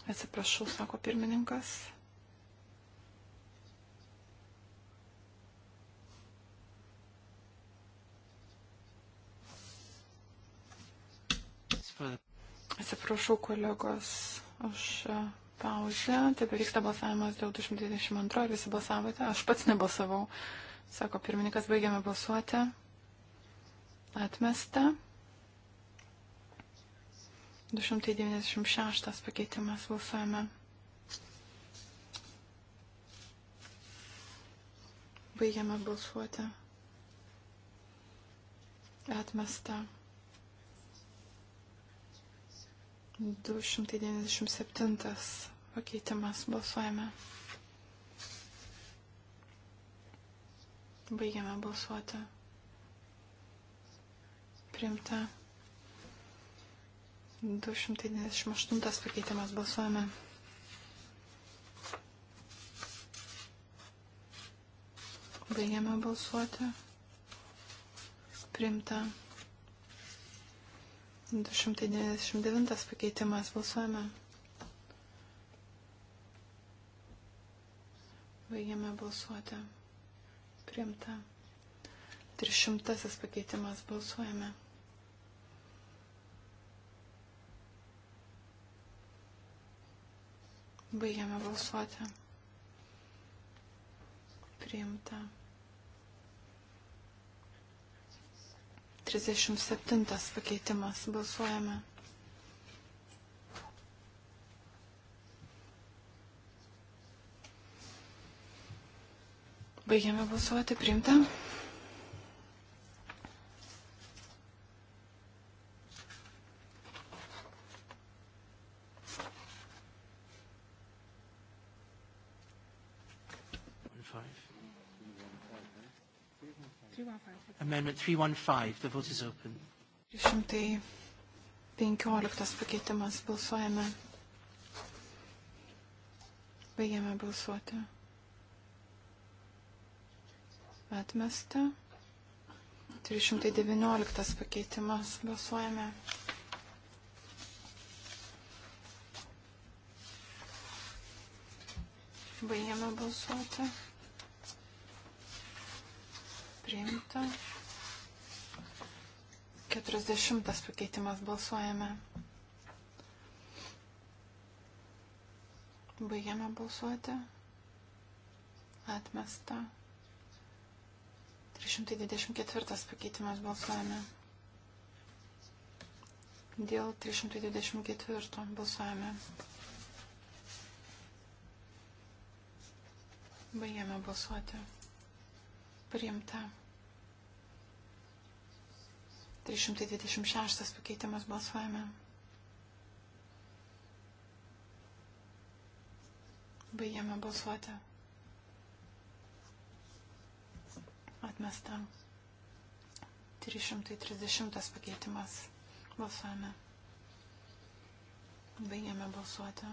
Atsiprašau, sako pirmininkas. Atsiprašau kolegos už e, pauzę. Taip vyksta balsavimas dėl 222 ir visi balsavote. Aš pats nebalsavau. Sako pirmininkas, baigiame balsuoti. Atmesta. 296 pakeitimas balsuojame. Baigiame balsuoti. Atmesta. 297 pakeitimas balsuojame. Baigiame balsuoti. Primta. 298 pakeitimas balsuojame. Baigiame balsuoti. Primta. 299 pakeitimas balsuojame. Baigiame balsuoti. Primta. 300 pakeitimas balsuojame. Baigiame balsuoti. Priimta. 37 pakeitimas. Balsuojame. Baigiame balsuoti. Priimta. Amendment 315. The vote is open. 315 pakeitimas. Balsuojame. Baigiame balsuoti. Atmesta. 319 pakeitimas. Balsuojame. Baigiame balsuoti priimta. 40 pakeitimas balsuojame. Baigiame balsuoti. Atmesta. 324 pakeitimas balsuojame. Dėl 324 balsuojame. Baigiame balsuoti. Priimta. 326 pakeitimas balsuojame. Baigiame balsuoti. Atmesta. 330 pakeitimas balsuojame. Baigiame balsuoti.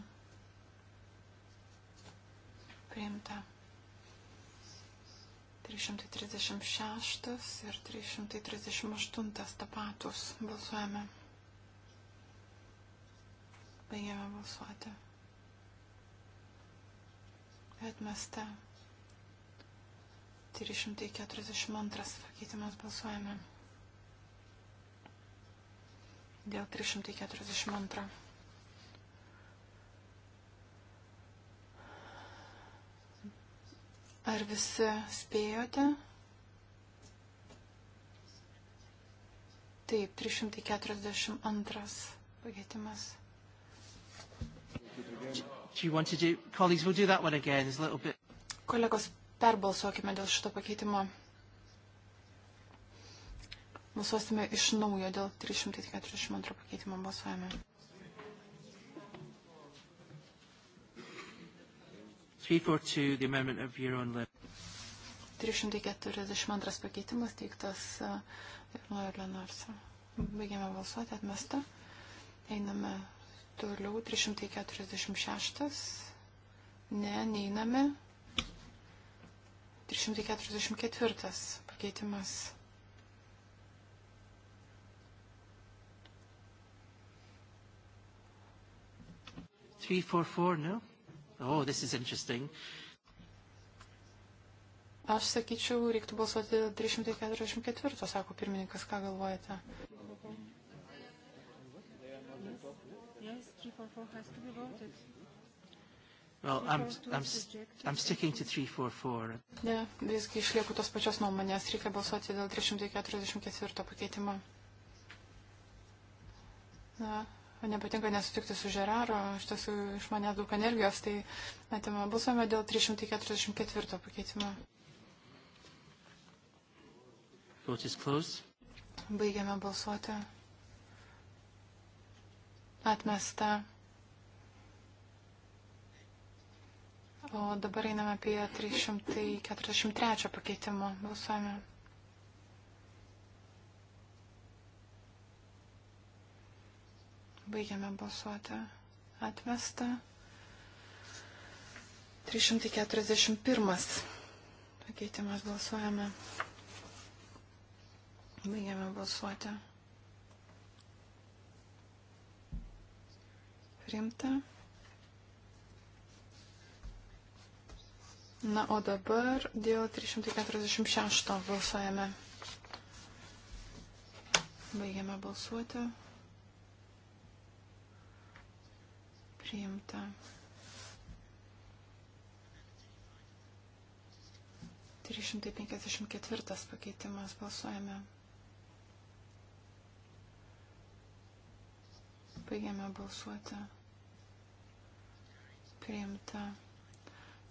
Priimta. 336 ir 338 tapatus balsuojame. Baigėme balsuoti. Atmesta. 342 pakeitimas balsuojame. Dėl 342. Ar visi spėjote? Taip, 342 pakeitimas. Kolegos, perbalsuokime dėl šito pakeitimo. Balsuosime iš naujo dėl 342 pakeitimo balsuojame. 342, the amendment of your own lip. 342 pakeitimas teiktas Nuojo e, Lenarso. Baigiame balsuoti, atmesta. Einame toliau, 346. Ne, neiname. 344 pakeitimas. Three, four, four, no? Oh, this is interesting. Aš sakyčiau, reiktų balsuoti 344, sako pirmininkas, ką galvojate? Yes, 344 has to be voted. Well, I'm, I'm, I'm sticking to 344. Ne, visgi išlieku tos pačios nuomonės, reikia balsuoti dėl 344 pakeitimo. Na, nepatinka nesutikti su Žeraro, iš tiesų iš manęs daug energijos, tai atima balsuojame dėl 344 pakeitimo. Baigiame balsuoti. Atmesta. O dabar einame apie 343 pakeitimo. Balsuojame. Baigiame balsuoti. Atmesta. 341. Pakeitimas balsuojame. Baigiame balsuoti. Rimta. Na, o dabar dėl 346 balsuojame. Baigiame balsuoti. priimta. Trišimtai penkiasdešimt ketvirtas pakeitimas balsuojame. Baigiame balsuoti. Priimta.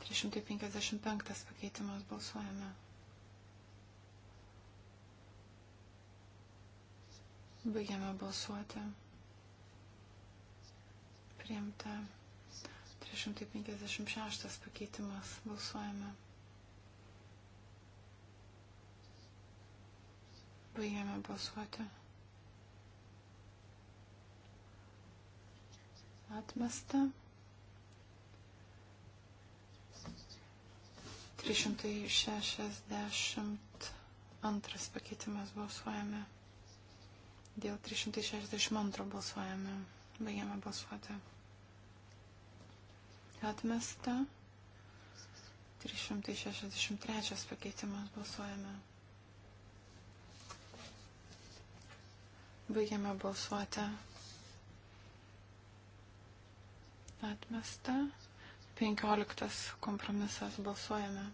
355 pakeitimas balsuojame. Baigiame balsuoti priimta 356 pakeitimas. Balsuojame. Baigiame balsuoti. Atmesta. 362 pakeitimas balsuojame. Dėl 362 balsuojame. Baigiame balsuoti atmesta. 363 pakeitimas balsuojame. Baigiame balsuoti. Atmesta. 15 kompromisas balsuojame.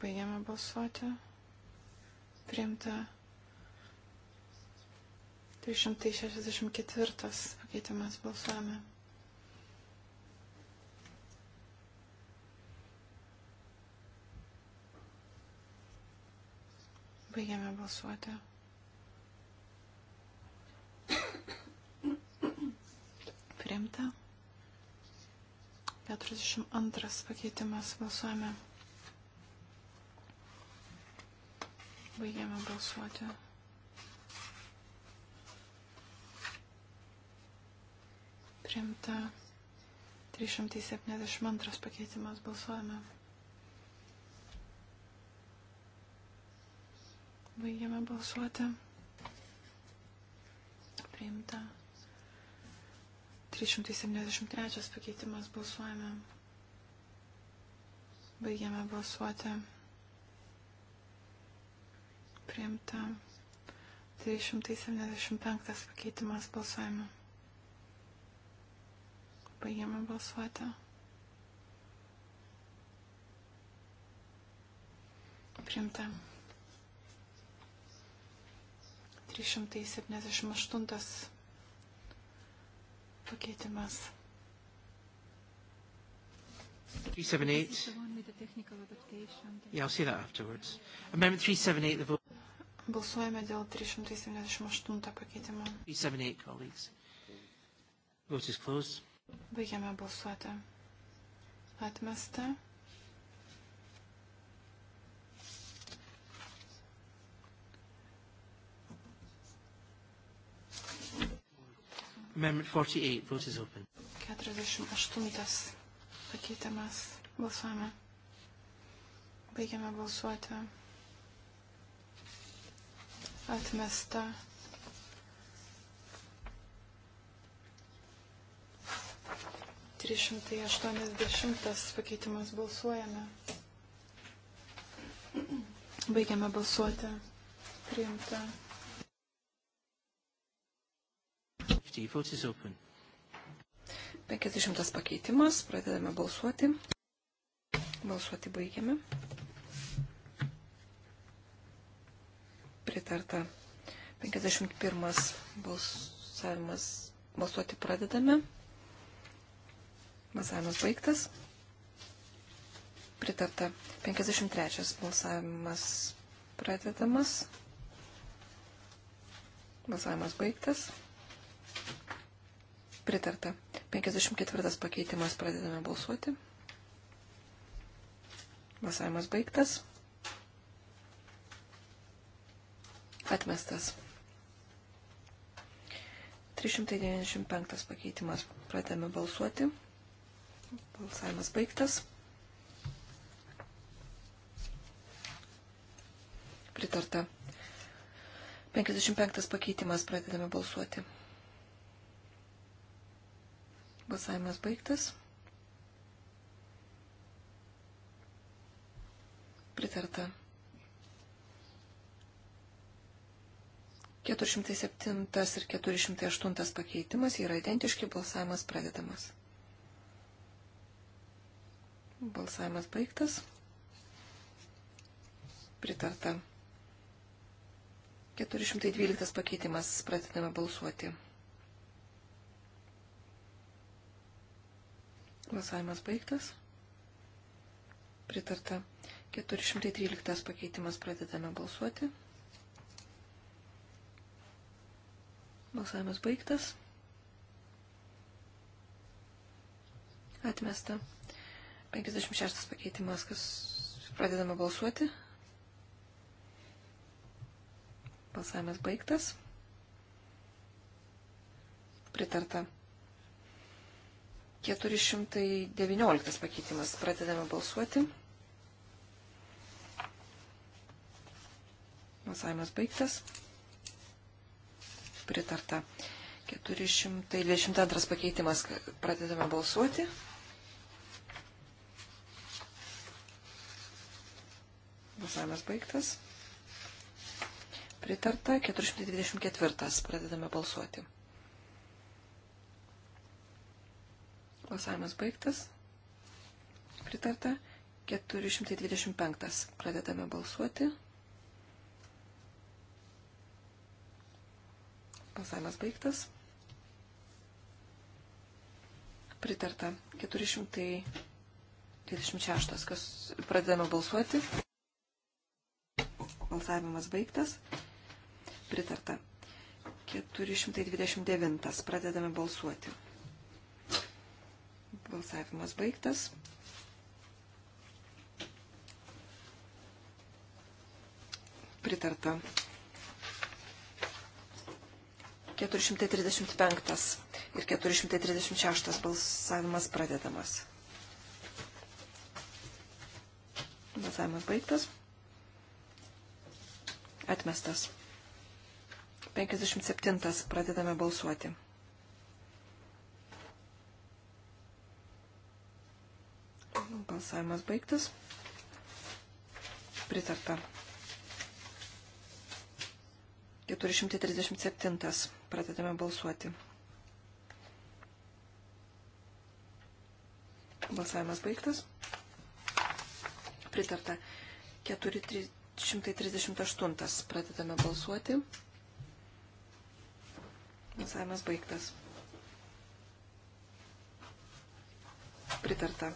Baigiame balsuoti. Priimta 364 pakeitimas balsuojame. Baigiame balsuoti. Priimta. 42 pakeitimas balsuojame. Baigiame balsuoti. Priimta 372 pakeitimas. Balsuojame. Baigiame balsuoti. Priimta 373 pakeitimas. Balsuojame. Baigiame balsuoti. Priimta 375 pakeitimas. Balsuojame. Baigiame balsuoti. Priimta. 378 pakeitimas. 378. Yeah, I'll see that afterwards. Amendment 378, the vote. Balsuojame dėl 378 pakeitimo. 378, colleagues. Vote is closed. Baigiame balsuoti. Atmesta. Amendment 48. Vote is open. 48. Pakeitimas. Balsuojame. Baigiame balsuoti. Atmesta. 380 pakeitimas balsuojame. Baigiame balsuoti. Priimta. Vote is open. 50 pakeitimas, pradedame balsuoti. Balsuoti baigiame. Pritarta 51 balsavimas, balsuoti pradedame. Balsavimas baigtas. Pritarta. 53 balsavimas pradedamas. Balsavimas baigtas. Pritarta. 54 pakeitimas pradedame balsuoti. Balsavimas baigtas. Atmestas. 395 pakeitimas pradedame balsuoti. Balsavimas baigtas. Pritarta. 55 pakeitimas pradedame balsuoti. Balsavimas baigtas. Pritarta. 407 ir 408 pakeitimas yra identiški, balsavimas pradedamas. Balsavimas baigtas. Pritarta. 412 pakeitimas. Pradedame balsuoti. Balsavimas baigtas. Pritarta. 413 pakeitimas. Pradedame balsuoti. Balsavimas baigtas. Atmesta. 56 pakeitimas, kas pradedame balsuoti. Balsavimas baigtas. Pritarta. 419 pakeitimas. Pradedame balsuoti. Balsavimas baigtas. Pritarta. 422 pakeitimas. Pradedame balsuoti. Balsavimas baigtas. Pritarta 424. Pradedame balsuoti. Balsavimas baigtas. Pritarta 425. Pradedame balsuoti. Balsavimas baigtas. Pritarta 426. Kas pradedame balsuoti. Balsavimas baigtas. Pritarta. 429. Pradedame balsuoti. Balsavimas baigtas. Pritarta. 435 ir 436 balsavimas pradedamas. Balsavimas baigtas. Atmestas. 57. Pradedame balsuoti. Balsavimas baigtas. Pritarta. 437. Pradedame balsuoti. Balsavimas baigtas. Pritarta. 437. 138. Pradedame balsuoti. Balsavimas baigtas. Pritarta.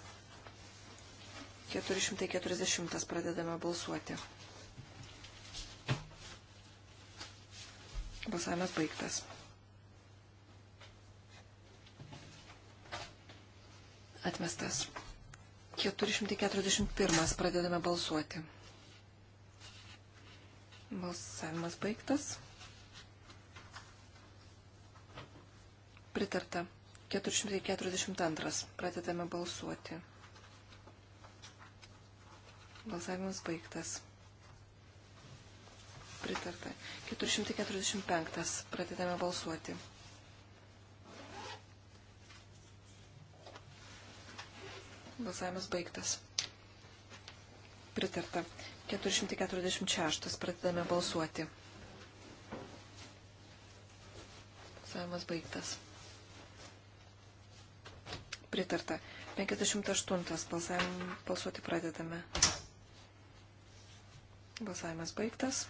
440. Pradedame balsuoti. Balsavimas baigtas. Atmestas. 441. Pradedame balsuoti. Balsavimas baigtas. Pritarta. 442. Pradedame balsuoti. Balsavimas baigtas. Pritarta. 445. Pradedame balsuoti. Balsavimas baigtas. Pritarta. 446. Pradedame balsuoti. Balsavimas baigtas. Pritarta. 58. Balsavim, balsuoti pradedame. Balsavimas baigtas.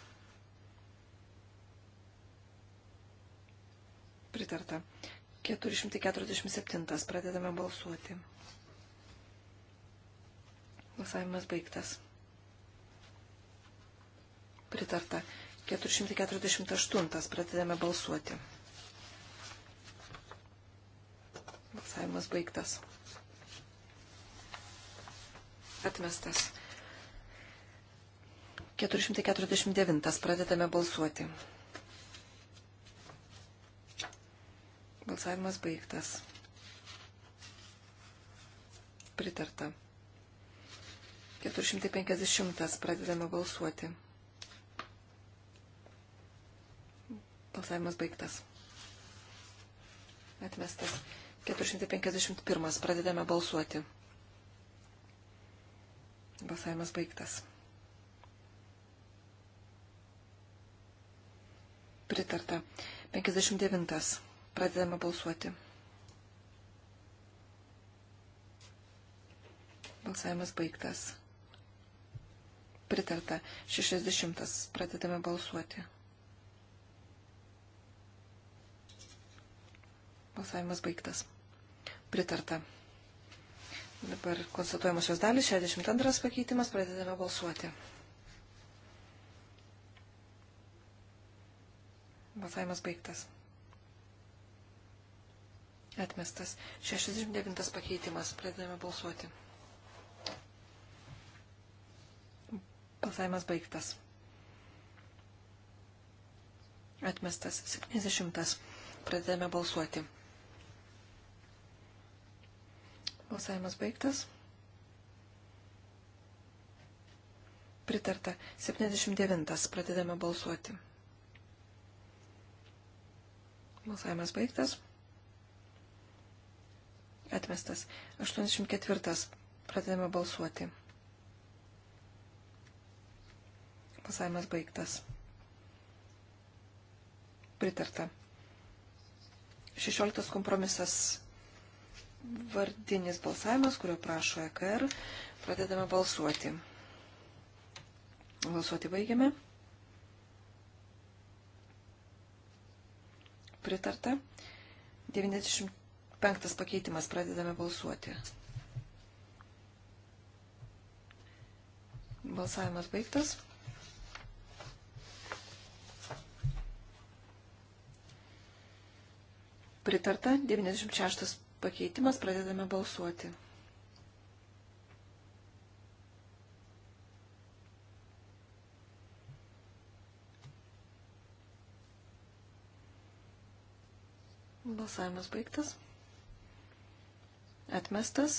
Pritarta. 447. Pradedame balsuoti. Balsavimas baigtas. Pritarta. 448. Pradedame balsuoti. Balsavimas baigtas. Atmestas. 449. Pradedame balsuoti. Balsavimas baigtas. Pritarta. 450. Pradedame balsuoti. Balsavimas baigtas. Atmestas. 451. Pradedame balsuoti. Balsavimas baigtas. Pritarta. 59. Pradedame balsuoti. Balsavimas baigtas. Pritarta. 60. Pradedame balsuoti. Balsavimas baigtas. Pritarta. Dabar konstatuojamosios dalis, 62 pakeitimas, pradedame balsuoti. Balsavimas baigtas. Atmestas. 69 pakeitimas, pradedame balsuoti. Balsavimas baigtas. Atmestas. 70. Pradedame balsuoti. Balsavimas baigtas. Pritarta. 79. Pradedame balsuoti. Balsavimas baigtas. Atmestas. 84. Pradedame balsuoti. Balsavimas baigtas. Pritarta. 16 kompromisas vardinis balsavimas, kurio prašo EKR. Pradedame balsuoti. Balsuoti baigiame. Pritarta. 95 pakeitimas. Pradedame balsuoti. Balsavimas baigtas. Pritarta. 96 pakeitimas, pradedame balsuoti. Balsavimas baigtas. Atmestas.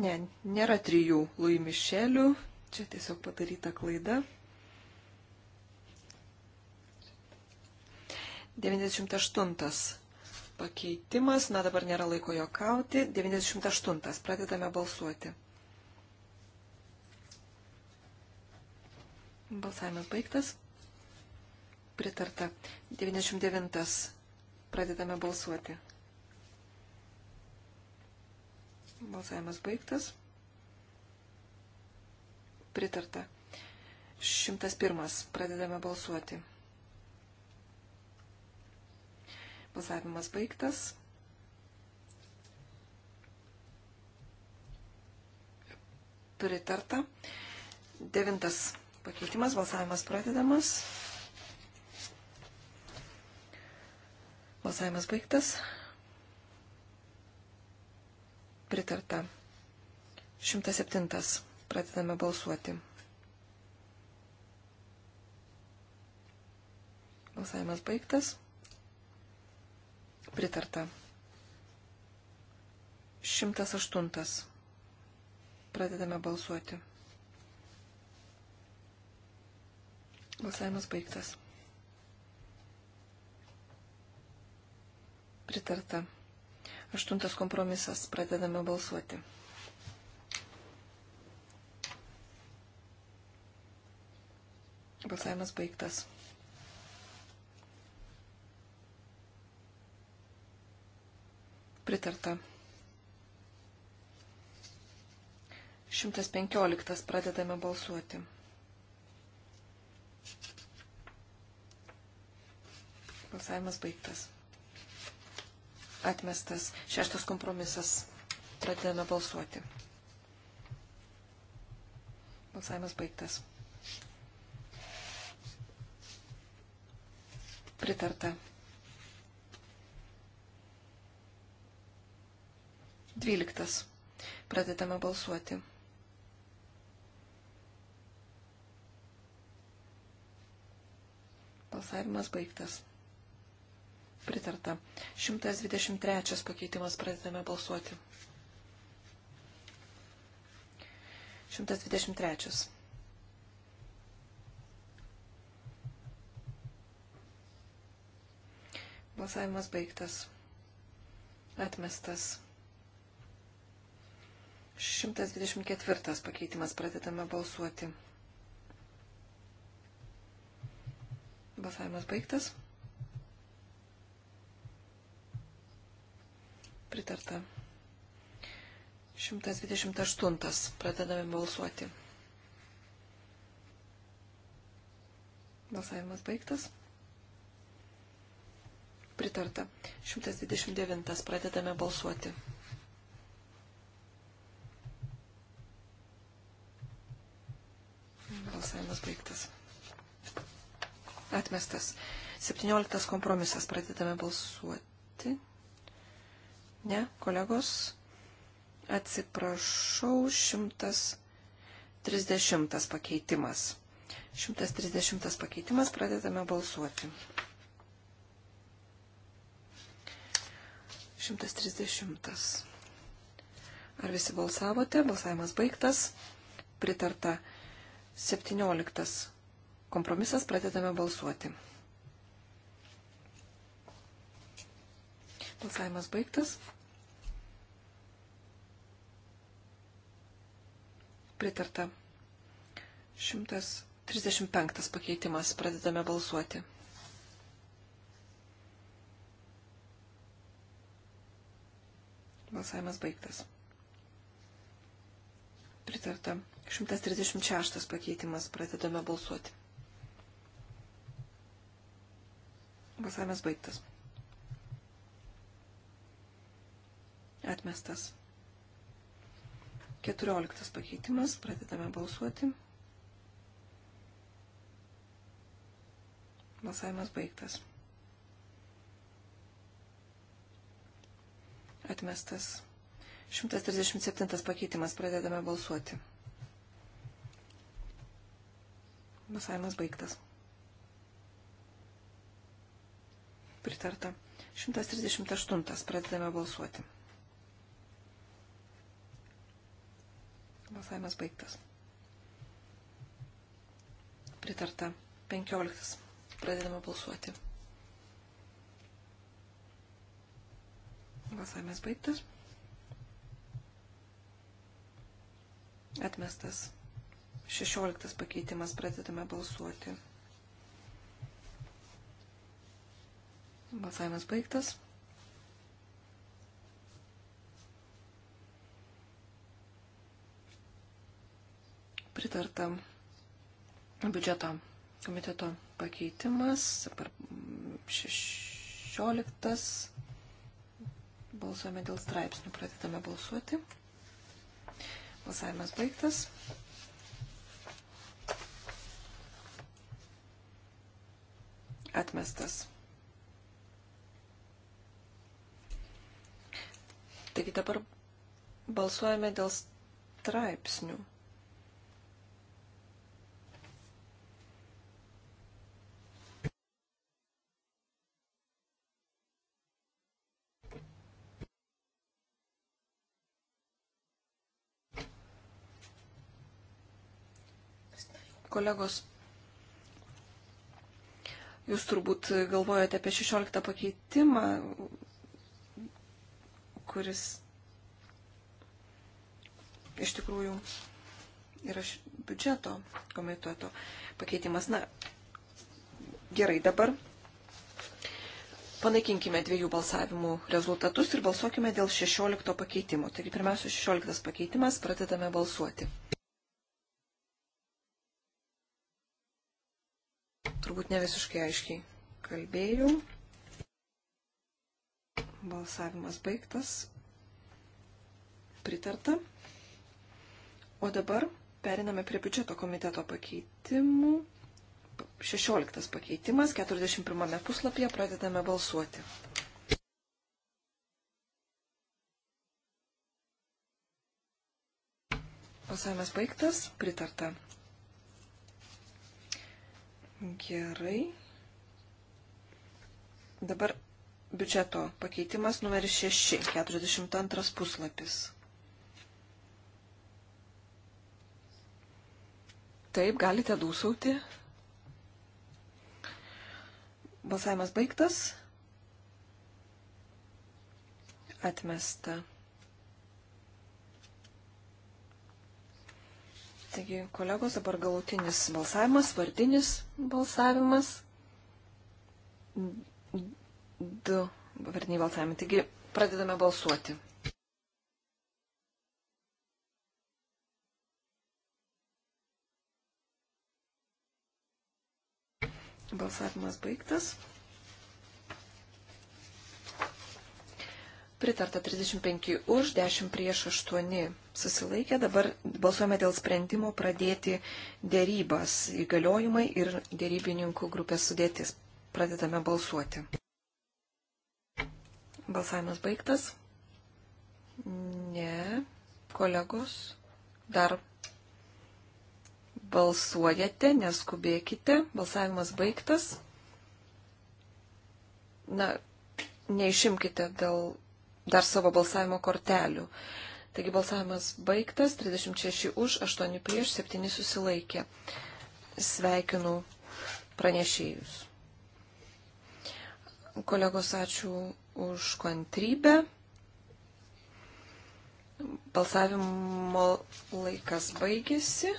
Ne, nėra trijų laimišelių. Čia tiesiog padaryta klaida. 98 pakeitimas. Na, dabar nėra laiko jokauti. 98. Pradedame balsuoti. Balsavimas baigtas. Pritarta. 99. Pradedame balsuoti. Balsavimas baigtas. Pritarta. 101. Pradedame balsuoti. Balsavimas baigtas. Pritarta. Devintas pakeitimas, balsavimas pradedamas. Balsavimas baigtas. Pritarta. 107. Pradedame balsuoti. Balsavimas baigtas. Pritarta. 108. Pradedame balsuoti. Balsavimas baigtas. Pritarta. Aštuntas kompromisas. Pradedame balsuoti. Balsavimas baigtas. pritarta. 115 pradedame balsuoti. Balsavimas baigtas. Atmestas. Šeštas kompromisas. Pradedame balsuoti. Balsavimas baigtas. Pritarta. 12. Pradedame balsuoti. Balsavimas baigtas. Pritarta. 123 pakeitimas pradedame balsuoti. 123. Balsavimas baigtas. Atmestas. 124 pakeitimas pradedame balsuoti. Balsavimas baigtas. Pritarta. 128 pradedame balsuoti. Balsavimas baigtas. Pritarta. 129 pradedame balsuoti. Balsavimas baigtas. Atmestas. 17 kompromisas. Pradedame balsuoti. Ne, kolegos. Atsiprašau, 130 pakeitimas. 130 pakeitimas. Pradedame balsuoti. 130. Ar visi balsavote? Balsavimas baigtas. Pritarta 17. Kompromisas pradedame balsuoti. Balsavimas baigtas. Pritarta. 135 pakeitimas. Pradedame balsuoti. Balsavimas baigtas. Pritarta. 136 pakeitimas. Pradedame balsuoti. Balsavimas baigtas. Atmestas. 14 pakeitimas. Pradedame balsuoti. Balsavimas baigtas. Atmestas. 137 pakeitimas. Pradedame balsuoti. Balsavimas baigtas. Pritarta. 138. Pradedame balsuoti. Balsavimas baigtas. Pritarta. 15. Pradedame balsuoti. Balsavimas baigtas. Atmestas. 16 pakeitimas. Pradedame balsuoti. Balsavimas baigtas. Pritarta biudžeto komiteto pakeitimas. Dabar 16. Balsuojame dėl straipsnių. Pradedame balsuoti. Balsavimas baigtas. Atmestas. Taigi dabar balsuojame dėl straipsnių. Kolegos, jūs turbūt galvojate apie 16 pakeitimą, kuris iš tikrųjų yra biudžeto komiteto pakeitimas. Na, gerai dabar. Panaikinkime dviejų balsavimų rezultatus ir balsuokime dėl 16 pakeitimo. Taigi pirmiausia, 16 pakeitimas, pradedame balsuoti. Turbūt ne visiškai aiškiai kalbėjau. Balsavimas baigtas. Pritarta. O dabar periname prie biudžeto komiteto pakeitimų. 16 pakeitimas, 41 puslapyje pradedame balsuoti. Balsavimas baigtas, pritarta. Gerai. Dabar biudžeto pakeitimas numeris 6, 42 puslapis. Taip, galite dūsauti. Balsavimas baigtas. Atmesta. Taigi, kolegos, dabar galutinis balsavimas, vardinis balsavimas. Du vardiniai balsavimai. Taigi, pradedame balsuoti. Balsavimas baigtas. Pritarta 35 už, 10 prieš 8 susilaikė. Dabar balsuojame dėl sprendimo pradėti dėrybas, įgaliojimai ir dėrybininkų grupės sudėtis. Pradedame balsuoti. Balsavimas baigtas. Ne. Kolegos, dar balsuojate, neskubėkite. Balsavimas baigtas. Na, neišimkite dėl dar savo balsavimo kortelių. Taigi balsavimas baigtas, 36 už, 8 prieš, 7 susilaikė. Sveikinu pranešėjus. Kolegos, ačiū už kantrybę. Balsavimo laikas baigėsi.